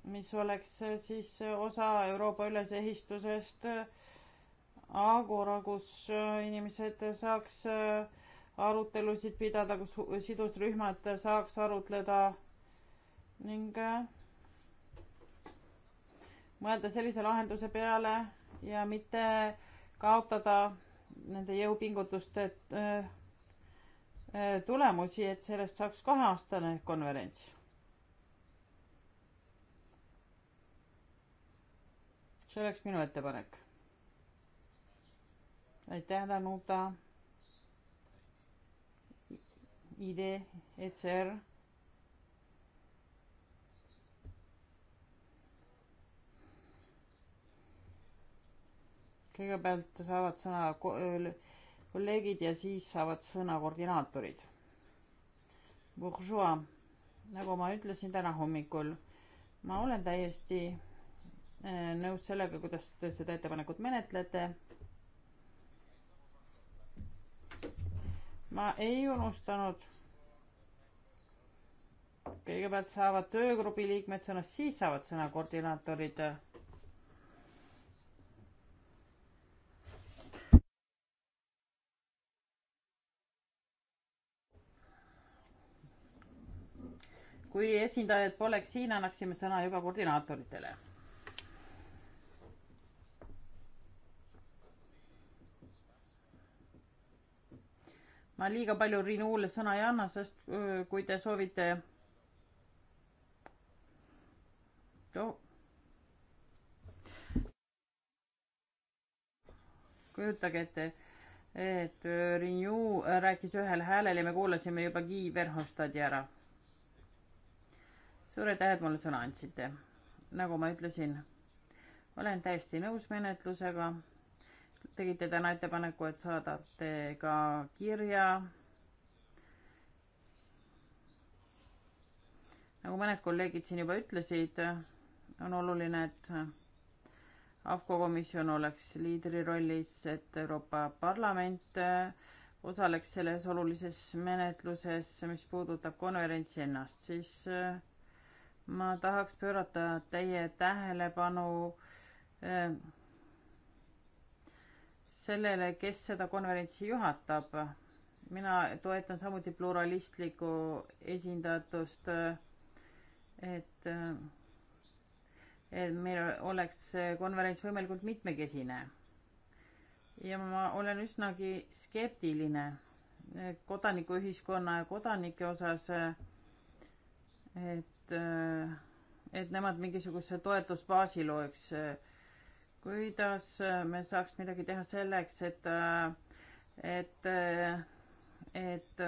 [SPEAKER 2] mis oleks siis osa Euroopa ülesehistusest Agora, kus inimesed saaks arutelusid pidada, kus sidusrühmad saaks arutleda ning mõelda sellise lahenduse peale ja mitte kaotada nende jõupingutuste äh, äh, tulemusi, et sellest saaks kaheaastane konverents. see oleks minu ettepanek. aitäh, Danuta. idee, ECR kõigepealt saavad sõna kolleegid ja siis saavad sõna koordinaatorid. Bourgeois, nagu ma ütlesin täna hommikul, ma olen täiesti nõus sellega, kuidas te seda ettepanekut menetlete. ma ei unustanud. kõigepealt saavad töögrupi liikmed sõna, siis saavad sõna koordinaatorid kui esindajad poleks siin, annaksime sõna juba koordinaatoritele. ma liiga palju Rinuule sõna ei anna, sest kui te soovite oh.. kujutage ette, et Renew äh, rääkis ühel häälel ja me kuulasime juba Guy Verhofstadti ära suur aitäh, et mulle sõna andsite. nagu ma ütlesin, olen täiesti nõus menetlusega. tegite täna ettepaneku, et saadate ka kirja. nagu mõned kolleegid siin juba ütlesid, on oluline, et AFCO komisjon oleks liidri rollis, et Euroopa Parlament osaleks selles olulises menetluses, mis puudutab konverentsi ennast, siis ma tahaks pöörata teie tähelepanu eh, sellele, kes seda konverentsi juhatab. mina toetan samuti pluralistlikku esindatust, eh, et, eh, et meil oleks see konverents võimalikult mitmekesine. ja ma olen üsnagi skeptiline kodanikuühiskonna ja kodanike osas, et Äh, et nemad mingisuguse toetusbaasi loeks. kuidas äh, me saaks midagi teha selleks, et, äh, et, et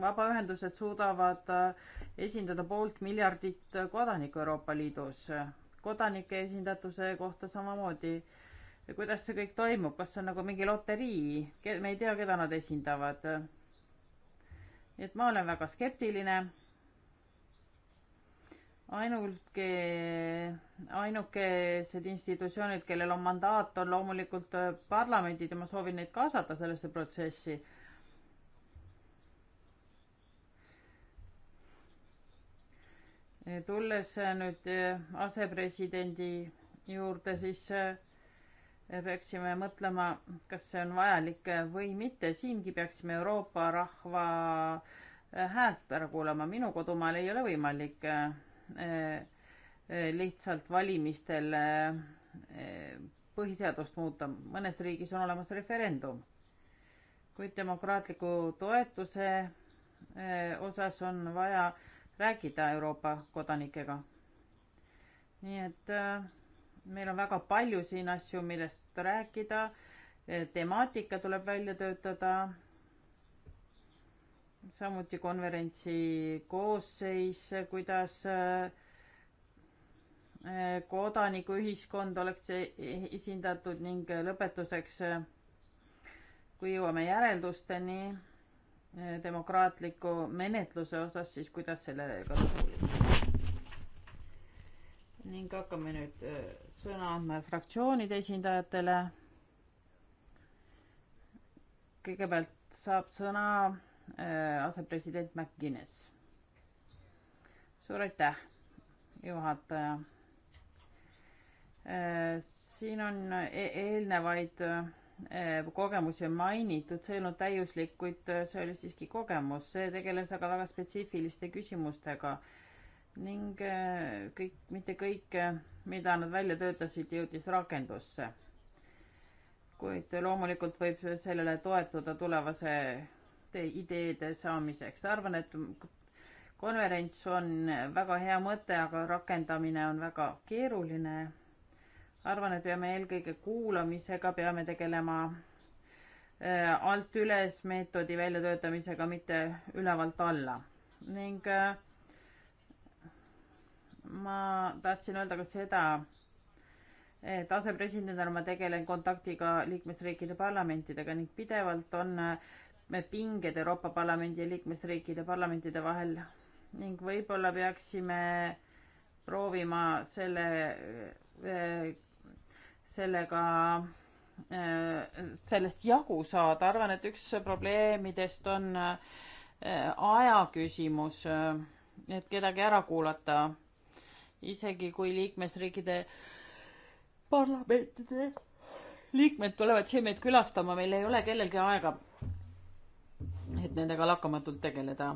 [SPEAKER 2] vabaühendused suudavad esindada poolt miljardit kodanikku Euroopa Liidus, kodanike esindatuse kohta samamoodi kuidas see kõik toimub, kas see on nagu mingi loterii, me ei tea, keda nad esindavad. nii et ma olen väga skeptiline ainuke, ainukesed institutsioonid, kellel on mandaat, on loomulikult äh, parlamendid ja ma soovin neid kaasata sellesse protsessi. tulles äh, nüüd äh, asepresidendi juurde, siis peaksime mõtlema, kas see on vajalik või mitte, siingi peaksime Euroopa rahva häält ära kuulama, minu kodumaal ei ole võimalik Äh, äh, lihtsalt valimistel äh, põhiseadust muuta. mõnes riigis on olemas referendum, kuid demokraatliku toetuse osas on vaja rääkida Euroopa kodanikega. nii et meil on väga palju siin asju, millest rääkida. temaatika tuleb välja töötada samuti konverentsi koosseis, kuidas äh, kodanikuühiskond oleks e-, esindatud ning lõpetuseks, kui jõuame järeldusteni äh, demokraatliku menetluse osas, siis kuidas sellele kasutada. ning hakkame nüüd äh, sõna andma fraktsioonide esindajatele. kõigepealt saab sõna Äh, asepresident McGuinness. suur aitäh, juhataja. Äh, siin on e eelnevaid äh, kogemusi on mainitud, see ei olnud täiuslik, kuid see oli siiski kogemus, see tegeles aga väga spetsiifiliste küsimustega ning kõik, mitte kõik, mida nad välja töötasid, jõudis rakendusse. kuid loomulikult võib sellele toetuda tulevase uute ideede saamiseks. arvan, et konverents on väga hea mõte, aga rakendamine on väga keeruline. arvan, et peame eelkõige kuulamisega, peame tegelema äh, alt üles meetodi väljatöötamisega, mitte ülevalt alla. ning äh, ma tahtsin öelda ka seda, et asepresidendina ma tegelen kontaktiga liikmesriikide parlamentidega ning pidevalt on äh, pinged Euroopa Parlamendi ja liikmesriikide parlamentide vahel ning võib-olla peaksime proovima selle, sellega, sellest jagu saada. arvan, et üks probleemidest on äh, aja küsimus, äh, et kedagi ära kuulata. isegi kui liikmesriikide parlamentide liikmed tulevad siin meid külastama, meil ei ole kellelgi aega et nendega lakkamatult tegeleda.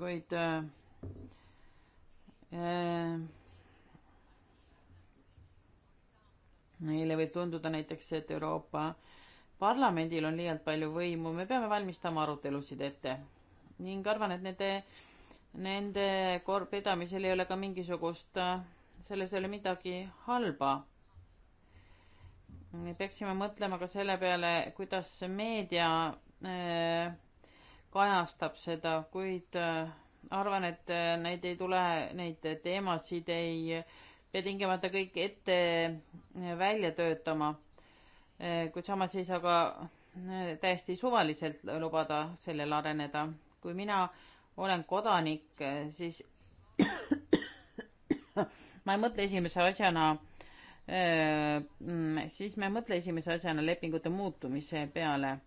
[SPEAKER 2] kuid meile äh, äh, võib tunduda näiteks, et Euroopa Parlamendil on liialt palju võimu, me peame valmistama arutelusid ette ning arvan, et nende, nende korvpidamisel ei ole ka mingisugust, äh, selles ei ole midagi halba me peaksime mõtlema ka selle peale, kuidas meedia Äh, kajastab seda, kuid äh, arvan, et äh, neid ei tule, neid teemasid ei pea tingimata kõik ette välja töötama. kuid samas ei saa ka täiesti suvaliselt lubada sellel areneda. kui mina olen kodanik, siis ma ei mõtle esimese asjana, mm, siis ma ei mõtle esimese asjana lepingute muutumise peale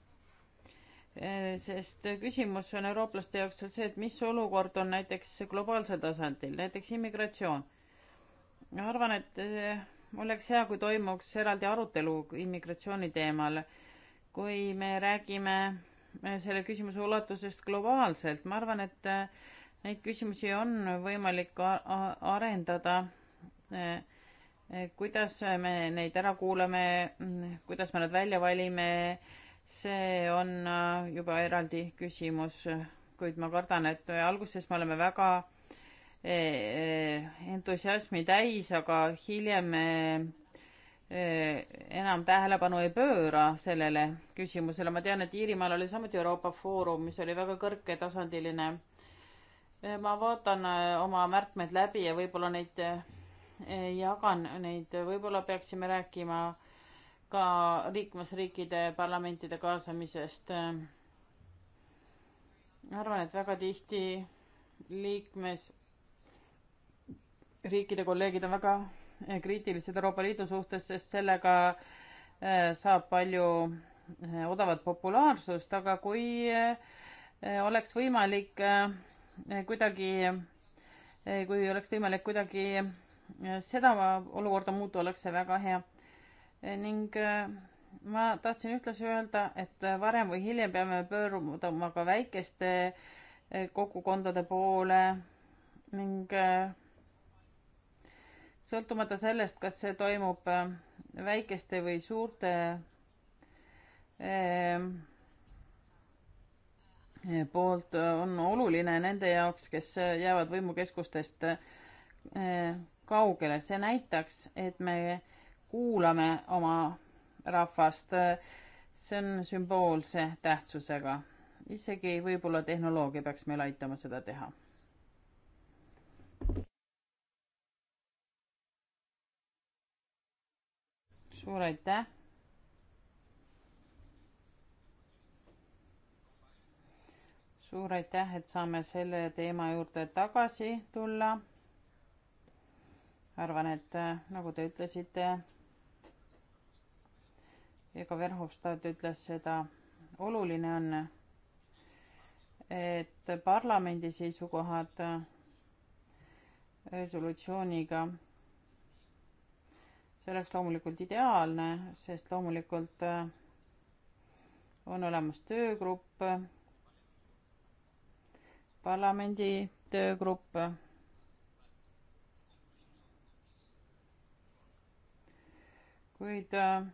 [SPEAKER 2] Eh, sest küsimus on eurooplaste jaoks veel see, et mis olukord on näiteks globaalsel tasandil, näiteks immigratsioon. ma arvan, et eh, oleks hea, kui toimuks eraldi arutelu immigratsiooni teemal. kui me räägime eh, selle küsimuse ulatusest globaalselt, ma arvan, et neid küsimusi on võimalik arendada. kuidas me neid ära kuulame, mm, kuidas me nad välja valime see on äh, juba eraldi küsimus, kuid ma kardan, et alguses me oleme väga äh, äh, entusiasmi täis, aga hiljem me enam tähelepanu ei pööra sellele küsimusele. ma tean, et Iirimaal oli samuti Euroopa Foorum, mis oli väga kõrgetasandiline. ma vaatan oma märkmed läbi ja võib-olla neid jagan, neid võib-olla peaksime rääkima ka liikmesriikide parlamentide kaasamisest. arvan, et väga tihti liikmesriikide kolleegid on väga kriitilised Euroopa Liidu suhtes, sest sellega eh, saab palju eh, odavat populaarsust, aga kui eh, oleks võimalik kuidagi, kui oleks võimalik kuidagi seda olukorda muuta, oleks see väga hea ning äh, ma tahtsin ühtlasi öelda, et varem või hiljem peame pöörduma ka väikeste äh, kogukondade poole ning äh, sõltumata sellest, kas see toimub väikeste või suurte poolt, on oluline nende jaoks, kes jäävad võimukeskustest kaugele. see näitaks, et me kuulame oma rahvast, see on sümboolse tähtsusega. isegi võib-olla tehnoloogia peaks meil aitama seda teha. suur aitäh. suur aitäh, et saame selle teema juurde tagasi tulla. arvan, et nagu te ütlesite ja ka Verhofstadt ütles seda, oluline on, et parlamendi seisukohad resolutsiooniga, see oleks loomulikult ideaalne, sest loomulikult äh, on olemas töögrupp, parlamendi töögrupp kuid äh,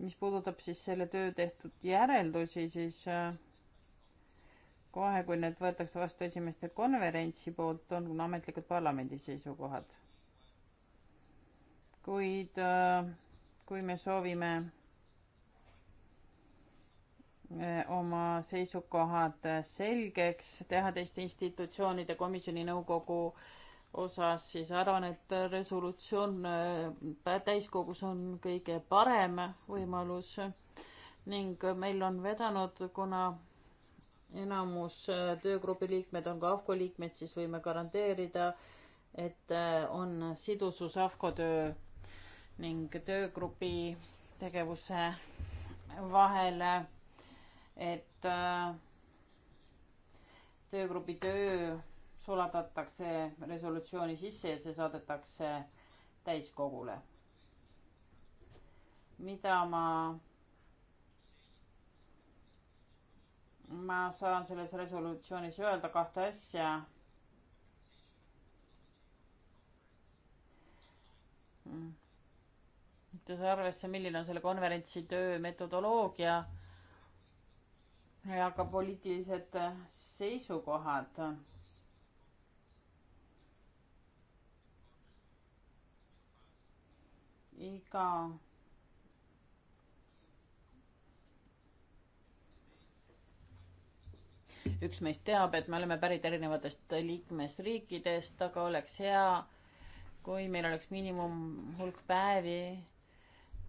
[SPEAKER 2] mis puudutab siis selle töö tehtud järeldusi, siis äh, kohe, kui need võetakse vastu esimeste konverentsi poolt, on ametlikud parlamendi seisukohad. kuid äh, kui me soovime äh, oma seisukohad selgeks teha teiste institutsioonide, komisjoni, nõukogu äh, osas, siis arvan, et resolutsioon äh, täiskogus on kõige parem võimalus ning meil on vedanud, kuna enamus äh, töögrupi liikmed on ka AFCO liikmed, siis võime garanteerida, et äh, on sidusus AFCO töö ning töögrupi tegevuse vahele, et töögrupi töö sulatatakse resolutsiooni sisse ja see saadetakse täiskogule. mida ma, ma saan selles resolutsioonis öelda kahte asja. võttes arvesse, milline on selle konverentsi töö metodoloogia ja ka poliitilised seisukohad iga üks meist teab, et me oleme pärit erinevatest liikmesriikidest, aga oleks hea, kui meil oleks miinimum hulk päevi,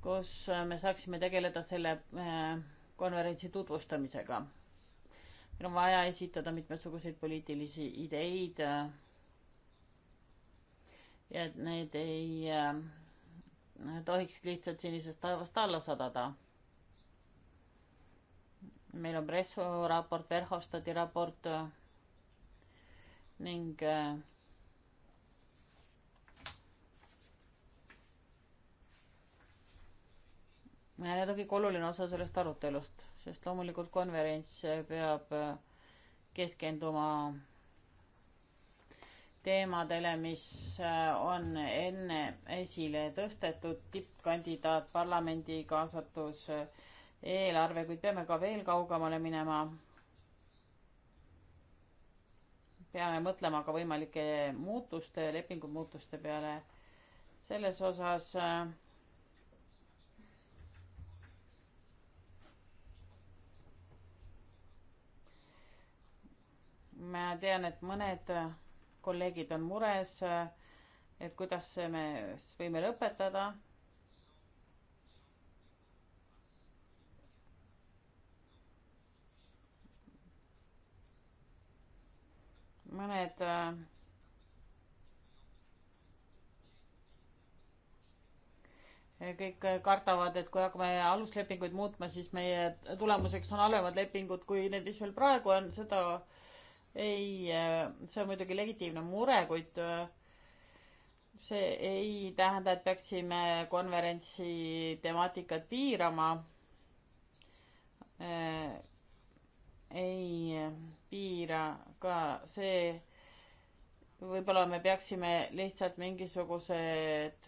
[SPEAKER 2] kus me saaksime tegeleda selle äh, konverentsi tutvustamisega. meil on vaja esitada mitmesuguseid poliitilisi ideid. Äh, ja et need ei äh, tohiks lihtsalt sinisest taevast alla sadada. meil on Bresso raport, Verhofstadti raport äh, ning äh, Need on kõik oluline osa sellest arutelust, sest loomulikult konverents peab äh, keskenduma teemadele, mis äh, on enne esile tõstetud, tippkandidaat, parlamendi kaasatus, äh, eelarve, kuid peame ka veel kaugemale minema. peame mõtlema ka võimalike muutuste, lepingumuutuste peale. selles osas äh, ma tean, et mõned kolleegid on mures, et kuidas me võime lõpetada. mõned äh, kõik kardavad, et kui hakkame aluslepinguid muutma, siis meie tulemuseks on halvemad lepingud kui need, mis meil praegu on, seda ei, äh, see on muidugi legitiimne mure, kuid äh, see ei tähenda, et peaksime konverentsi temaatikat piirama. Äh, ei piira ka see, võib-olla me peaksime lihtsalt mingisugused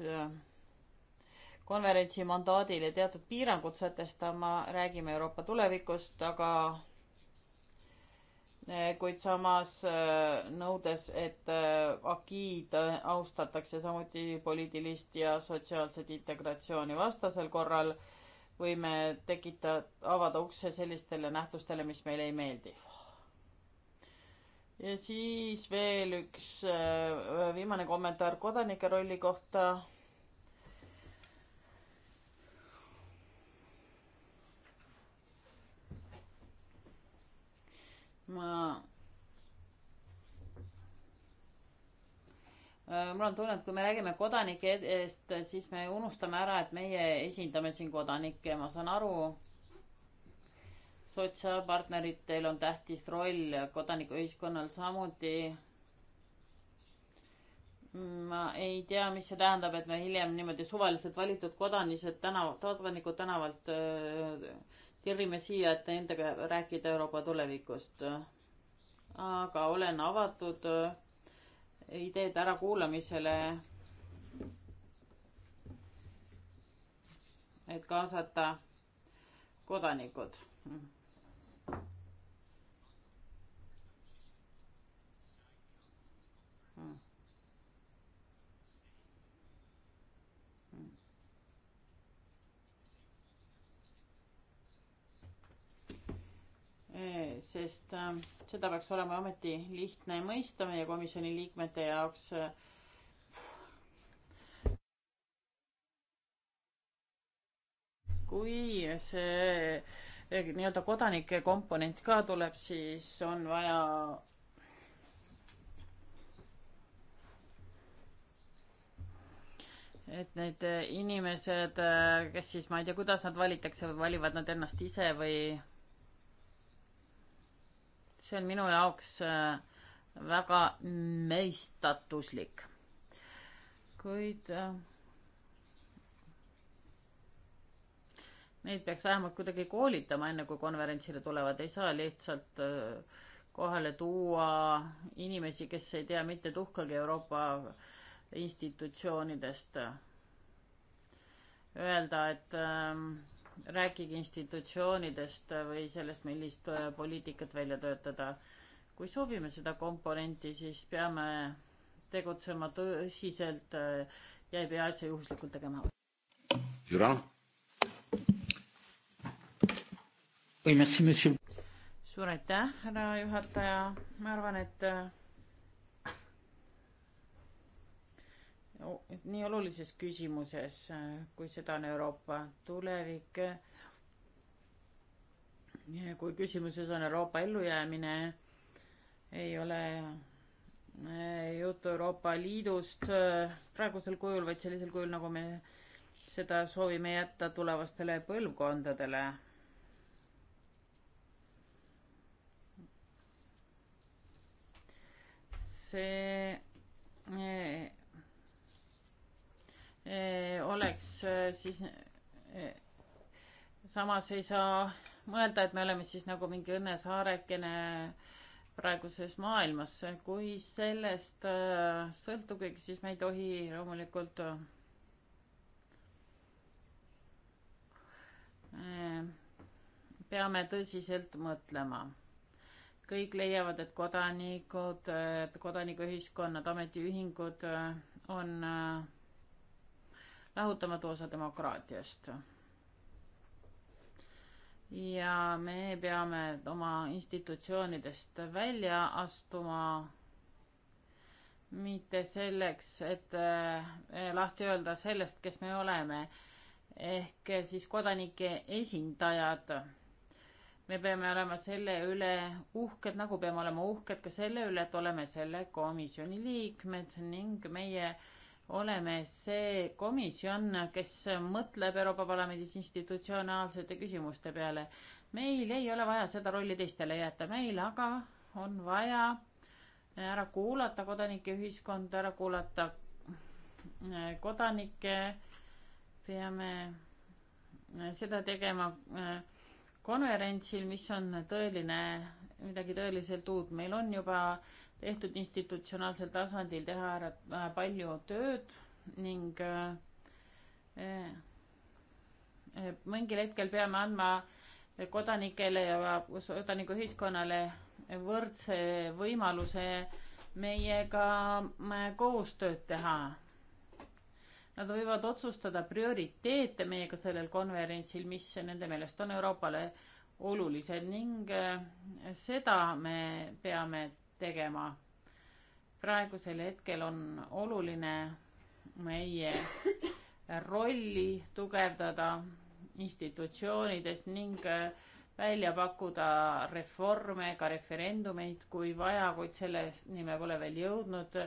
[SPEAKER 2] konverentsi mandaadile teatud piirangud sätestama, räägime Euroopa tulevikust, aga kuid samas äh, nõudes, et äh, agiid äh, austatakse samuti poliitilist ja sotsiaalset integratsiooni. vastasel korral võime tekita, avada ukse sellistele nähtustele, mis meile ei meeldi. ja siis veel üks viimane kommentaar kodanike rolli kohta ma äh, mul on tunne, et kui me räägime kodanike eest, siis me unustame ära, et meie esindame siin kodanikke, ma saan aru. sotsiaalpartneritel on tähtis roll, kodanikuühiskonnal samuti. ma ei tea, mis see tähendab, et me hiljem niimoodi suvaliselt valitud kodanised tänav, kodanikud tänavalt öö, äh, tirime siia, et nendega rääkida Euroopa tulevikust. aga olen avatud eh, ideede ärakuulamisele. et kaasata kodanikud Eh, sest ähm, seda peaks olema ometi lihtne mõista meie komisjoni liikmete jaoks. Äh, kui see äh, nii-öelda kodanike komponent ka tuleb, siis on vaja et need inimesed, äh, kes siis, ma ei tea, kuidas nad valitakse, valivad nad ennast ise või see on minu jaoks äh, väga meistatuslik. kuid neid äh, peaks vähemalt kuidagi koolitama, enne kui konverentsile tulevad, ei saa lihtsalt äh, kohale tuua inimesi, kes ei tea mitte tuhkagi Euroopa institutsioonidest. Öelda, et ähm, rääkige institutsioonidest või sellest, millist äh, poliitikat välja töötada. kui soovime seda komponenti, siis peame tegutsema tõsiselt äh, ja ei pea asja juhuslikult tegema. Jüra. suur aitäh, härra juhataja, ma arvan, et äh, nii olulises küsimuses, äh, kui seda on Euroopa tulevik. Äh, kui küsimuses on Euroopa ellujäämine, ei ole äh, juttu Euroopa Liidust praegusel kujul, vaid sellisel kujul, nagu me seda soovime jätta tulevastele põlvkondadele see Eh, oleks eh, siis, eh, samas ei saa mõelda, et me oleme siis nagu mingi õnnesaarekene praeguses maailmas. kui sellest sõltub kõik, siis me ei tohi loomulikult peame tõsiselt mõtlema. kõik leiavad, et kodanikud, kodanikuühiskonnad, ametiühingud on lahutamatu osa demokraatiast. ja me peame oma institutsioonidest välja astuma mitte selleks, et eh, lahti öelda sellest, kes me oleme, ehk siis kodanike esindajad me peame olema selle üle uhked, nagu peame olema uhked ka selle üle, et oleme selle komisjoni liikmed ning meie oleme see komisjon, kes mõtleb Euroopa Parlamendis institutsionaalsete küsimuste peale. meil ei ole vaja seda rolli teistele jätta, meil aga on vaja ära kuulata kodanike ühiskonda, ära kuulata äh, kodanikke, peame äh, seda tegema äh, konverentsil, mis on tõeline, midagi tõeliselt uut, meil on juba tehtud institutsionaalsel tasandil teha ära äh, palju tööd ning äh, äh, mingil hetkel peame andma kodanikele ja kodanikuühiskonnale võrdse võimaluse meiega koostööd teha. Nad võivad otsustada prioriteete meiega sellel konverentsil, mis nende meelest on Euroopale olulised ning seda me peame tegema. praegusel hetkel on oluline meie rolli tugevdada institutsioonides ning äh, välja pakkuda reforme, ka referendumeid, kui vaja, kuid selleni me pole veel jõudnud.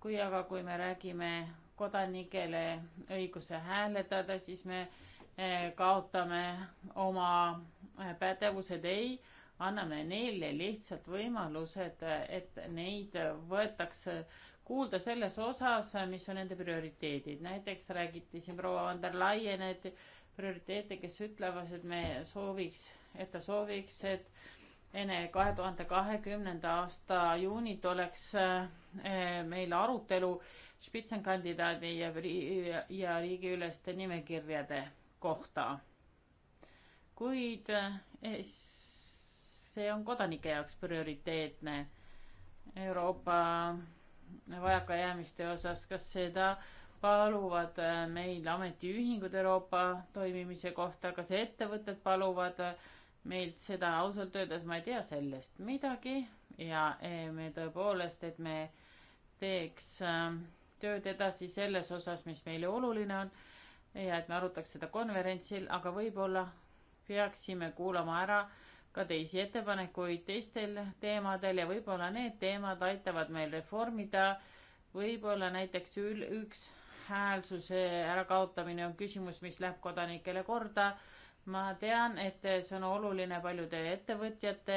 [SPEAKER 2] kui aga, kui me räägime kodanikele õiguse hääletada, siis me äh, kaotame oma äh, pädevused ei anname neile lihtsalt võimalused, et neid võetakse kuulda selles osas, mis on nende prioriteedid. näiteks räägiti siin proua van der Laien, et prioriteete, kes ütlevad, et me sooviks, et ta sooviks, et enne kahe tuhande kahekümnenda aasta juunit oleks eh, meil arutelu spitsenkandidaadi ja, ja riigiüleste nimekirjade kohta. kuid es eh, see on kodanike jaoks prioriteetne. Euroopa vajakajäämiste osas, kas seda paluvad äh, meil ametiühingud Euroopa toimimise kohta, kas ettevõtted paluvad äh, meilt seda, ausalt öeldes ma ei tea sellest midagi ja äh, me tõepoolest, et me teeks tööd edasi selles osas, mis meile oluline on ja et me arutaks seda konverentsil, aga võib-olla peaksime kuulama ära äh, ka teisi ettepanekuid teistel teemadel ja võib-olla need teemad aitavad meil reformida, võib-olla näiteks ül-, üks häälsuse ärakaotamine on küsimus, mis läheb kodanikele korda. ma tean, et see on oluline paljude ettevõtjate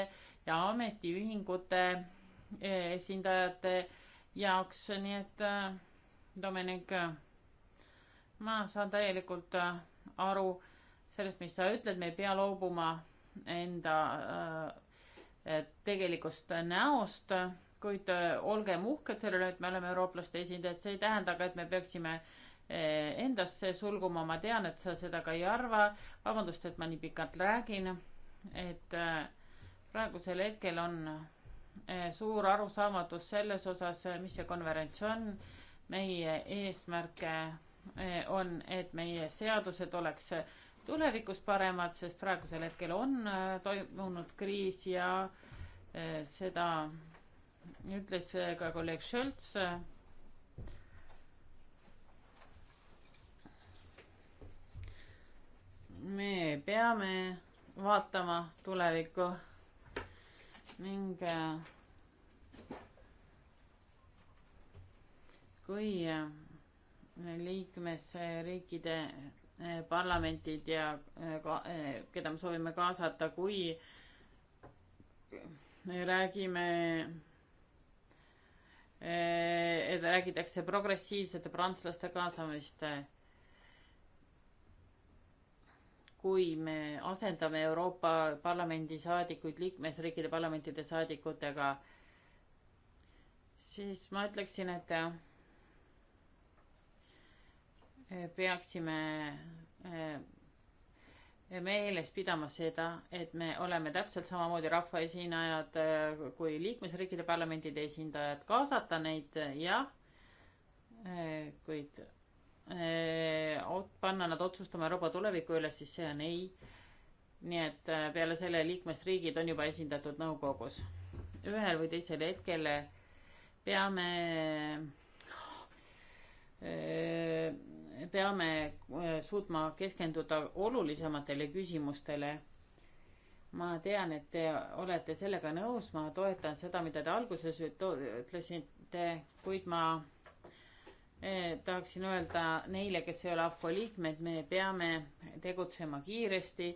[SPEAKER 2] ja ametiühingute eh, esindajate jaoks, nii et eh, Dominik, ma saan täielikult eh, aru sellest, mis sa ütled, me ei pea loobuma enda äh, tegelikust näost, kuid äh, olgem uhked selle üle, et me oleme eurooplaste esindajad, see ei tähenda aga, et me peaksime äh, endasse sulguma, ma tean, et sa seda ka ei arva, vabandust, et ma nii pikalt räägin, et praegusel hetkel on suur arusaamatus selles osas, mis see konverents on, meie eesmärke on, et meie seadused oleks tulevikus paremad, sest praegusel hetkel on äh, toimunud kriis ja äh, seda ütles äh, ka kolleeg Šölts. me peame vaatama tulevikku ning kui liikmesriikide Eh, parlamentid ja eh, ka, eh, keda me soovime kaasata, kui räägime, räägitakse progressiivsete prantslaste kaasamist. kui me asendame Euroopa Parlamendi saadikuid liikmesriikide parlamentide saadikutega, siis ma ütleksin, et peaksime eh, meeles pidama seda, et me oleme täpselt samamoodi rahvaesinejad eh, kui liikmesriikide parlamendide esindajad, kaasata neid jah, eh, kuid panna nad otsustama Euroopa tuleviku üle, siis see on ei. nii et peale selle liikmesriigid on juba esindatud nõukogus. ühel või teisel hetkel peame peame äh, suutma keskenduda olulisematele küsimustele. ma tean, et te olete sellega nõus, ma toetan seda, mida te alguses ütlesite, kuid ma äh, tahaksin öelda neile, kes ei ole AFCO liikmed, me peame tegutsema kiiresti,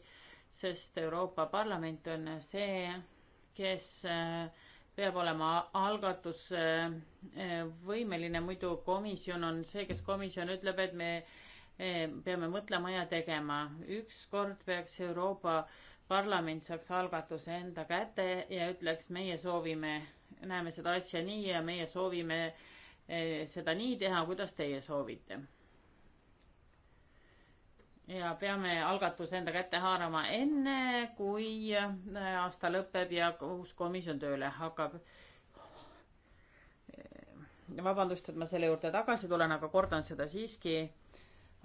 [SPEAKER 2] sest Euroopa Parlament on see, kes äh, peab olema algatusvõimeline, muidu komisjon on see, kes komisjon ütleb, et me eh, peame mõtlema ja tegema. ükskord peaks Euroopa Parlament saaks algatuse enda kätte ja ütleks, meie soovime, näeme seda asja nii ja meie soovime eh, seda nii teha, kuidas teie soovite ja peame algatuse enda kätte haarama enne, kui äh, aasta lõpeb ja uus komisjon tööle hakkab. Äh, vabandust, et ma selle juurde tagasi tulen, aga kordan seda siiski.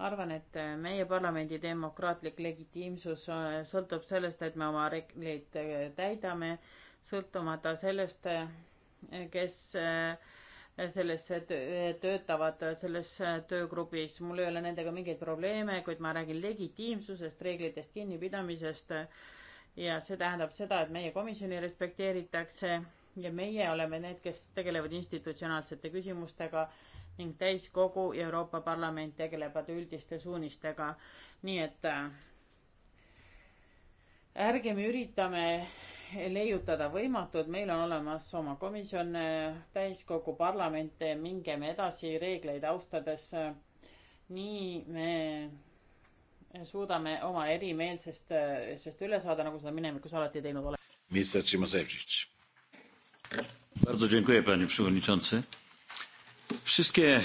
[SPEAKER 2] arvan, et äh, meie parlamendi demokraatlik legitiimsus sõltub sellest, et me oma reegleid täidame, sõltumata sellest, kes äh, selles töötavad selles töögrupis, mul ei ole nendega mingeid probleeme, kuid ma räägin legitiimsusest, reeglitest kinnipidamisest ja see tähendab seda, et meie komisjoni respekteeritakse ja meie oleme need, kes tegelevad institutsionaalsete küsimustega ning täiskogu ja Euroopa Parlament tegelevad üldiste suunistega. nii et äh, ärgem üritame leiutada võimatud, meil on olemas oma komisjon, täiskogu, parlament, mingem edasi reegleid austades. nii me suudame oma erimeelsest, sest üle saada, nagu seda minevikus alati teinud oleme.
[SPEAKER 1] minister Tšimosevitš. Bardzo dziękuję panie przewodniczący. Wszystkie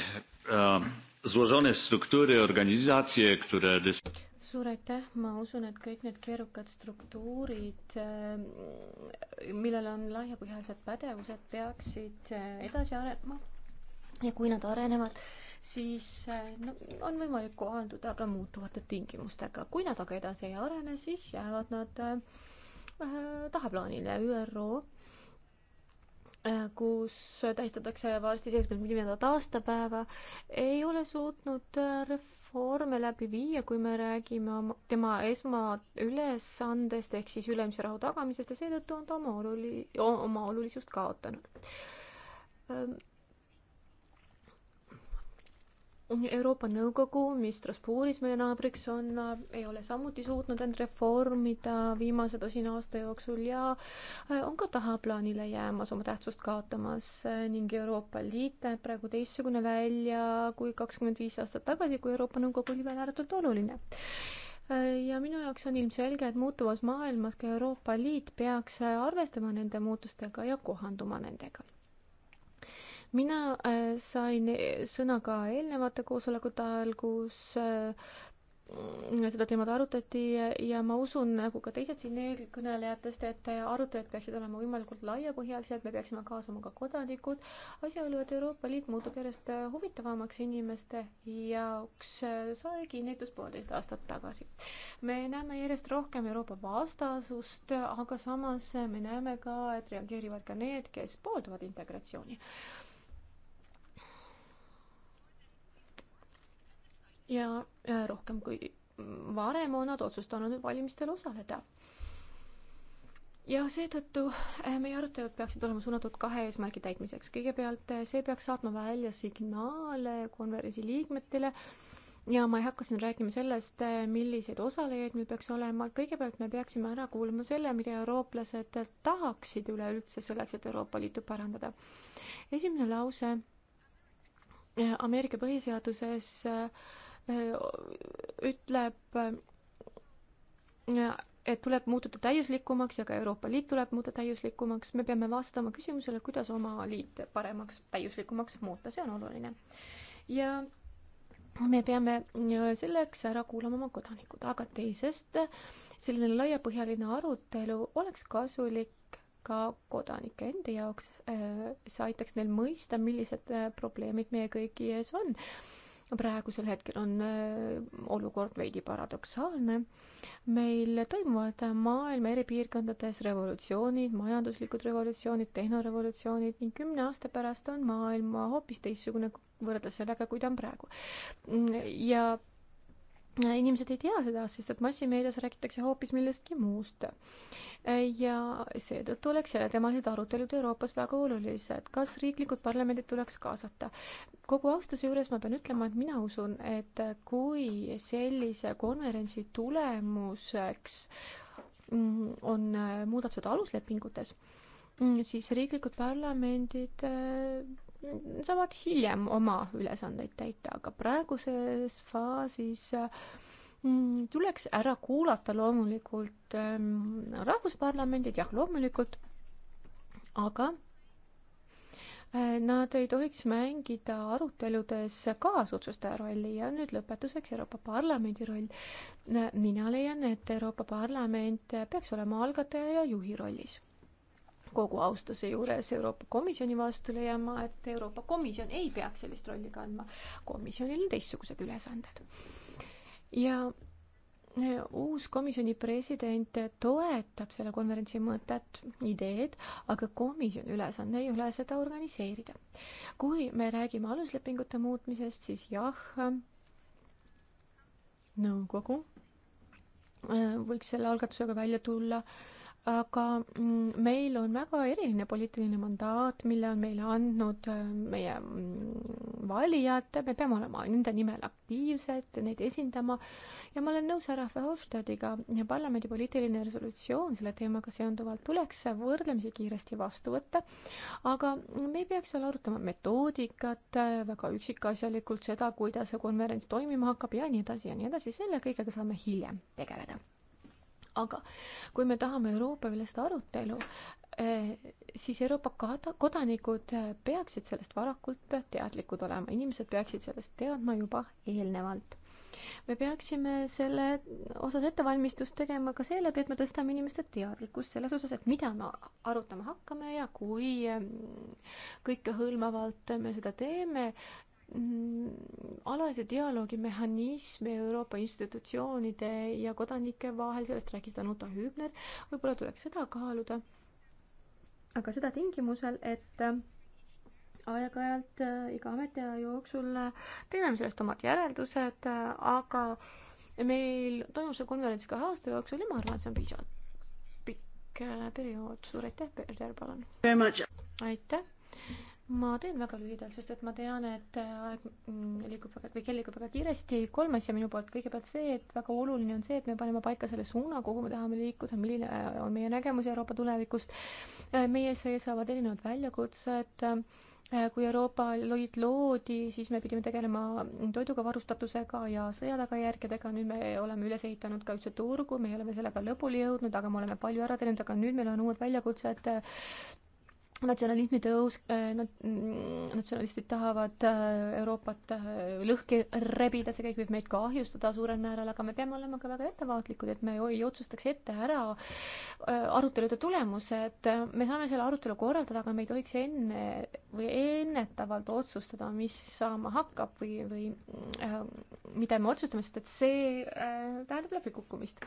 [SPEAKER 1] uh, złożone struktury, organizacje, które dysponują
[SPEAKER 4] suur aitäh, ma usun, et kõik need keerukad struktuurid, äh, millel on laiapõhjalised pädevused, peaksid äh, edasi arenema ja kui nad arenevad, siis äh, no, on võimalik kohanduda ka muutuvate tingimustega. kui nad aga edasi ei arene, siis jäävad nad äh, tahaplaanile. ÜRO kus tähistatakse varsti seitsmekümnendat aastapäeva, ei ole suutnud ref-, reforme läbi viia, kui me räägime oma, tema esmaülesandest ehk siis ülemise rahu tagamisest ja seetõttu on ta oma oluli-, oma olulisust kaotanud Euroopa Nõukogu, mis Strasbourgis meie naabriks on, ei ole samuti suutnud end reformida viimase tosina aasta jooksul ja äh, on ka tahaplaanile jäämas, oma tähtsust kaotamas ning Euroopa Liit näeb praegu teistsugune välja kui kakskümmend viis aastat tagasi, kui Euroopa Nõukogu oli veel ääretult oluline äh, ja minu jaoks on ilmselge, et muutuvas maailmas ka Euroopa Liit peaks arvestama nende muutustega ja kohanduma nendega mina äh, sain äh, sõna ka eelnevate koosolekute ajal, kus äh, seda teemat arutati ja ma usun, nagu ka teised siin eelkõnelejatest, et arutelud peaksid olema võimalikult laiapõhjalised, me peaksime kaasama ka kodanikud. asjaolu, et Euroopa Liit muutub järjest huvitavamaks inimeste jaoks, sai kinnitus poolteist aastat tagasi. me näeme järjest rohkem Euroopa vastasust, aga samas me näeme ka, et reageerivad ka need, kes pooldavad integratsiooni ja rohkem kui varem on nad otsustanud valimistel osaleda. ja seetõttu äh, meie arutelud peaksid olema suunatud kahe eesmärgi täitmiseks. kõigepealt äh, see peaks saatma välja signaale konverentsi liikmetele ja ma ei hakka siin rääkima sellest, äh, milliseid osalejaid meil peaks olema, kõigepealt me peaksime ära kuulama selle, mida eurooplased tahaksid üleüldse selleks, et Euroopa Liitu parandada. esimene lause Ameerika põhiseaduses äh, ütleb, et tuleb muutuda täiuslikumaks ja ka Euroopa Liit tuleb muuta täiuslikumaks, me peame vastama küsimusele, kuidas oma liit paremaks, täiuslikumaks muuta, see on oluline. ja me peame selleks ära kuulama oma kodanikud, aga teisest selline laiapõhjaline arutelu oleks kasulik ka kodanike endi jaoks, see aitaks neil mõista, millised probleemid meie kõigi ees on praegusel hetkel on äh, olukord veidi paradoksaalne. meil toimuvad maailma eri piirkondades revolutsioonid, majanduslikud revolutsioonid, tehnorevolutsioonid ning kümne aasta pärast on maailm hoopis teistsugune võrreldes sellega, kui ta on praegu. ja inimesed ei tea seda, sest et massimeedias räägitakse hoopis millestki muust ja seetõttu oleks selleteemalised arutelud Euroopas väga olulised. kas riiklikud parlamendid tuleks kaasata? kogu austuse juures ma pean ütlema, et mina usun, et kui sellise konverentsi tulemuseks mm, on äh, muudatused aluslepingutes, mm, siis riiklikud parlamendid äh, saavad hiljem oma ülesandeid täita, aga praeguses faasis äh, Mm, tuleks ära kuulata loomulikult ähm, rahvusparlamendid, jah, loomulikult, aga äh, Nad ei tohiks mängida aruteludes kaasotsustaja rolli ja nüüd lõpetuseks Euroopa Parlamendi roll. Äh, mina leian, et Euroopa Parlament peaks olema algataja ja juhi rollis. kogu austuse juures Euroopa Komisjoni vastu leian ma, et Euroopa Komisjon ei peaks sellist rolli kandma. komisjonil on teistsugused ülesanded ja eh, uus komisjoni president toetab selle konverentsi mõtet, ideed, aga komisjoni ülesanne ei ole seda organiseerida. kui me räägime aluslepingute muutmisest, siis jah, nõukogu eh, võiks selle algatusega välja tulla äh, aga mm, meil on väga eriline poliitiline mandaat, mille on meile andnud äh, meie mm, valijad, me peame olema nende nimel aktiivsed, neid esindama ja ma olen nõus härra Verhofstadtiga, parlamendi poliitiline resolutsioon selle teemaga seonduvalt tuleks võrdlemisi kiiresti vastu võtta, aga me ei peaks seal arutama metoodikat äh, väga üksikasjalikult, seda, kuidas see konverents toimima hakkab ja nii edasi ja nii edasi, selle kõigega saame hiljem tegeleda aga kui me tahame Euroopa välist arutelu, eh, siis Euroopa kodanikud eh, peaksid sellest varakult teadlikud olema, inimesed peaksid sellest teadma juba eelnevalt. me peaksime selle osas ettevalmistust tegema ka seeläbi, et me tõstame inimeste teadlikkust selles osas, et mida me arutama hakkame ja kui eh, kõikehõlmavalt me seda teeme, Mm, alalise dialoogi mehhanismi Euroopa institutsioonide ja kodanike vahel, sellest rääkis Danuta Hübner, võib-olla tuleks seda kaaluda, aga seda tingimusel, et äh, aeg-ajalt äh, iga ametiaja jooksul äh, teeme sellest omad järeldused, aga meil toimub see konverents kahe aasta jooksul ja ma arvan, et see on piisavalt pikk periood, suur aitäh, Peeter, palun! aitäh! ma teen väga lühidalt, sest et ma tean, et äh, aeg mm, liigub väga, või kell liigub väga kiiresti. kolm asja minu poolt. kõigepealt see, et väga oluline on see, et me paneme paika selle suuna, kuhu me tahame liikuda, milline äh, on meie nägemus Euroopa tulevikust. Äh, meie seisavad erinevad väljakutsed kui Euroopa Liit loodi, siis me pidime tegelema toiduga varustatusega ja sõja tagajärgedega, nüüd me oleme üles ehitanud ka ühtse turgu, me ei ole veel sellega lõpule jõudnud, aga me oleme palju ära teinud, aga nüüd meil on uued väljakutsed natsionalismi tõus, äh, mm, natsionalistid tahavad äh, Euroopat äh, lõhki rebida, see kõik võib meid kahjustada suurel määral, aga me peame olema ka väga ettevaatlikud, et me ei otsustaks ette ära arutelude tulemused. me saame selle arutelu korraldada, aga me ei tohiks enne või ennetavalt otsustada, mis saama hakkab või, või äh, mida me otsustame, sest et see äh, tähendab läbikukkumist.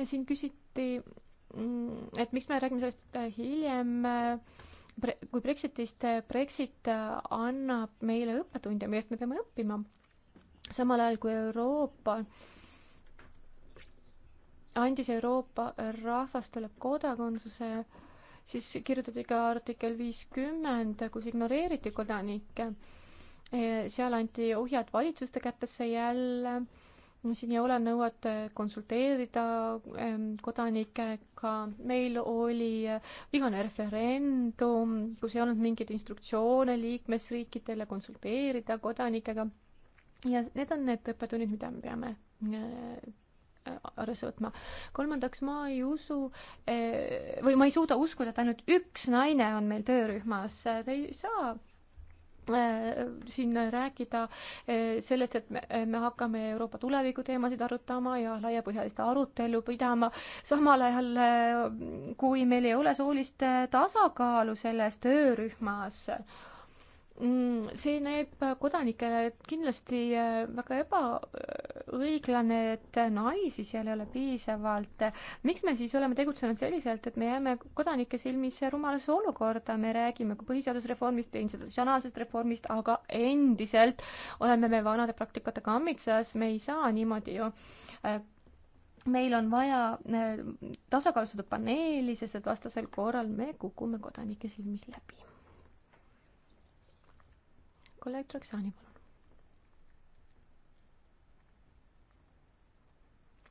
[SPEAKER 4] siin küsiti Mm, et miks me räägime sellest äh, hiljem äh, pre-, kui Brexitist, äh, Brexit annab meile õppetunde, millest me peame õppima, samal ajal kui Euroopa andis Euroopa rahvastele kodakondsuse, siis kirjutati ka artikkel viiskümmend, kus ignoreeriti kodanikke. seal anti ohjad valitsuste kätesse jälle siin ei ole nõuet äh, konsulteerida ähm, kodanikega, meil oli äh, vigane referendum, kus ei olnud mingeid instruktsioone liikmesriikidele konsulteerida kodanikega. ja need on need õppetunnid, mida me peame äh, arvesse võtma. kolmandaks, ma ei usu või ma ei suuda uskuda, et ainult üks naine on meil töörühmas, ta ei saa Äh, siin rääkida äh, sellest, et me, me hakkame Euroopa tuleviku teemasid arutama ja laiapõhjalist arutelu pidama, samal ajal äh, kui meil ei ole soolist tasakaalu selles töörühmas, mm, see näeb kodanikele kindlasti väga eba õiglane, et naisi seal ei ole piisavalt. miks me siis oleme tegutsenud selliselt, et me jääme kodanike silmis rumalasse olukorda, me räägime põhiseadusreformist, institutsionaalsest reformist, aga endiselt oleme me vanade praktikate kammitsas, me ei saa niimoodi ju äh, meil on vaja äh, tasakaalustatud paneeli, sest et vastasel korral me kukume kodanike silmis läbi. kolleeg Traksani, palun.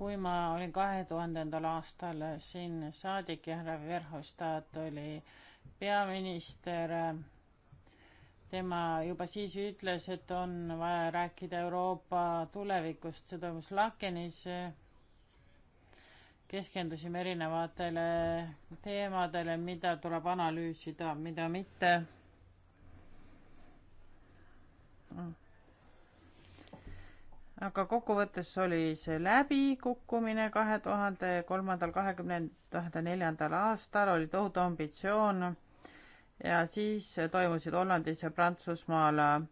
[SPEAKER 2] kui ma olin kahe tuhandendal aastal siin saadik ja härra Verhofstadt oli peaminister, tema juba siis ütles, et on vaja rääkida Euroopa tulevikust, see toimus Lakenis. keskendusime erinevatele teemadele, mida tuleb analüüsida, mida mitte aga kokkuvõttes oli see läbikukkumine kahe tuhande kolmandal, kahekümne tuhande neljandal aastal oli tohutu ambitsioon ja siis toimusid Hollandis ja Prantsusmaal äh,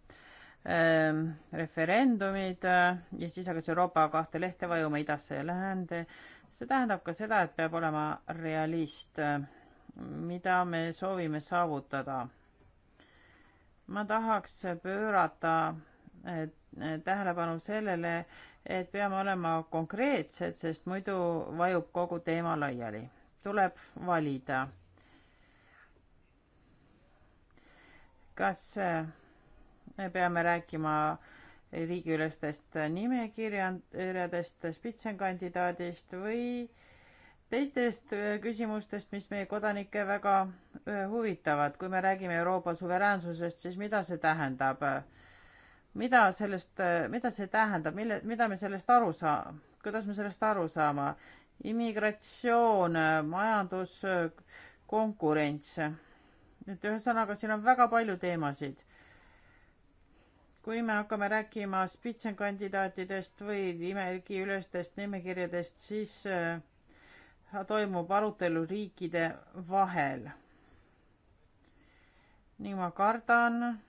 [SPEAKER 2] referendumid äh, ja siis hakkas Euroopa kahte lehte vajuma idasse ja läände. see tähendab ka seda, et peab olema realist, mida me soovime saavutada. ma tahaks pöörata tähelepanu sellele, et peame olema konkreetsed, sest muidu vajub kogu teema laiali. tuleb valida. kas äh, me peame rääkima riigiülestest nimekirjadest, spitsenkandidaadist või teistest äh, küsimustest, mis meie kodanikke väga äh, huvitavad. kui me räägime Euroopa suveräänsusest, siis mida see tähendab? mida sellest, mida see tähendab, mille, mida me sellest aru saa-, kuidas me sellest aru saame? immigratsioon, majandus, konkurents. et ühesõnaga, siin on väga palju teemasid. kui me hakkame rääkima spitsenkandidaatidest või nimekirjaülestest nimekirjadest, siis äh, toimub arutelu riikide vahel. ning ma kardan,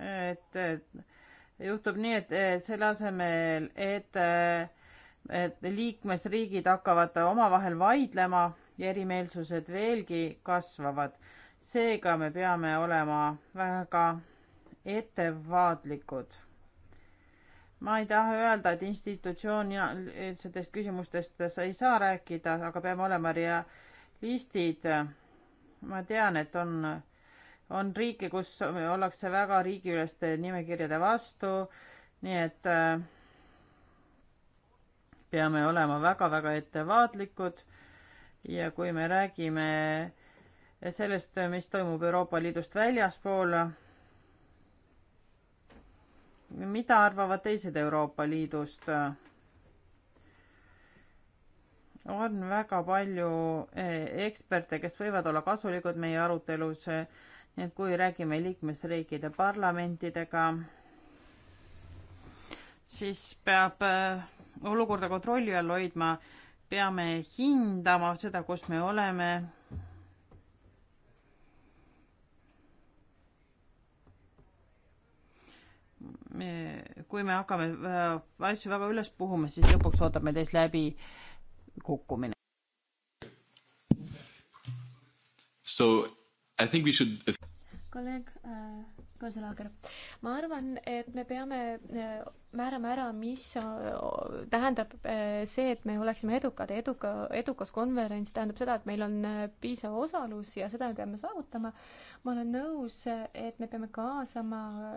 [SPEAKER 2] et, et juhtub nii, et eh, selle asemel, et, eh, et liikmesriigid hakkavad omavahel vaidlema ja erimeelsused veelgi kasvavad. seega me peame olema väga ettevaatlikud. ma ei taha öelda, et institutsioonidest küsimustest sa ei saa rääkida, aga peame olema realistid. ma tean, et on on riike, kus ollakse väga riigiüleste nimekirjade vastu, nii et äh, peame olema väga-väga ettevaatlikud ja kui me räägime sellest, mis toimub Euroopa Liidust väljaspool, mida arvavad teised Euroopa Liidust? on väga palju eh, eksperte, kes võivad olla kasulikud meie arutelus nii et kui räägime liikmesriikide parlamentidega, siis peab äh, olukorda kontrolli all hoidma, peame hindama seda, kus me oleme. kui me hakkame äh, asju väga üles puhuma, siis lõpuks ootab meid ees läbi kukkumine.
[SPEAKER 5] So I think we should... Uh,
[SPEAKER 3] kolleeg äh,
[SPEAKER 4] kantsler. ma arvan, et me peame äh, määrama ära, mis äh, tähendab äh, see, et me oleksime edukad. eduka, edukas konverents tähendab seda, et meil on piisav osalus ja seda me peame saavutama. ma olen nõus, et me peame kaasama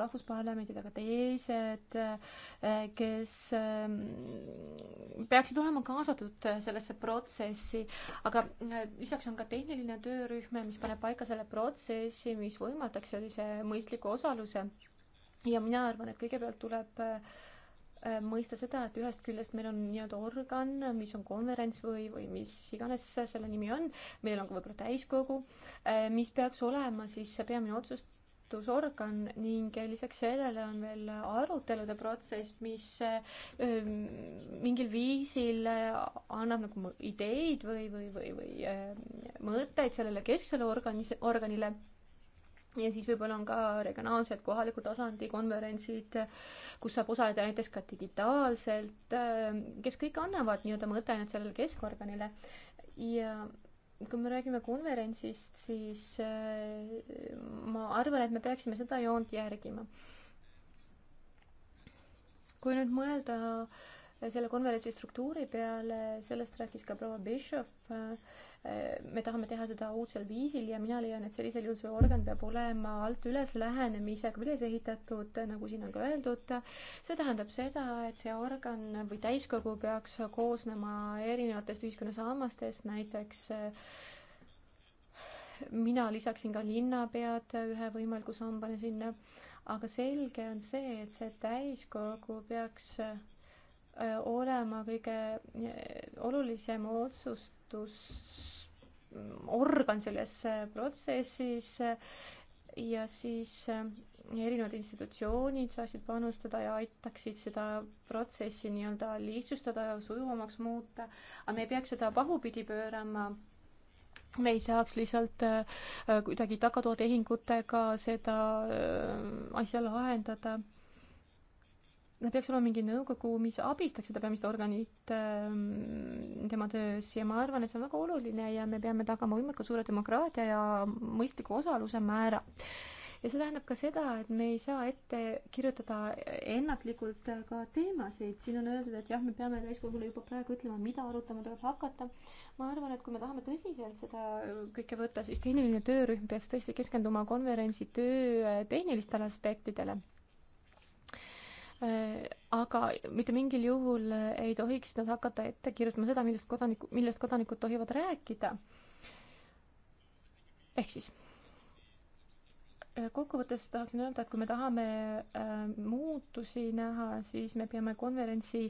[SPEAKER 4] rahvusparlamendid, aga teised, kes peaksid olema kaasatud sellesse protsessi. aga lisaks on ka tehniline töörühm, mis paneb paika selle protsessi, mis võimaldaks sellise mõistliku osaluse. ja mina arvan, et kõigepealt tuleb äh, mõista seda, et ühest küljest meil on nii-öelda organ, mis on konverents või, või mis iganes selle nimi on, meil on ka võib-olla täiskogu, äh, mis peaks olema siis see peamine otsustusorgan ning lisaks sellele on veel arutelude protsess, mis äh, mingil viisil annab nagu ideid või, või, või, või mõtteid sellele kesksele organis-, organile ja siis võib-olla on ka regionaalsed kohaliku tasandi konverentsid, kus saab osaleda näiteks ka digitaalselt, kes kõik annavad nii-öelda mõtteainet sellele keskorganile ja kui me räägime konverentsist, siis äh, ma arvan, et me peaksime seda joont järgima. kui nüüd mõelda selle konverentsi struktuuri peale, sellest rääkis ka proua Bishop, äh, me tahame teha seda uudsel viisil ja mina leian, et sellisel juhul see organ peab olema alt üles lähenemisega üles ehitatud, nagu siin on ka öeldud. see tähendab seda, et see organ või täiskogu peaks koosnema erinevatest ühiskonnasammastest, näiteks mina lisaksin ka linnapead ühe võimaliku sambana sinna, aga selge on see, et see täiskogu peaks äh, olema kõige äh, olulisem otsust vastutusorgan selles äh, protsessis äh, ja siis äh, erinevad institutsioonid saaksid panustada ja aitaksid seda protsessi nii-öelda lihtsustada ja sujuvamaks muuta, aga me ei peaks seda pahupidi pöörama me ei saaks lihtsalt kuidagi tagatoatehingutega seda asja lahendada peaks olema mingi nõukogu, mis abistaks seda peamist organit ähm, tema töös ja ma arvan, et see on väga oluline ja me peame tagama võimalikult suure demokraatia ja mõistliku osaluse määra. ja see tähendab ka seda, et me ei saa ette kirjutada ennatlikult ka teemasid, siin on öeldud, et jah, me peame täiskogule juba praegu ütlema, mida arutama tuleb hakata. ma arvan, et kui me tahame tõsiselt seda kõike võtta, siis tehniline töörühm peaks tõesti keskenduma konverentsi töö tehnilistele aspektidele Äh, aga mitte mingil juhul äh, ei tohiks nad hakata ette kirjutama seda, millest kodaniku, millest kodanikud tohivad rääkida. ehk siis äh, kokkuvõttes tahaksin öelda, et kui me tahame äh, muutusi näha, siis me peame konverentsi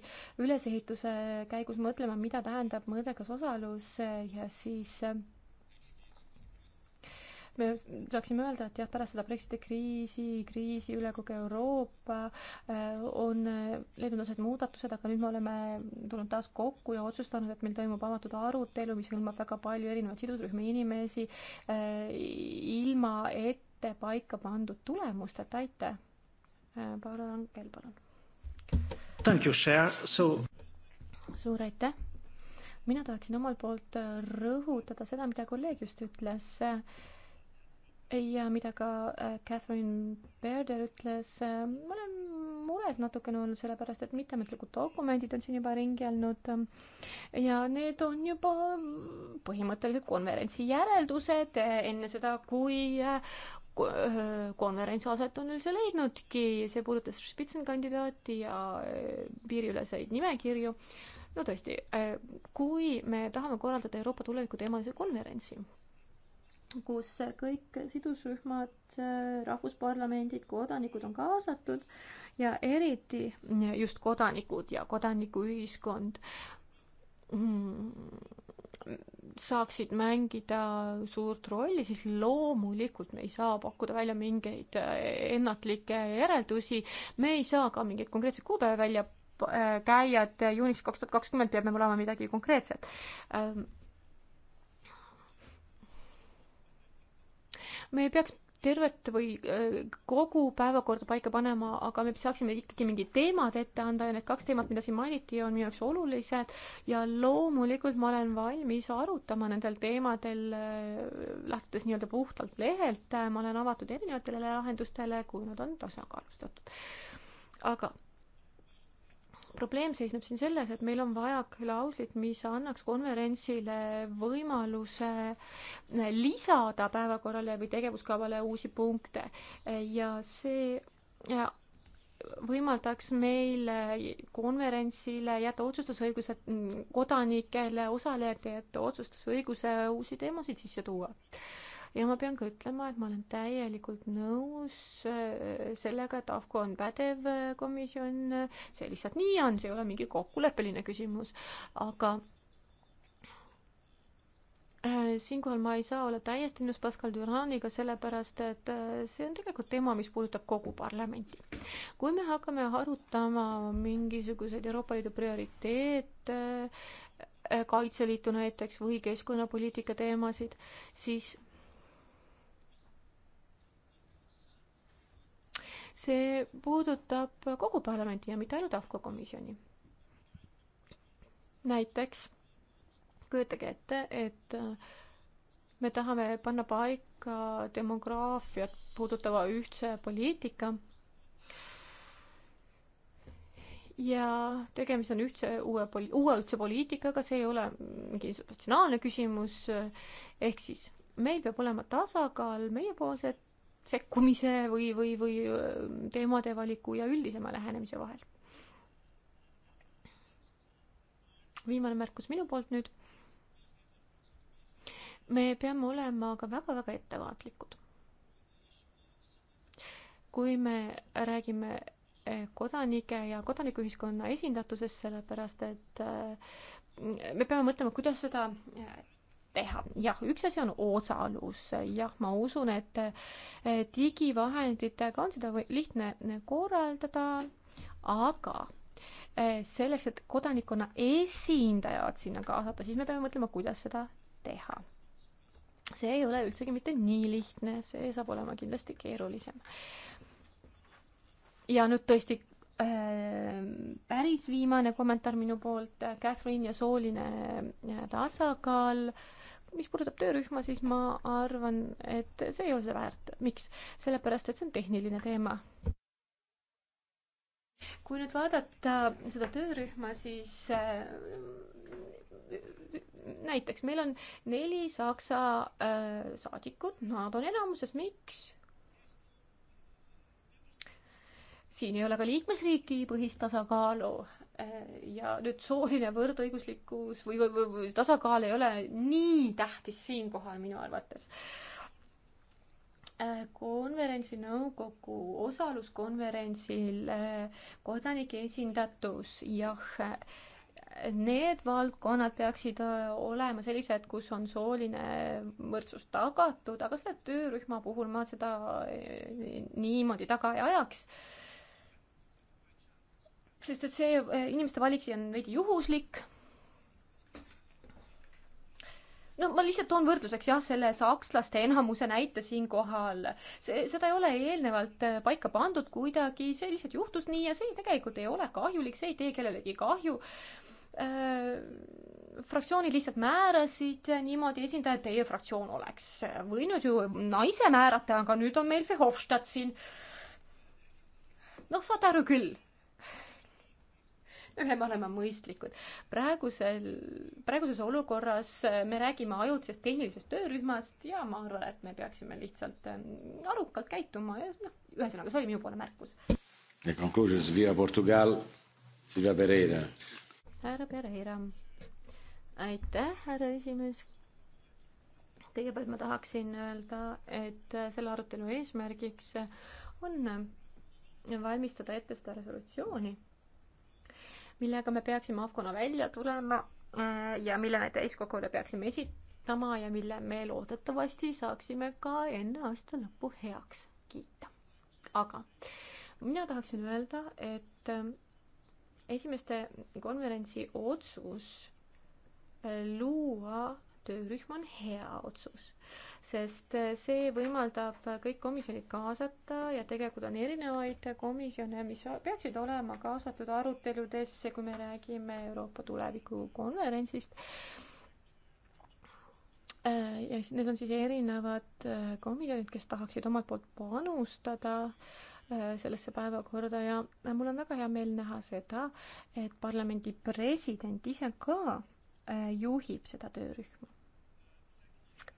[SPEAKER 4] ülesehituse käigus mõtlema, mida tähendab mõõdekas osalus ja siis äh, me saaksime öelda, et jah, pärast seda Brexiti kriisi, kriisi üle kogu Euroopa äh, on äh, leidnud aset muudatused, aga nüüd me oleme tulnud taas kokku ja otsustanud, et meil toimub avatud arutelu, mis hõlmab väga palju erinevaid sidusrühmi inimesi äh, ilma ette paika pandud tulemusteta, aitäh. Paolo Rangel, palun.
[SPEAKER 5] Thank you, Cher, so.
[SPEAKER 4] suur aitäh mina tahaksin omalt poolt rõhutada seda, mida kolleeg just ütles ja mida ka äh, Catherine Berder ütles, ma olen mures natukene olnud, sellepärast et mitteametlikud dokumendid on siin juba ringi olnud ja need on juba põhimõtteliselt konverentsi järeldused enne seda, kui äh, konverents aset on üldse leidnudki, see puudutas spitsenkandidaati ja äh, piiriüleseid nimekirju. no tõesti, kui me tahame korraldada Euroopa tuleviku teemalise konverentsi, kus kõik sidusrühmad, rahvusparlamendid, kodanikud on kaasatud ja eriti just kodanikud ja kodanikuühiskond mm, saaksid mängida suurt rolli, siis loomulikult me ei saa pakkuda välja mingeid ennatlikke järeldusi, me ei saa ka mingeid konkreetseid kuupäeva välja äh, käia, et juuniks kaks tuhat kakskümmend peab meil olema midagi konkreetset ähm, me ei peaks tervet või äh, kogu päevakorda paika panema, aga me saaksime ikkagi mingid teemad ette anda ja need kaks teemat, mida siin mainiti, on minu jaoks olulised ja loomulikult ma olen valmis arutama nendel teemadel, äh, lähtudes nii-öelda puhtalt lehelt, ma olen avatud erinevatele lahendustele, kui nad on tasakaalustatud. aga probleem seisneb siin selles, et meil on vaja klauslit, mis annaks konverentsile võimaluse lisada päevakorrale või tegevuskavale uusi punkte ja see ja võimaldaks meil konverentsile jätta otsustusõiguse kodanikele, osalejate jätta otsustusõiguse uusi teemasid sisse tuua ja ma pean ka ütlema, et ma olen täielikult nõus äh, sellega, et AFCO on pädev äh, komisjon, see lihtsalt nii on, see ei ole mingi kokkuleppeline küsimus, aga äh, siinkohal ma ei saa olla täiesti nõus Pascal Duraniga, sellepärast et see on tegelikult teema, mis puudutab kogu parlamenti. kui me hakkame arutama mingisuguseid Euroopa Liidu prioriteete, Kaitseliitu näiteks või keskkonnapoliitika teemasid, siis see puudutab kogu parlamenti ja mitte ainult AFCO komisjoni. näiteks kujutage ette, et äh, me tahame panna paika demograafiat puudutava ühtse poliitika. ja tegemist on ühtse uue poli-, uue ühtse poliitikaga, see ei ole mingi institutsionaalne küsimus, äh, ehk siis meil peab olema tasakaal meiepoolset sekkumise või, või, või äh, teemade valiku ja üldisema lähenemise vahel. viimane märkus minu poolt nüüd. me peame olema ka väga-väga ettevaatlikud. kui me räägime äh, kodanike ja kodanikuühiskonna esindatusest, sellepärast et äh, me peame mõtlema, kuidas seda teha. jah, üks asi on osalus, jah, ma usun, et digivahenditega on seda või, lihtne korraldada, aga e, selleks, et kodanikkonna esindajad sinna kaasata, siis me peame mõtlema, kuidas seda teha. see ei ole üldsegi mitte nii lihtne, see saab olema kindlasti keerulisem. ja nüüd tõesti e, päris viimane kommentaar minu poolt, Catherine ja sooline e, tasakaal mis puudutab töörühma, siis ma arvan, et see ei ole seda väärt. miks? sellepärast, et see on tehniline teema. kui nüüd vaadata seda töörühma, siis äh, näiteks meil on neli Saksa äh, saadikut, nad on enamuses, miks? siin ei ole ka liikmesriigi põhist tasakaalu ja nüüd sooline võrdõiguslikkus või, või, või tasakaal ei ole nii tähtis siinkohal minu arvates. Äh, konverentsi nõukogu osaluskonverentsil äh, kodanike esindatus, jah, need valdkonnad peaksid äh, olema sellised, kus on sooline võrdsus tagatud, aga selle töörühma puhul ma seda niimoodi taga ei ajaks sest et see eh, inimeste valik siia on veidi juhuslik. no ma lihtsalt toon võrdluseks jah, selle sakslaste enamuse näite siinkohal. see, seda ei ole eelnevalt eh, paika pandud kuidagi, see lihtsalt juhtus nii ja see tegelikult ei ole kahjulik, see ei tee kellelegi kahju äh, fraktsioonid lihtsalt määrasid niimoodi esindaja, et teie fraktsioon oleks võinud ju naise määrata, aga nüüd on meil Verhofstadt siin. noh, saate aru küll me peame olema mõistlikud. praegusel, praeguses olukorras äh, me räägime ajutisest tehnilisest töörühmast ja ma arvan, et me peaksime lihtsalt ähm, arukalt käituma ja noh, ühesõnaga, see oli minu poole märkus.
[SPEAKER 1] The conclusions via Portugal, Silvia Pereira.
[SPEAKER 4] härra Pereira, aitäh, härra esimees kõigepealt ma tahaksin öelda, et äh, selle arutelu eesmärgiks on valmistada ette seda resolutsiooni millega me peaksime Afgana välja tulema äh, ja mille me täiskogule peaksime esitama ja mille me loodetavasti saaksime ka enne aasta lõppu heaks kiita. aga mina tahaksin öelda, et äh, esimeste konverentsi otsus äh, luua töörühm on hea otsus sest see võimaldab kõik komisjonid kaasata ja tegelikult on erinevaid komisjone, mis peaksid olema kaasatud aruteludesse, kui me räägime Euroopa tuleviku konverentsist. ja siis need on siis erinevad komisjonid, kes tahaksid omalt poolt panustada äh, sellesse päevakorda ja mul on väga hea meel näha seda, et parlamendi president ise ka äh, juhib seda töörühma.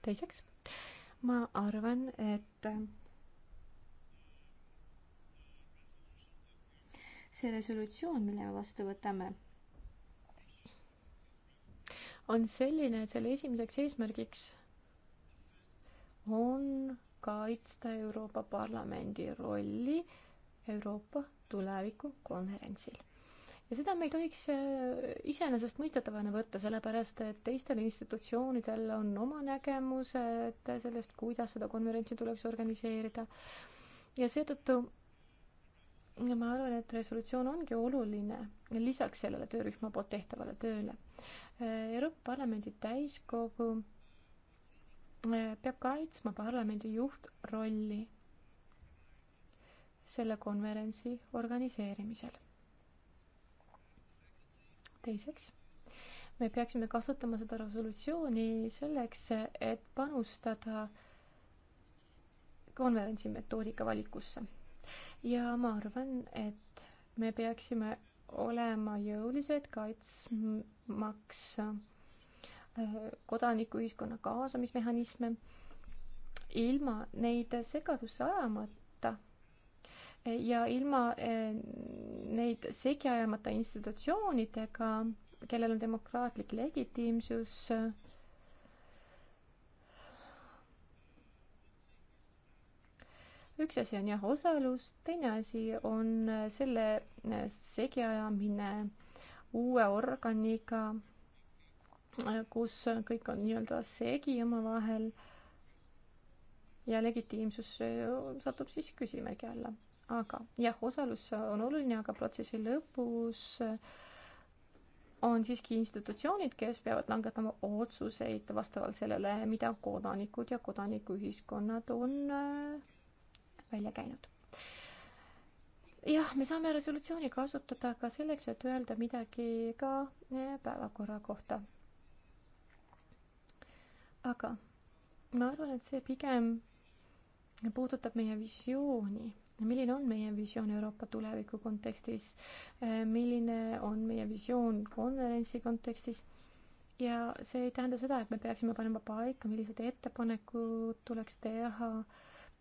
[SPEAKER 4] teiseks ma arvan, et see resolutsioon, mille me vastu võtame, on selline, et selle esimeseks eesmärgiks on kaitsta Euroopa Parlamendi rolli Euroopa tulevikukonverentsil ja seda me ei tohiks äh, iseenesestmõistetavana võtta, sellepärast et teistel institutsioonidel on oma nägemused sellest, kuidas seda konverentsi tuleks organiseerida. ja seetõttu ja ma arvan, et resolutsioon ongi oluline lisaks sellele töörühma poolt tehtavale tööle. Äh, Euroopa Parlamendi täiskogu äh, peab kaitsma parlamendi juhtrolli selle konverentsi organiseerimisel teiseks, me peaksime kasutama seda resolutsiooni selleks, et panustada konverentsi metoodika valikusse. ja ma arvan, et me peaksime olema jõulised kaitsmaks äh, kodanikuühiskonna kaasamismehhanisme ilma neid segadusse ajamata ja ilma e, neid segi ajamata institutsioonidega, kellel on demokraatlik legitiimsus, üks asi on jah, osalus, teine asi on selle e, segi ajamine uue organiga, e, kus kõik on nii-öelda segi omavahel ja legitiimsus satub siis küsimärgi alla aga jah, osalus on oluline, aga protsessi lõpus äh, on siiski institutsioonid, kes peavad langetama otsuseid vastavalt sellele, mida kodanikud ja kodanikuühiskonnad on äh, välja käinud. jah, me saame resolutsiooni kasutada ka selleks, et öelda midagi ka äh, päevakorra kohta. aga ma arvan, et see pigem puudutab meie visiooni milline on meie visioon Euroopa tuleviku kontekstis, äh, milline on meie visioon konverentsi kontekstis ja see ei tähenda seda, et me peaksime panema paika, millised ettepanekud tuleks teha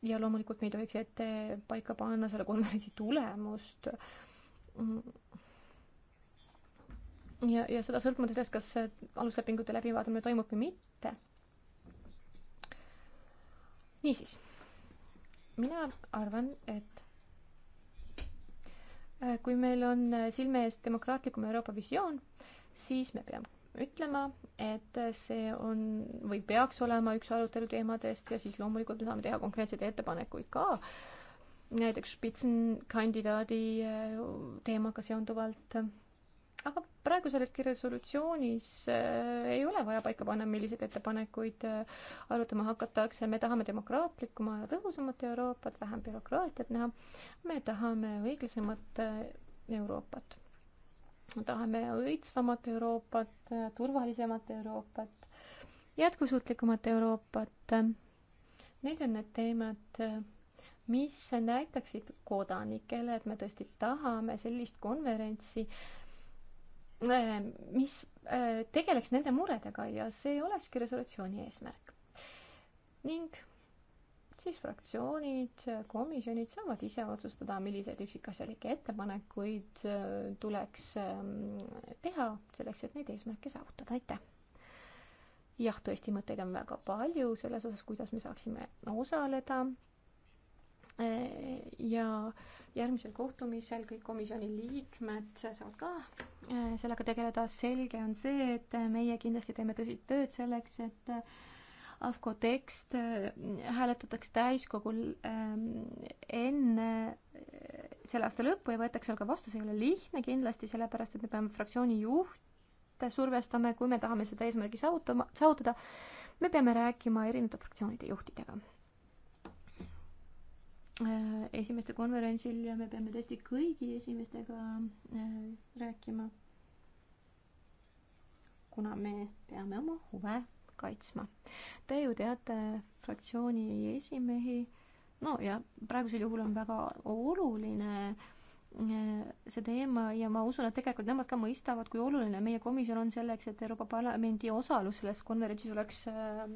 [SPEAKER 4] ja loomulikult me ei tohiks ette paika panna selle konverentsi tulemust. Mm. ja, ja seda sõltumata sellest, kas aluslepingute läbivaatamine toimub või mitte. niisiis mina arvan, et äh, kui meil on äh, silme ees demokraatlikum Euroopa visioon, siis me peame ütlema, et äh, see on või peaks olema üks arutelu teemadest ja siis loomulikult me saame teha konkreetseid ettepanekuid ka, näiteks spitsenkandidaadi teemaga seonduvalt aga praegusel hetkel resolutsioonis äh, ei ole vaja paika panna, milliseid ettepanekuid äh, arutama hakatakse, me tahame demokraatlikumat ja tõhusamat Euroopat, vähem bürokraatiat näha, me tahame õiglasemat äh, Euroopat. tahame õitsvamat Euroopat, turvalisemat Euroopat, jätkusuutlikumat Euroopat. Need on need teemad, mis näitaksid kodanikele, et me tõesti tahame sellist konverentsi, Äh, mis äh, tegeleks nende muredega ja see olekski resolutsiooni eesmärk. ning siis fraktsioonid, komisjonid saavad ise otsustada, milliseid üksikasjalikke ettepanekuid äh, tuleks ähm, teha selleks, et neid eesmärke saavutada, aitäh! jah, tõesti, mõtteid on väga palju selles osas, kuidas me saaksime osaleda ja äh, järgmisel kohtumisel kõik komisjoni liikmed saavad ka äh, sellega tegeleda. selge on see, et meie kindlasti teeme tõsist tööd selleks, et äh, AFCO tekst äh, hääletatakse täiskogul ähm, enne selle aasta lõppu ja võetakse seal ka vastu, see ei ole lihtne kindlasti, sellepärast et me peame fraktsiooni juhte survestama ja kui me tahame seda eesmärgi saavutama, saavutada, me peame rääkima erinevate fraktsioonide juhtidega Äh, esimeste konverentsil ja me peame tõesti kõigi esimestega äh, rääkima, kuna me peame oma huve kaitsma. Te ju teate fraktsiooni esimehi, no ja praegusel juhul on väga oluline äh, see teema ja ma usun, et tegelikult nemad ka mõistavad, kui oluline meie komisjon on selleks, et Euroopa Parlamendi osalus selles konverentsis oleks äh,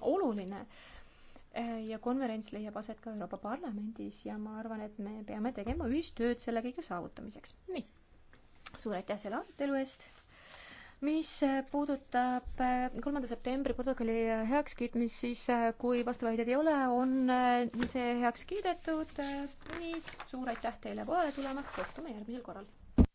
[SPEAKER 4] oluline äh, Eh, ja konverents leiab aset ka Euroopa Parlamendis ja ma arvan, et me peame tegema ühistööd selle kõige saavutamiseks. nii, suur aitäh selle arutelu eest. mis eh, puudutab eh, kolmanda septembri protokolli heakskiitmist, siis kui vastuväiteid ei ole, on see heaks kiidetud. nii, suur aitäh teile kohale tulemast, kohtume järgmisel korral.